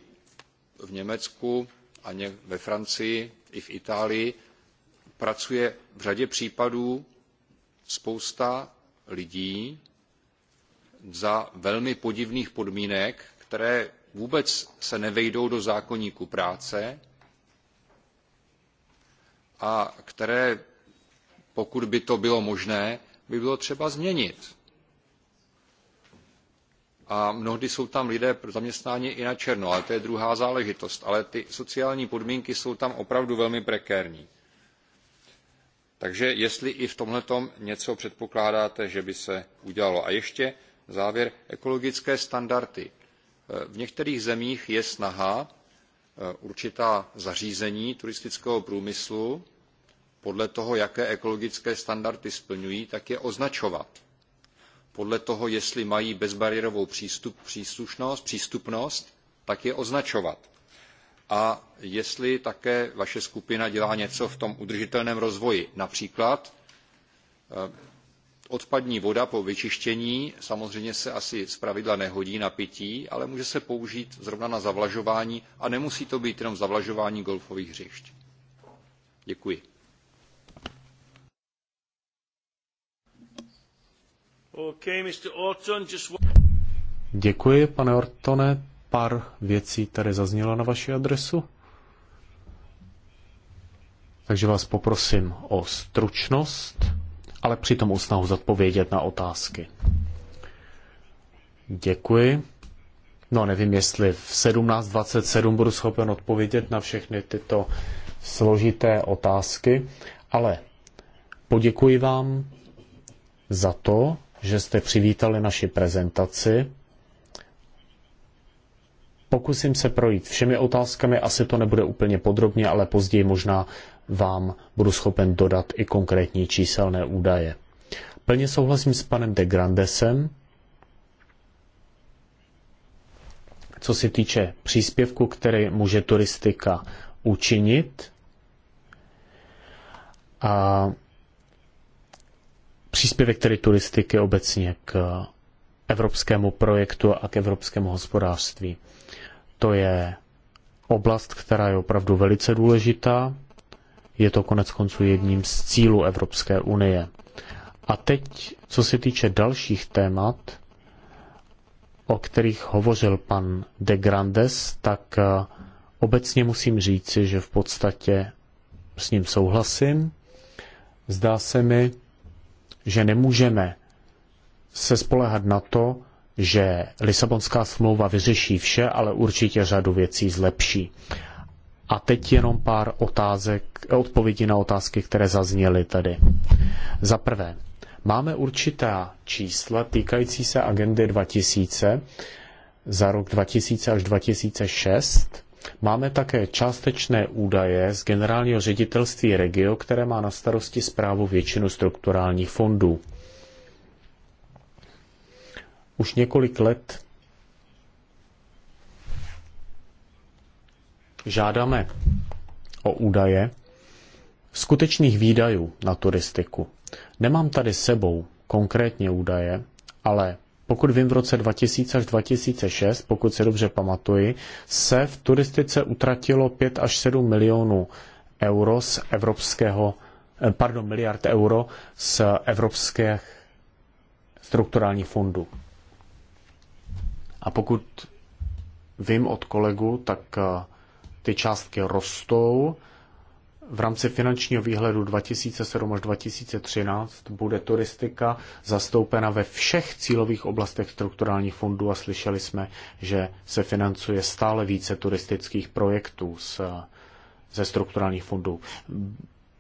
v Německu, ani ve Francii, i v Itálii pracuje v řadě případů spousta lidí za velmi podivných podmínek, které vůbec se nevejdou do zákoníku práce a které, pokud by to bylo možné, by bylo třeba změnit a mnohdy jsou tam lidé zaměstnáni i na černo, ale to je druhá záležitost. Ale ty sociální podmínky jsou tam opravdu velmi prekérní. Takže jestli i v tomhle něco předpokládáte, že by se udělalo. A ještě závěr ekologické standardy. V některých zemích je snaha e, určitá zařízení turistického průmyslu podle toho, jaké ekologické standardy splňují, tak je označovat podle toho, jestli mají bezbariérovou přístupnost, tak je označovat. A jestli také vaše skupina dělá něco v tom udržitelném rozvoji, například eh, odpadní voda po vyčištění samozřejmě se asi zpravidla nehodí na pití, ale může se použít zrovna na zavlažování a nemusí to být jenom zavlažování golfových hřišť. Děkuji. Děkuji, pane Ortone. Pár věcí tady zaznělo na vaši adresu. Takže vás poprosím o stručnost, ale přitom o snahu zodpovědět na otázky. Děkuji. No nevím, jestli v 17.27 budu schopen odpovědět na všechny tyto složité otázky, ale poděkuji vám za to, že jste přivítali naši prezentaci. Pokusím se projít všemi otázkami, asi to nebude úplně podrobně, ale později možná vám budu schopen dodat i konkrétní číselné údaje. Plně souhlasím s panem de Grandesem, co se týče příspěvku, který může turistika učinit. A příspěvek tedy turistiky obecně k evropskému projektu a k evropskému hospodářství. To je oblast, která je opravdu velice důležitá. Je to konec konců jedním z cílů Evropské unie. A teď, co se týče dalších témat, o kterých hovořil pan de Grandes, tak eh, obecně musím říci, že v podstatě s ním souhlasím. Zdá se mi, že nemůžeme se spolehat na to, že Lisabonská smlouva vyřeší vše, ale určitě řadu věcí zlepší. A teď jenom pár otázek, odpovědí na otázky, které zazněly tady. Za prvé, máme určitá čísla týkající se agendy 2000 za rok 2000 až 2006 Máme také částečné údaje z generálního ředitelství Regio, které má na starosti zprávu většinu strukturálních fondů. Už několik let žádáme o údaje skutečných výdajů na turistiku. Nemám tady sebou konkrétně údaje, ale pokud vím, v roce 2000 až 2006, pokud se dobře pamatuji, se v turistice utratilo 5 až 7 milionů euro z evropského, eh, pardon, miliard euro z evropských strukturálních fondů. A pokud vím od kolegu, tak eh, ty částky rostou v rámci finančního výhledu 2007 až 2013 bude turistika zastoupena ve všech cílových oblastech strukturálních fondů a slyšeli jsme, že se financuje stále více turistických projektů z, ze strukturálních fondů.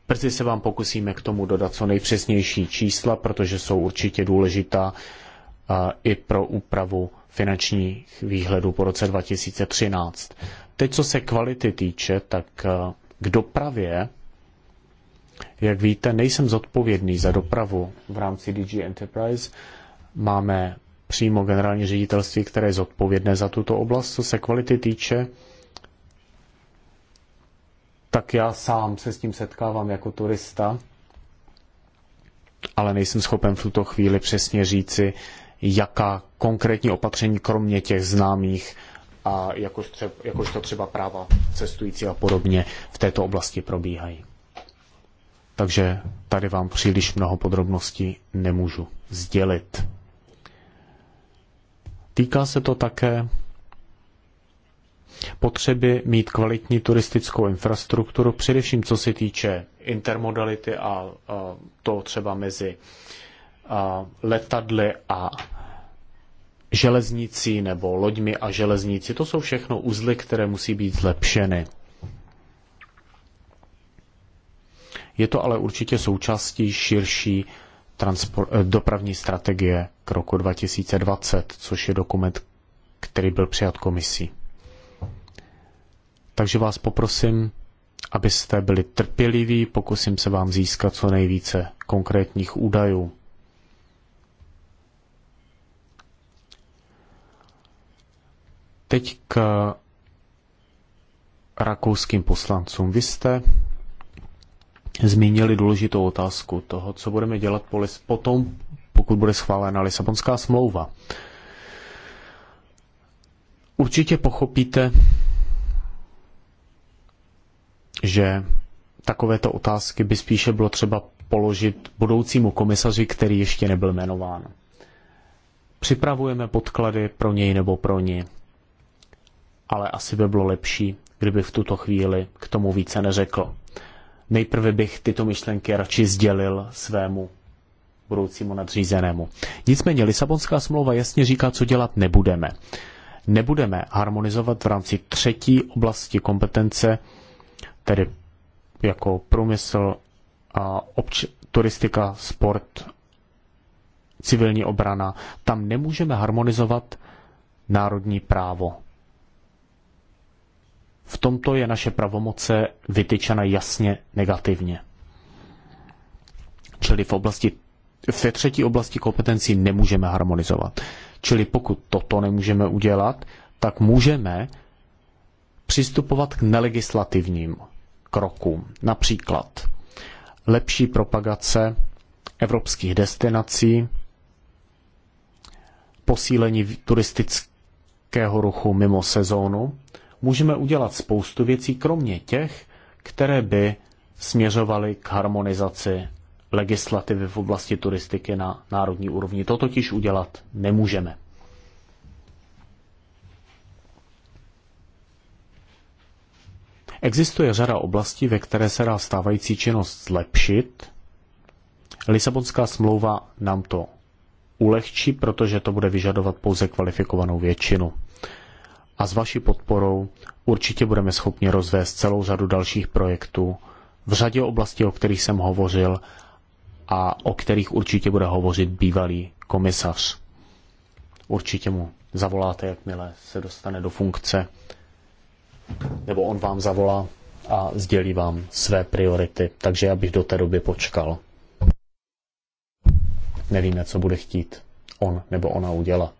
Brzy se vám pokusíme k tomu dodat co nejpřesnější čísla, protože jsou určitě důležitá i pro úpravu finančních výhledů po roce 2013. Teď, co se kvality týče, tak k dopravě, jak víte, nejsem zodpovědný za dopravu v rámci DG Enterprise. Máme přímo generální ředitelství, které je zodpovědné za tuto oblast. Co se kvality týče, tak já sám se s tím setkávám jako turista, ale nejsem schopen v tuto chvíli přesně říci, jaká konkrétní opatření, kromě těch známých, a jakožto třeba, třeba práva cestující a podobně v této oblasti probíhají. Takže tady vám příliš mnoho podrobností nemůžu sdělit. Týká se to také potřeby mít kvalitní turistickou infrastrukturu, především co se týče intermodality a, a to třeba mezi a letadly a železnicí nebo loďmi a železnici. To jsou všechno uzly, které musí být zlepšeny. Je to ale určitě součástí širší eh, dopravní strategie k roku 2020, což je dokument, který byl přijat komisí. Takže vás poprosím, abyste byli trpěliví, pokusím se vám získat co nejvíce konkrétních údajů. Teď k rakouským poslancům. Vy jste zmínili důležitou otázku toho, co budeme dělat potom, pokud bude schválena Lisabonská smlouva. Určitě pochopíte, že takovéto otázky by spíše bylo třeba položit budoucímu komisaři, který ještě nebyl jmenován. Připravujeme podklady pro něj nebo pro ní ale asi by bylo lepší, kdyby v tuto chvíli k tomu více neřekl. Nejprve bych tyto myšlenky radši sdělil svému budoucímu nadřízenému. Nicméně Lisabonská smlouva jasně říká, co dělat nebudeme. Nebudeme harmonizovat v rámci třetí oblasti kompetence, tedy jako průmysl, a obč- turistika, sport, civilní obrana. Tam nemůžeme harmonizovat národní právo. V tomto je naše pravomoce vytyčena jasně negativně. Čili v oblasti ve třetí oblasti kompetencí nemůžeme harmonizovat. Čili pokud toto nemůžeme udělat, tak můžeme přistupovat k nelegislativním krokům. Například lepší propagace evropských destinací, posílení turistického ruchu mimo sezónu, můžeme udělat spoustu věcí, kromě těch, které by směřovaly k harmonizaci legislativy v oblasti turistiky na národní úrovni. To totiž udělat nemůžeme. Existuje řada oblastí, ve které se dá stávající činnost zlepšit. Lisabonská smlouva nám to ulehčí, protože to bude vyžadovat pouze kvalifikovanou většinu a s vaší podporou určitě budeme schopni rozvést celou řadu dalších projektů v řadě oblastí, o kterých jsem hovořil a o kterých určitě bude hovořit bývalý komisař. Určitě mu zavoláte, jakmile se dostane do funkce, nebo on vám zavolá a sdělí vám své priority, takže já bych do té doby počkal. Nevíme, co bude chtít on nebo ona udělat.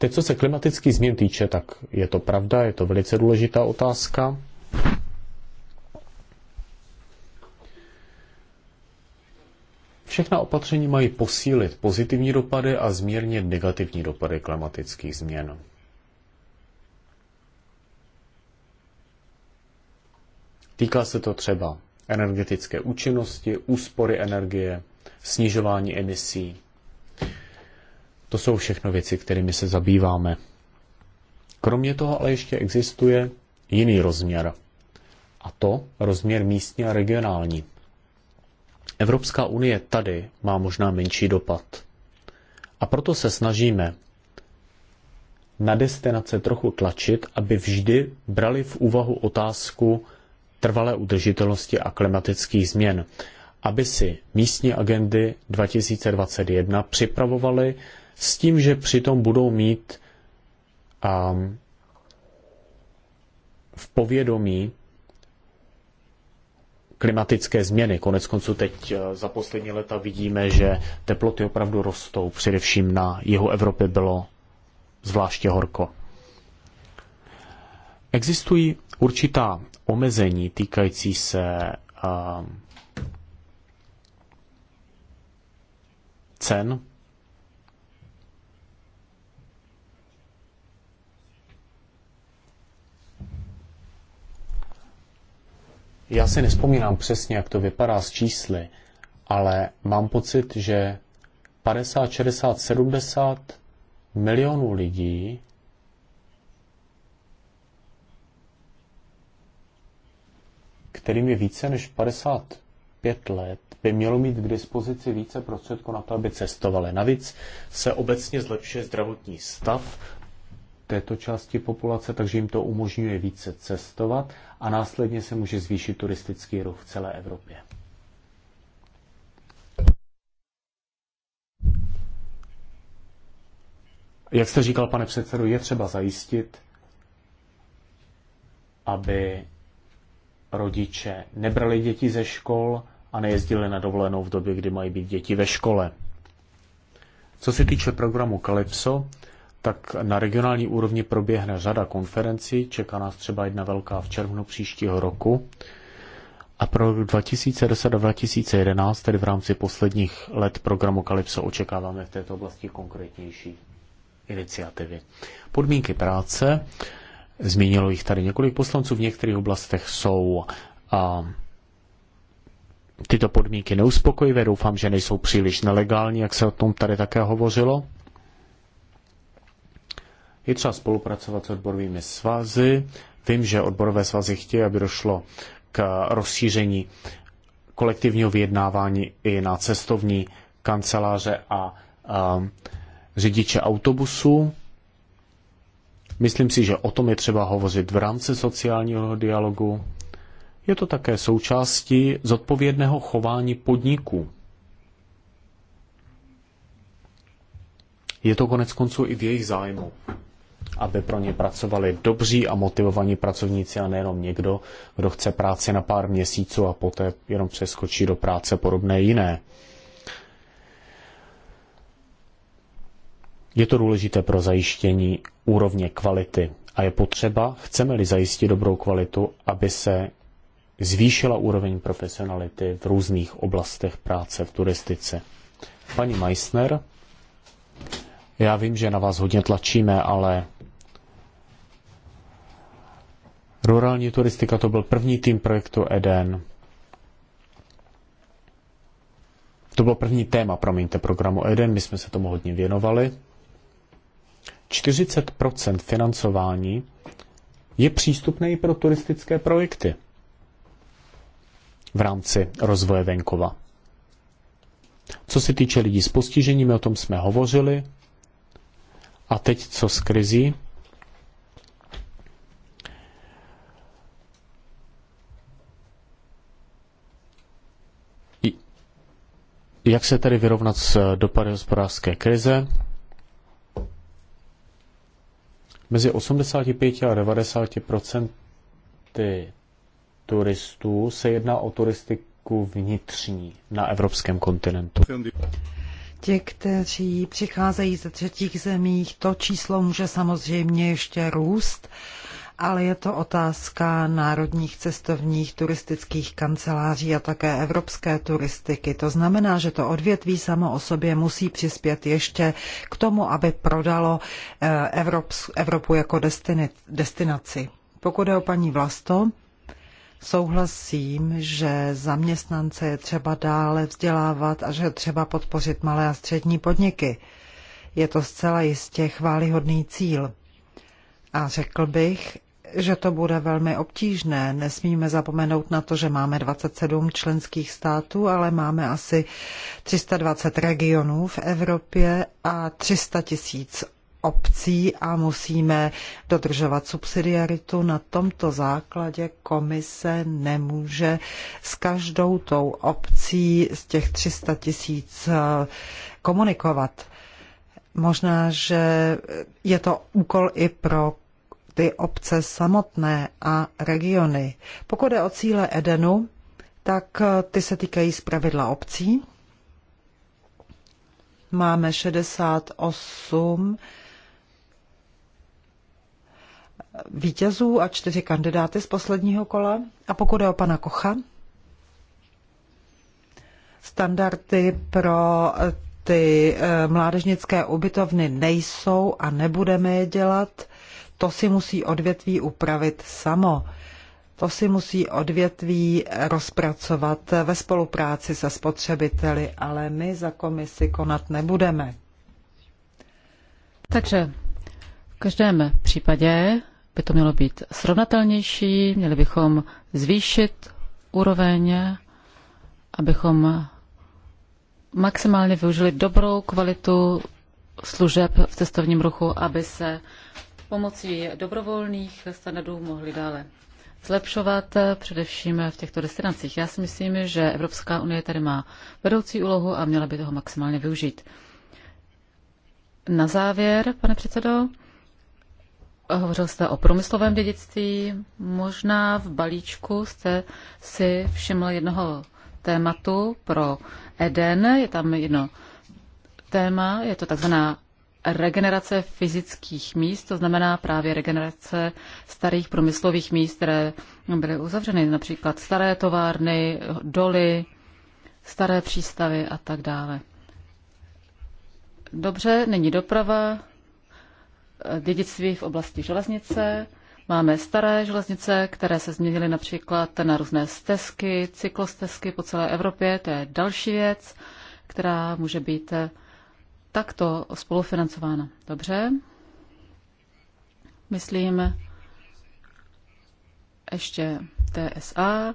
Teď, co se klimatický změn týče, tak je to pravda, je to velice důležitá otázka. Všechna opatření mají posílit pozitivní dopady a zmírnit negativní dopady klimatických změn. Týká se to třeba energetické účinnosti, úspory energie, snižování emisí, to jsou všechno věci, kterými se zabýváme. Kromě toho ale ještě existuje jiný rozměr. A to rozměr místní a regionální. Evropská unie tady má možná menší dopad. A proto se snažíme na destinace trochu tlačit, aby vždy brali v úvahu otázku trvalé udržitelnosti a klimatických změn, aby si místní agendy 2021 připravovali s tím, že přitom budou mít um, v povědomí klimatické změny. Konec konců teď uh, za poslední leta vidíme, že teploty opravdu rostou. Především na jihu Evropy bylo zvláště horko. Existují určitá omezení týkající se um, cen Já si nespomínám přesně, jak to vypadá s čísly, ale mám pocit, že 50, 60, 70 milionů lidí kterým je více než 55 let, by mělo mít k dispozici více prostředků na to, aby cestovali. Navíc se obecně zlepšuje zdravotní stav, této části populace, takže jim to umožňuje více cestovat a následně se může zvýšit turistický ruch v celé Evropě. Jak jste říkal, pane předsedo, je třeba zajistit, aby rodiče nebrali děti ze škol a nejezdili na dovolenou v době, kdy mají být děti ve škole. Co se týče programu Calypso, tak na regionální úrovni proběhne řada konferencí, čeká nás třeba jedna velká v červnu příštího roku. A pro 2010 a 2011, tedy v rámci posledních let programu Kalypso, očekáváme v této oblasti konkrétnější iniciativy. Podmínky práce, zmínilo jich tady několik poslanců, v některých oblastech jsou a, tyto podmínky neuspokojivé, doufám, že nejsou příliš nelegální, jak se o tom tady také hovořilo. Je třeba spolupracovat s odborovými svazy. Vím, že odborové svazy chtějí, aby došlo k rozšíření kolektivního vyjednávání i na cestovní kanceláře a, a řidiče autobusů. Myslím si, že o tom je třeba hovořit v rámci sociálního dialogu. Je to také součástí zodpovědného chování podniků. Je to konec konců i v jejich zájmu, aby pro ně pracovali dobří a motivovaní pracovníci a nejenom někdo, kdo chce práci na pár měsíců a poté jenom přeskočí do práce podobné jiné. Je to důležité pro zajištění úrovně kvality a je potřeba, chceme-li zajistit dobrou kvalitu, aby se zvýšila úroveň profesionality v různých oblastech práce v turistice. Paní Meissner, já vím, že na vás hodně tlačíme, ale Rurální turistika to byl první tým projektu EDEN. To bylo první téma, promiňte, programu EDEN, my jsme se tomu hodně věnovali. 40% financování je přístupné i pro turistické projekty v rámci rozvoje venkova. Co se týče lidí s postižením, o tom jsme hovořili. A teď co s krizí? Jak se tedy vyrovnat s eh, dopady hospodářské krize? Mezi 85 a 90 turistů se jedná o turistiku vnitřní na evropském kontinentu. Ti, kteří přicházejí ze třetích zemí, to číslo může samozřejmě ještě růst ale je to otázka národních cestovních turistických kanceláří a také evropské turistiky. To znamená, že to odvětví samo o sobě musí přispět ještě k tomu, aby prodalo eh, Evropu jako destinaci. Pokud je o paní Vlasto, souhlasím, že zaměstnance je třeba dále vzdělávat a že je třeba podpořit malé a střední podniky. Je to zcela jistě chválihodný cíl. A řekl bych, že to bude velmi obtížné. Nesmíme zapomenout na to, že máme 27 členských států, ale máme asi 320 regionů v Evropě a 300 tisíc obcí a musíme dodržovat subsidiaritu. Na tomto základě komise nemůže s každou tou obcí z těch 300 tisíc eh, komunikovat. Možná, že je to úkol i pro ty obce samotné a regiony. Pokud je o cíle Edenu, tak eh, ty se týkají zpravidla obcí. Máme 68 eh, vítězů a čtyři kandidáty z posledního kola. A pokud je o pana Kocha, standardy pro eh, ty mládežnické ubytovny nejsou a nebudeme je dělat. To si musí odvětví upravit samo. To si musí odvětví rozpracovat ve spolupráci se spotřebiteli, ale my za komisi konat nebudeme. Takže v každém případě by to mělo být srovnatelnější, měli bychom zvýšit úroveň, abychom maximálně využili dobrou kvalitu služeb v cestovním ruchu, aby se pomocí dobrovolných standardů mohli dále zlepšovat, eh, především v těchto destinacích. Já si myslím, že Evropská unie tady má vedoucí úlohu a měla by toho maximálně využít. Na závěr, pane předsedo, hovořil jste o průmyslovém dědictví. Možná v balíčku jste si všiml jednoho tématu pro Eden. Je tam jedno téma, je to takzvaná regenerace fyzických míst, to znamená právě regenerace starých průmyslových míst, které byly uzavřeny, například staré továrny, doly, staré přístavy a tak dále. Dobře, není doprava, dědictví v oblasti železnice, Máme staré železnice, které se změnily například na různé stezky, cyklostezky po celé Evropě. To je další věc, která může být takto spolufinancována. Dobře. Myslím, ještě TSA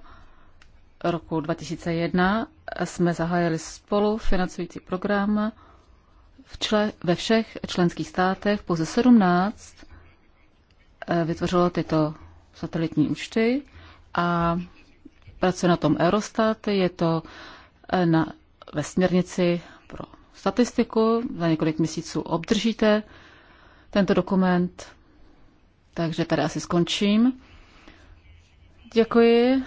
roku 2001 jsme zahájili spolufinancující program v čle, ve všech členských státech. Pouze 17 eh, vytvořilo tyto satelitní účty a pracuje na tom Eurostat. Je to eh, na, ve směrnici statistiku, za několik měsíců obdržíte tento dokument, takže tady asi skončím. Děkuji.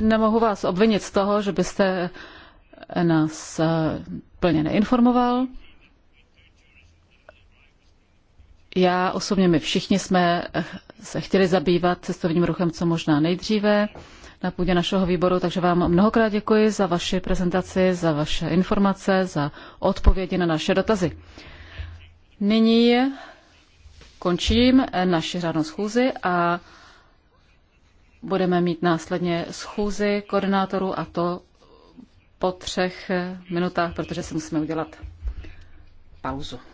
Nemohu vás obvinit z toho, že byste nás eh, plně neinformoval. Já osobně, my všichni jsme eh, se chtěli zabývat cestovním ruchem co možná nejdříve na půdě našeho výboru, takže vám mnohokrát děkuji za vaši prezentaci, za vaše informace, za odpovědi na naše dotazy. Nyní končím naši řádnou schůzi a budeme mít následně schůzi koordinátorů a to po třech minutách, protože si musíme udělat pauzu.